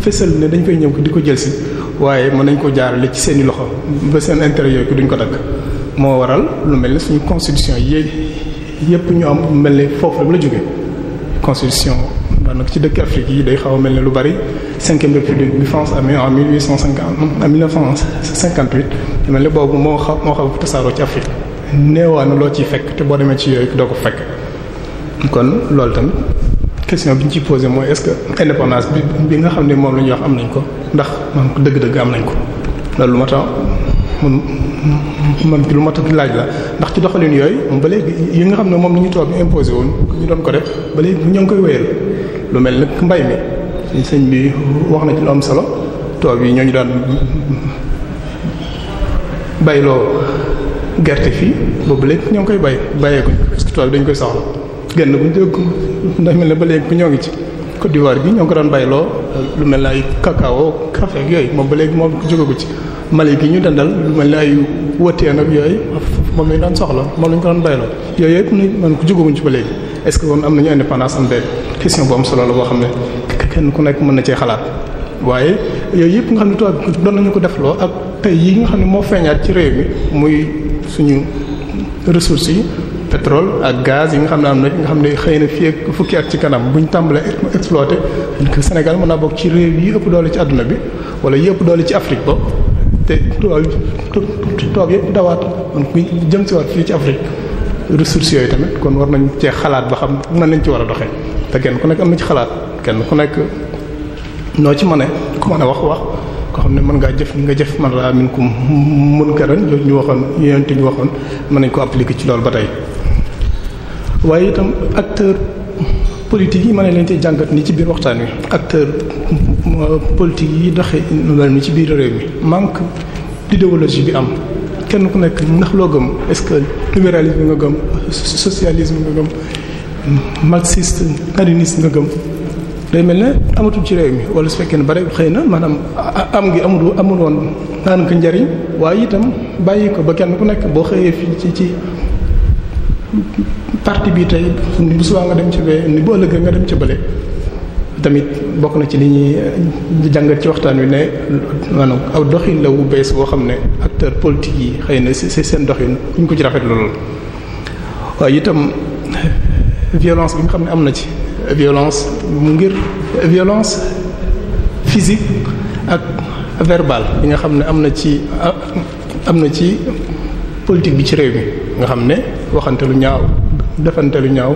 fësal ne dañ fay ñëw di ko jël si waaye mën nañ ko jaarale ci seeni loxo ba seen intérêt yooyu duñ ko dagg moo waral lu mel ne suñu constitution yi yépp ñu am mel ne foofu la jógee constitution nag ci dëkk Afrique yi day xaw a mel ne lu bari cinquième république bi France amee en mille huit cent cinquante en mille neuf cent cinquante-huit mel ne boobu moo xaw moo xaw tasaaroo ci Afrique néewaanu loo ci fekk te boo demee ci yooyu doo ko fekk kon loolu tamit question bi ñu ciy posé mooy est-ce que indépendance bi bi nga xam ne moom la ñuy wax am nañ ko ndax man ko dëgg-dëgg am nañ ko loolu lu ma tax man man lu ma tax laaj la ndax ci doxalin yooyu moom ba léegi yi nga xam ne moom la ñu tubaab bi imposé woon ñu doon ko def ba ñoo ngi koy wéyal lu mel nag mbay mi sëñ bi wax na ci am solo tool yi ñoo ñu daan gerte fii boobu léegi ñoo ngi koy bay bayeekuñ tool dañ koy soxla genn bu njëkk ndax mel ne ba léegi ñoo ngi ci Côte d'Ivoire gi ñoo ngi ko daan bayloo lu mel ne ay cacao café ak yooyu moom ba léegi moom jógagu ci Mali gi ñu dandal lu mel ne ay wëteen ak yooyu moom lañu daan soxla moom lañu ko daan bayloo yooyu yëpp man ko jógaguñ ci ba léegi est-ce que kon am nañu indépendance am déet question bu am solo la boo xam ne kenn ku nekk mën na cee xalaat waaye yooyu yëpp nga xam ne tubaab bi doon nañu ko def loo ak tey yi nga xam ne moo feeñaat ci réew mi muy suñu ressources yi pétrole ak gaz yi nga xam ne am na nga xam ne xëy na fii ak fukki at ci kanam buñ tàmbalee exploité Sénégal mën naa bokk ci réew yi ëpp doole ci àdduna bi wala yi ëpp doole ci Afrique ba te tool toog yëpp dawaat mi jëm si waat fii ci Afrique ressources yooyu tamit kon war nañ cee xalaat ba xam nan lañ ci war a doxee te kenn ku nekk am na ci xalaat kenn ku nekk noo ci mën a ku mën a wax wax koo xam ne mën ngaa jëf nga jëf man a laa min ku mun karan ñu waxoon yonent ñu waxoon mën nañ ko appliquer ci loolu ba tey waaye itam acteur politique yi mën leen ci jàngat nii ci biir waxtaan wi acteur politique yi doxe loolu mi ci biir réew mi manque d'idéologie bi am kenn ku nekk ndax loo gëm est-ce que libéralisme nga gëm socialisme nga gëm marxiste léniniste nga gëm day mel ne amatul ci réew mi wala su fekkee ne bare xëy na maanaam am ngi amul amul woon naan ko njariñ waaye itam bàyyi ko ba kenn ku nekk boo xëyee fii ci ci parti bii tey ni bu subaa nga dem ci bee ni bu ëllëgee nga dem ci bële tamit bokk na ci li ñuy jàngat ci waxtaan wi ne maanaam aw doxin la wu bees boo xam ne acteur politique yi xëy na si seen doxin kuñ ko ci rafetlu lool waaye itam violence bi nga xam ne am na ci violence mu ngir violence physique ak verbale bi nga xam ne am na ci am na ci politique bi ci réew mi nga xam ne waxante lu ñaaw defante lu ñaaw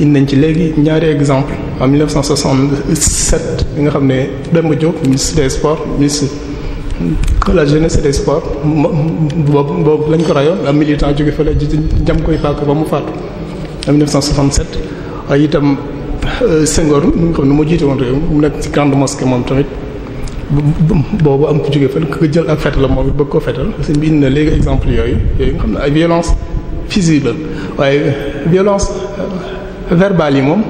indi nañ ci léegi ñaari exemple en 1967 bi nga xam ne Demba Diop ministre des sports ministre de la jeunesse et des boobu boobu lañ ko rayoon am militant jóge fa fële jam koy paak ba mu faatu en 1967 waaye itam euh, Senghor mi nga xam ne moo jiite woon réew mu nekk ci grande mosquée moom tamit boobu am ku jógee fële ku jël ak fetal la moom it bëgg koo fetal sëñ bi na léegi exemple yooyu yooyu nga xam ne ay violence physique la waaye violence euh, verbale yi moom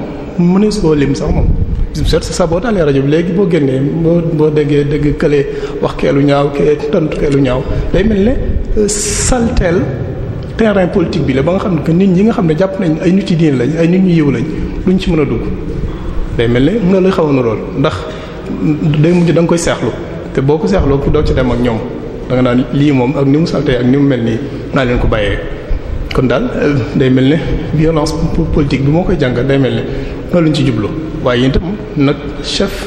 mënees koo lim sax moom c'est ça boo taalee rajo bi léegi boo génnee boo boo déggee dégg kële wax keelu ñaaw kee tontu keelu ñaaw day mel ne euh, salteel terrain politique bi la ba nga xam ne que nit ñi nga xam ne jàpp nañ ay nit yi diine lañ ay nit ñu yiw lañ duñ ci mën a dugg day mel ne mën na la xaw a lool ndax day mujj da koy seexlu te boo ko seexloo doo ci dem ak ñoom da lii moom ak ni mu saltee ak ni mu mel nii naa leen ko bàyyee. kon daal euh, day mel ne violence politique bi moo koy jàngal day mel ne loolu lañ ci jublu waaye itam nag chef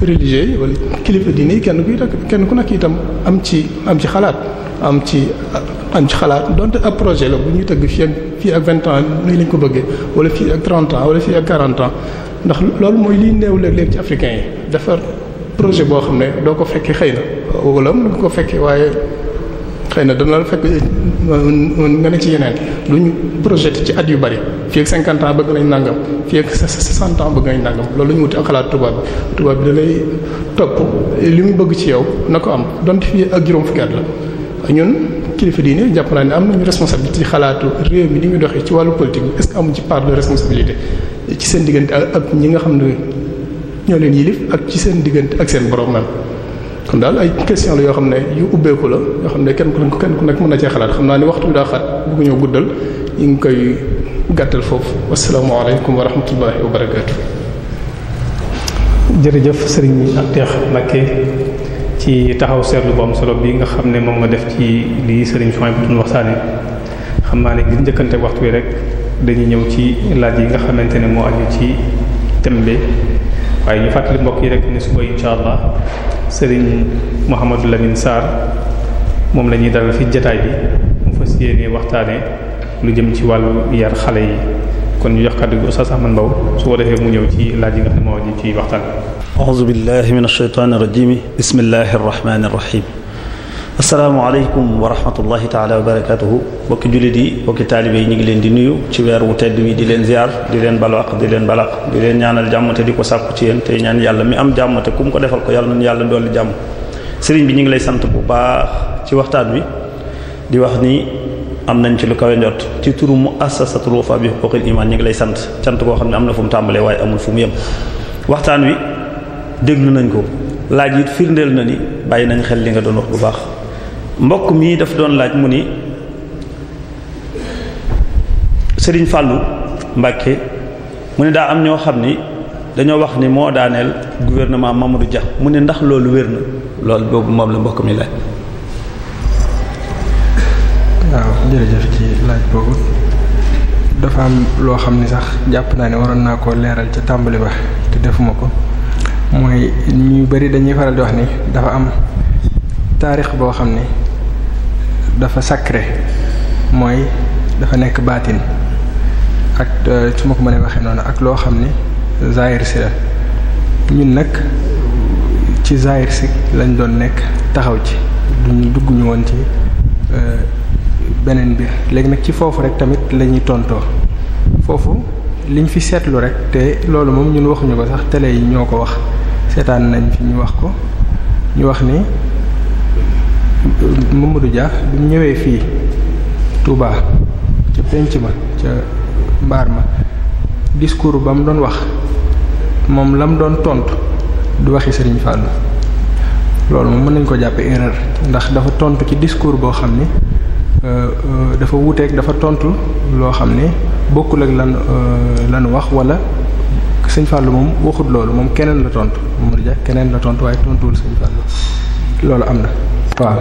religieux yi kilifa diine yi kenn kuy kenn ku nekk itam am ci am ci xalaat. am ci am ci xalaat donte ab projet la bu ñu tëgg fii ak fii ak vingt ans nii lañ ko bëggee wala fii ak trente ans wala fii ak quarante ans ndax loolu mooy liy néew léeg-léeg ci africain yi defar projet boo xam ne doo ko fekkee xëy na wala mu ko fekkee waaye xëy na dana la fekk nga ne ci yeneen lu ñu projet ci at yu bari fii ak cinquante ans bëgg nañ nangam fii ak soixante ans bëgg nañ nangam loolu la ñu wuti ak xalaat tubaab bi tubaab bi da lay topp li mu bëgg ci yow na ko fii ak juróom fukki la ñun kilifa diine jàpp naa ne am nañu responsabilité ci xalaatu réew mi ni ñu doxee ci wàllu politique bi est-ce que amuñ ci part de responsabilité ci seen diggante ak ñi nga xam ne ñoo leen yilif ak ci seen diggante ak seen borom man kon daal ay question la yoo xam ne yu ubbeeku la yoo xam ne kenn ku nekk kenn ku nekk mën na cee xalaat xam naa ni waxtu bi daa xat bëgg ñoo guddal ñu ngi koy gàttal foofu wasalaamaaleykum wa rahmatullahi wa barakaatu. jërëjëf Serigne Atex Mbacké ci taxaw seetlu bu am solo bi nga xam ne moom nga def ci lii sëriñ Fane bi doon waxtaane xam naa ne ngir njëkkante waxtu wi rek dañuy ñëw ci laaj yi nga xamante ne moo aju ci thème waaye ñu fàttali mbokk yi rek ne suba incha allah sëriñ Mouhamadou Lamine Sarr moom lañuy ñuy dalal fi jataay bi mu fas yéene waxtaane lu jëm ci wàllu yar xale yi. kon ñu jox kàddu gi Oustaz Ahmad Mbaw su ko defee mu ñëw ci laaj nga xam ne moo ji ci waxtaan bi a'uuzu billahi min ash-shaytaani rajiim bismillahi rahmaani rahiim asalaamaaleykum jullit yi bokki taalibe ñu ngi leen di nuyu ci weer wu tedd wi di leen ziar di leen balwaq leen balaq di leen ñaanal jàmm di ko sàkku ci yéen tey ñaan yàlla mi am jàmm te ku mu ko defal ko yàlla nañu yàlla dolli jàmm sëriñ bi ñu ngi lay sant bu baax ci waxtaan wi di wax ni am nañ ci lu kawe njot ci turu muassasatul wafa bi huquqil iman ñu ngi lay sant cant koo xam ne am na fu mu tàmbalee waaye amul fu mu yem waxtaan wi déglu nañ ko laaj it firndeel na ni bàyyi nañ xel li nga doon wax bu baax mbokk mi daf doon laaj mu ni sëriñ Fallou Mbacké mu ne daa am ñoo xam ni dañoo wax ni moo daaneel gouvernement Mamadou jax mu ne ndax loolu wér na loolu boobu moom la mbokk mi laaj jërëjëf ci laaj boobu dafa am loo xam ni sax jàpp naa ne waroon naa koo leeral ca tàmbali ba te defuma ko mooy ñu bari dañuy faral di wax ni dafa am taarix boo xam ni dafa sacré mooy dafa nekk baatin ak euh, su ma ko mënee waxee noonu ak loo xam ni zaahir si la ñun nag ci zaahir si lañ doon nekk taxaw ci duñu dugg woon ci. Euh, beneen mbir léegi nag ci foofu rek tamit lañuy ñuy tontoo foofu liñ fi seetlu rek te loolu moom ñun waxuñu ko sax télé yi ñoo ko wax seetaan nañ fi ñu wax ko ñu wax ni Mamadou Dia bi mu ñëwee fii Touba ca penc ma ca mbaar ma discours ba mu doon wax moom la mu doon tontu du waxi Serigne Fallou loolu moom mën nañ ko jàppe erreur ndax dafa tontu ci discours boo xam ni Euh, euh, dafa wuuteeg dafa tontu loo xam ne bokkul ak lan euh, lan wax wala sëñ Fallou moom waxut loolu moom keneen la tontu Mamadou Dia keneen la tontu waaye tontuwul sëñ Fallou loolu am na. waaw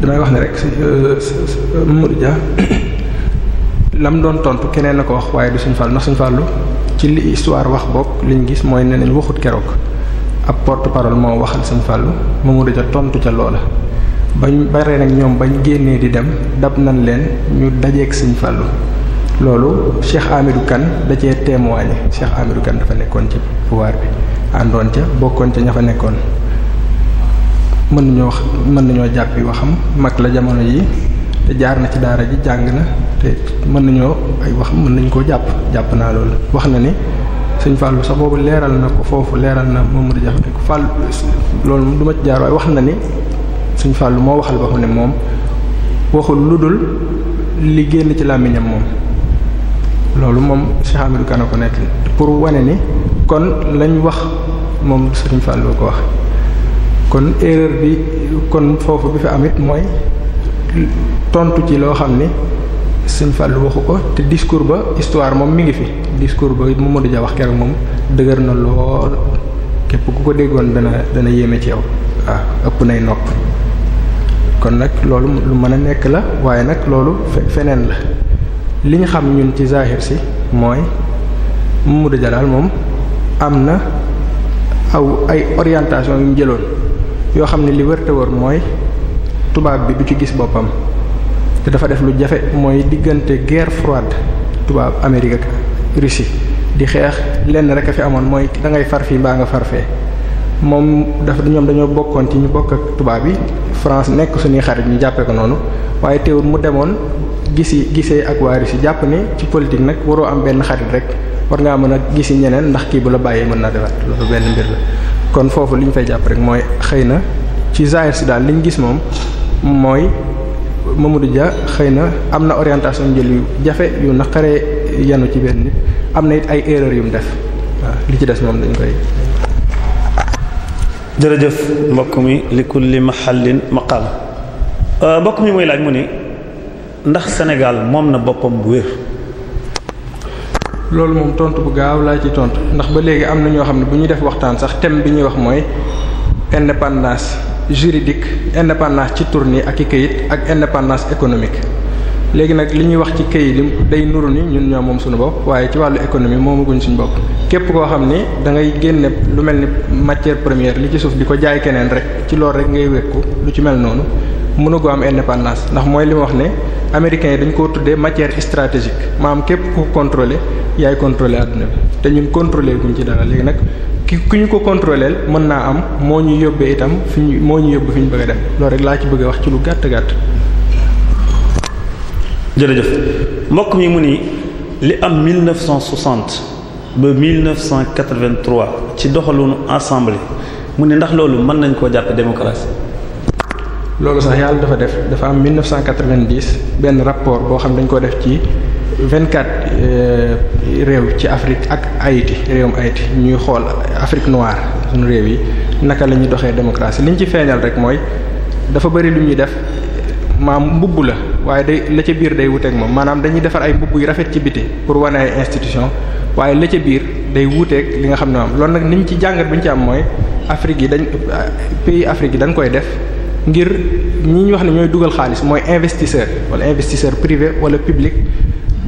damay wax ne rek si Mamadou Dia lam doon tontu keneen a ko wax waaye du sëñ Fallou ndax sëñ Fallou ci li histoire wax bokk liñ gis mooy ne nañ waxut keroog ab porte parole moo waxal sëñ Fallou Mamadou Dia tontu ca loola. bañ baree nag ñoom bañ génnee di dem dab nañ leen ñu dajeek sëñ Fàllu loolu Cheikh Amidou Kane da cee témoigné Cheikh Amidou Kane dafa nekkoon ci pouvoir bi àndoon ca bokkoon ca ña fa nekkoon mën nañoo mën nañoo jàppi waxam mag la jamono yi te jaar na ci daara ji jàng na te mën nañoo ay waxam mën nañ koo jàpp jàpp naa loolu wax na ni sëñ Fallou sax boobu leeral na ko foofu leeral na moom mu Mamadou Diakhaté ko Fallou loolu duma ci jaar waaye wax na ni suñ fàllu moo waxal boppam ne moom waxul lu dul li génn ci làmmiñam moom loolu moom Cheikh Amadou Kane ko nekk pour wane ni kon lañ wax moom Sëriñ Fallou ko wax kon erreur bi kon foofu bi fi am mooy tontu ci loo xam ni Sëriñ fàllu waxu ko te discours ba histoire moom mi ngi fi discours ba it Mamadou Dia wax keroog moom dëgër na lool képp ku ko déggoon dana dana yéeme ci yow waaw ëpp nay nopp. kon nag loolu lu mën a nekk la waaye nag loolu feneen la li ñu xam ñun ci zahir si mooy Mamadou Jalal moom am na aw ay orientation yu jëloon yoo xam ne li wërte wër mooy tubaab bi du ci gis boppam te dafa def lu jafe mooy diggante guerre froide tubaab Amérique ak di xeex lenn rek a fi amoon mooy da ngay far fii mbaa nga farfee moom dafa ñoom dañoo bokkoon ci ñu bokk ak tubaab yi France nekk suñuy xarit ñu jàppee ko noonu waaye teewul mu demoon gis gisi gisee ak waa Russie jàpp ne ci politique nag waroo am benn xarit rek war ngaa mën a gisi ñeneen ndax kii la bàyyee mën naa defaat loolu benn mbir la. kon foofu li ñu fay jàpp rek mooy xëy na ci zaahir si daal li ñu gis moom mooy Mamadou ja xëy na am na orientation jël yu jafe yu naqaree yanu ci benn nit am na it ay erreurs yu mu def waaw li ci des moom dañ koy. jërëjëf mbokk mi li kulli mahallin maqaam euh, mbokk mi mooy laaj mu ni ndax Sénégal moom na boppam bu wér. loolu moom tontu bu gaaw laa ci tontu ndax ba léegi am na ñoo xam ne bu ñuy def waxtaan sax thème bi ñuy wax mooy indépendance juridique indépendance ci tournée ak i kayit ak indépendance économique. léegi nag li ñuy wax ci këy li day nuru ni ñun ñoo moom suñu bopp waaye ci wàllu économie moomaguñ suñu bopp képp koo xam ni dangay ngay génne lu mel ni matière première li ci suuf di ko jaay keneen rek ci loolu rek ngay wékku lu ci mel noonu mënugoo am indépendance ndax mooy li wax ne américains yi dañ koo tuddee matière stratégique maam képp ku ko contrôler yaay contrôler àdduna bi te ñun contrôler guñ ci dara léegi nag ki ku ñu ko contrôler mën naa am moo ñu yóbbee itam fi ñu moo ñu yóbbu ñu bëgg a loolu rek laa ci bëgg a wax ci lu gàtt gàtt jërëjëf mbokk mi mu ni li am 1960 ba 1983 ci doxalunu assemblée mu ni ndax loolu mën nañ koo jàppe démocratie loolu sax yàlla dafa def dafa am 1990 benn rapport boo xam dañ ko def ci 24 euh, réew ci Afrique ak Haïti réewum Haïti ñuy xool Afrique noir suñu réew yi naka la ñuy doxee démocratie li ñu ci feeñal rek mooy dafa bari lu ñuy def maam mbubb la waaye day la ca biir day wuteek moom maanaam dañuy defar ay mbubb yu rafet ci biti pour wane ay institution waaye la ca biir day wuuteeg li nga xam ne moom loolu nag niñ ci jàngat bi ñu ci am mooy Afrique yi dañ pays Afrique yi dañ koy def ngir ñi ñu wax ne ñooy dugal xaalis mooy investisseur wala investisseur privé wala public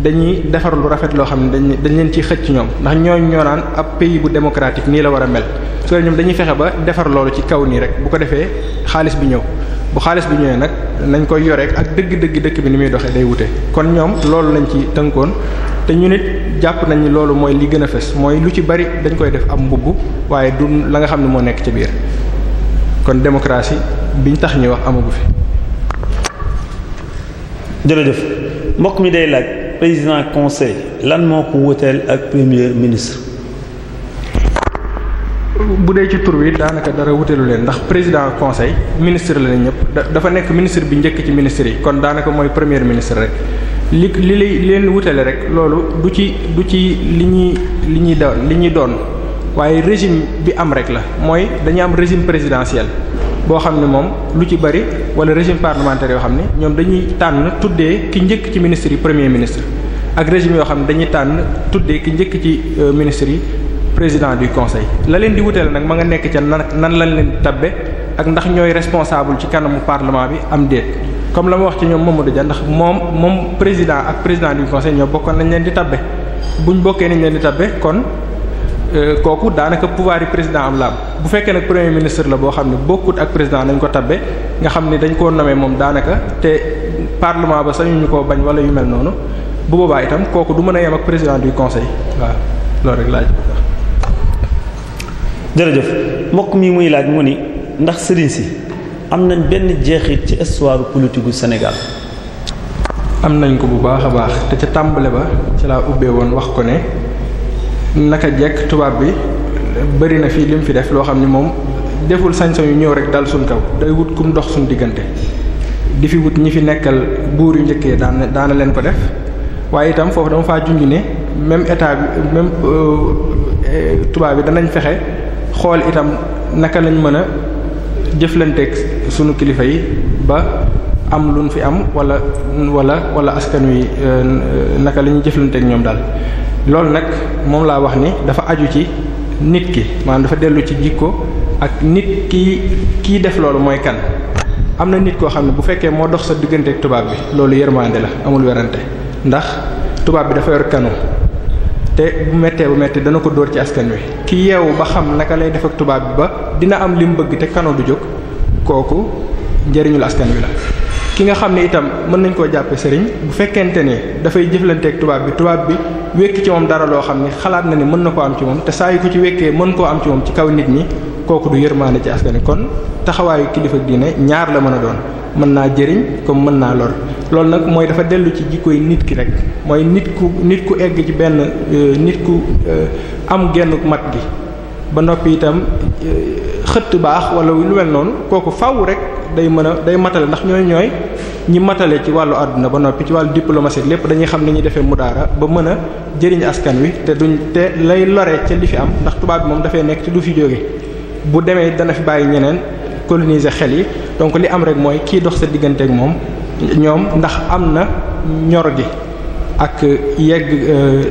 dañuy defar lu rafet loo xam ne dañ dañ leen ciy xëcc ñoom ndax ñooñ ñoo naan ab pays bu démocratique nii la war a mel. su ñoom dañuy fexe ba defar loolu ci kaw nii rek bu ko defee xaalis bi ñëw. bu xaalis bi ñëwee nag nañ koy yoreek ak dëgg-dëgg dëkk bi ni muy doxee day wute kon ñoom loolu lañ ci tënkoon te ñu nit jàpp nañ ni loolu mooy li gën a fes mooy lu ci bari dañ koy def am mbubb waaye du la nga xam ne moo nekk ci biir kon démocratie biñ tax ñuy wax amagu fi. jërëjëf mbokk mi day laaj président conseil lan moo ko wuteel ak premier ministre. bu dee ci tur wi daanaka dara wuteelu leen ndax président conseil ministre la ñëpp dafa nekk ministre bi njëkk ci ministre yi kon daanaka mooy premier ministre rek li li lay leen wutale rek loolu du ci du ci li ñuy li ñuy da li ñuy doon waaye résime bi am rek la mooy dañu am régime présidentiel boo xam ne moom lu ci bari wala régime parlementaire yoo xam ni ñoom dañuy tànn tuddee ki njëkk ci ministre yi premier ministre ak résime yoo xam ne dañuy tànn tuddee ki njëkk ci euh, ministre yi président du conseil la leen di wuteel nag ma nga nekk ca nan nan lañ leen tabbe ak ndax ñooy responsable ci kanamu parlement bi am déet comme la ma wax ci ñoom Mamadou Dia ndax moom moom président ak président du conseil ñoo bokkoon nañ leen di tabbe ñu bokkee nañ leen di tabbe kon euh, kooku daanaka pouvoir yi président am la am bu fekkee nag premier ministre la boo xam ne bokkut ak président nañ ko tabbe nga xam ni dañ koo nommer moom daanaka te parlement ba sañu ñu koo bañ wala yu mel noonu bu boobaa itam kooku du mën a yem ak président du conseil waaw loolu rek laaj jërëjëf mbokk mi muy laaj mu ni ndax sëriñ si am nañ benn jeexit ci histoire politique gu Sénégal. am nañ ko bu baax a baax te ca tàmbale ba ci laa ubbee woon wax ko ne naka jekk tubaab bi bëri na fii lim fi def loo xam ni moom deful sañ yu ñëw rek dal suñ kaw day wut kum dox suñ diggante. di fi wut ñi fi nekkal buur yu njëkkee daan daana leen ko def waaye itam foofu dama faa junj ne même état bi même euh, euh, tubaab bi danañ fexe. xool itam naka lañ mën a jëflanteeg sunu kilifa yi ba am lu luñ fi am wala wala wala askan wi euh, naka lañuy ñuy ñoom daal. loolu nag moom laa wax ni dafa aju ci nit ki maanaam dafa dellu ci jikko ak nit ki kiy def loolu mooy kan. am na nit koo xam ne bu fekkee moo dox sa digganteeg tubaab bi loolu yërmande la amul werante ndax tubaab bi dafa yor kanu. te bu méttee bu méttee dana ko dóor ci askan wi ki yeewu ba xam naka lay def ak tubaab bi ba dina am li mu bëgg te kano du jóg kooku njëriñul askan wi la ki nga xam ne itam mën nañ koo jàppe sëriñ bu fekkente ne dafay jëflanteeg tubaab bi tubaab bi wekki ci moom dara loo xam ne xalaat na ne mën na koo am ci moom te saa yu ko ci wekkee mën koo am ci moom ci kaw nit ñi kooku du yërmaane ci askan kon taxawaayu kilifa diine ñaar la mën a doon mën naa jëriñ comme mën naa lor loolu nag mooy dafa dellu ci jikkoy nit ki rek mooy nit ku nit ku egg ci benn euh, nit ku euh, am genn mat gi ba noppi itam euh, xëtt baax wala lu noonu kooku faaw rek day mën a day matale ndax ñooy ñooy ñi matale ci wàllu àdduna ba noppi ci wàllu diplomatie lépp dañuy xam ni ñuy defee mudaara ba mën a jëriñ askan wi te duñ te lay lore ca li fi am ndax tubaab bi moom dafay nekk te du fi jóge bu demee dana fi bàyyi ñeneen coloniser xel yi donc li am rek mooy kii dox sa diggante ak moom ñoom ndax am na ñor gi ak yegg euh,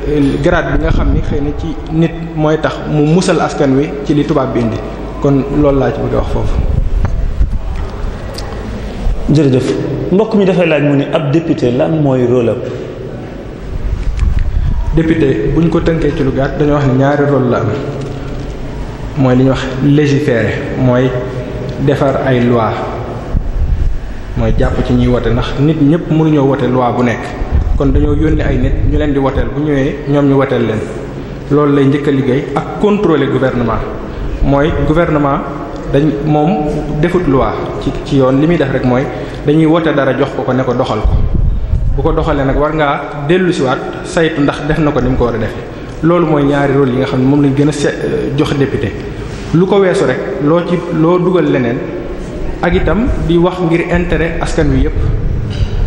grade bi nga xam ni xëy ci nit mooy tax mu musal askan wi ci li tubaab bi indi kon loolu laa ci bëgg wax foofu jërëjëf mbokk mi dafay laaj mu ne ab député lan mooy rôle am député bu ñu ko tënkee ci lu gàtt dañoo wax ne ñaari rôle la am mooy li ñuy wax légiférer mooy defar ay loi mooy jàpp ci ñuy wote ndax nit ñëpp mënuñoo wote loi bu nekk kon dañoo yónni ay nit ñu leen di woteel bu ñëwee ñoom ñu woteel leen loolu lay njëkka liggéey ak contrôler gouvernement mooy gouvernement dañ moom defut loi ci ci yoon li muy def rek mooy dañuy woote dara jox ko ko ne ko doxal ko bu ko doxalee nag war ngaa dellu siwaat saytu ndax def na ko ni mu ko war a defee loolu mooy ñaari rôle yi nga xam ne moom lañ gën a se euh, jox député lu ko weesu rek loo ci loo dugal leneen ak itam di wax ngir intérêt askan wi yépp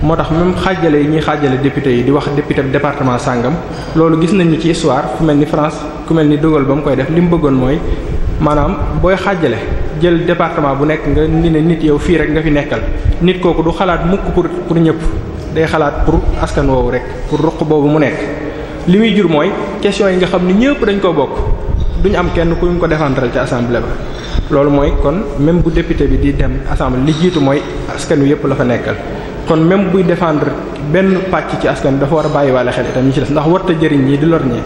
moo tax même xaajale yi ñuy xaajale député yi di wax député département sàngam loolu gis nañu ci histoire fu mel ni France ku mel ni dogal ba mu koy def li mu bëggoon mooy maanaam booy xàjjale jël département bu nekk nga ni ne nit yow fii rek nga fi nekkal nit kooku du xalaat mukk pour pour ñëpp day xalaat pour askan woowu rek pour ruq boobu mu nekk. li muy jur mooy question yi nga xam ni ñëpp dañ koo bokk duñu am kenn ku ñu ko défendre ci assemblée ba loolu mooy kon même bu député bi di dem assemblée li jiitu mooy askan wi yëpp la fa nekkal kon même buy défendre benn pàcc ci askan dafa war a bàyyiwaale xel itam ñu ci des ndax warta jëriñ ñi di lor ñi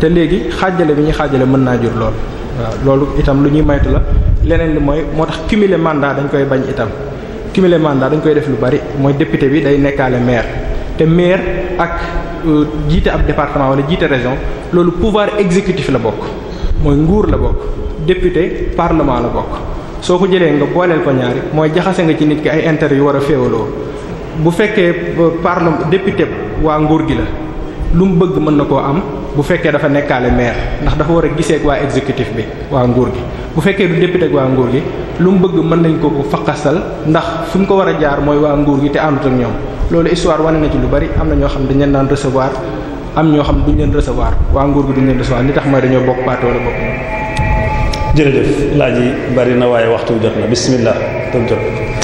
te léegi xaajale bi ñuy xaajale mën naa jur lool. waaw loolu itam lu ñuy maytu la leneen li mooy moo tax cumuler mandat dañ koy bañ itam cumuler mandat dañ koy def lu bari mooy député bi day nekkaale maire te maire ak euh, jiite ab département wala jiite région loolu pouvoir exécutif la bokk mooy nguur la bokk député parlement la bokk soo ko jëlee nga booleel ko ñaari mooy jaxase nga ci nit ki ay intérêt yu war a féewaloo bu fekkee euh, parlement député waa nguur gi la lu mu bëgg mën na koo am bu fekkee dafa nekkaale maire ndax dafa war a gisee ak waa exécutif bi waa nguur gi bu fekkee du député ak waa nguur gi lu mu bëgg mën nañ ko ko faqasal ndax fu mu ko war a jaar mooy waa nguur gi te àndut ak ñoom loolu histoire wane na ci lu bari am na ñoo xam dañ leen naan recevoir am ñoo xam duñ leen recevoir waa nguur gi duñ leen recevoir li tax mooy dañoo bokk parti a bokk jërëjëf laaj yi bari na waaye waxtu jot na bismillah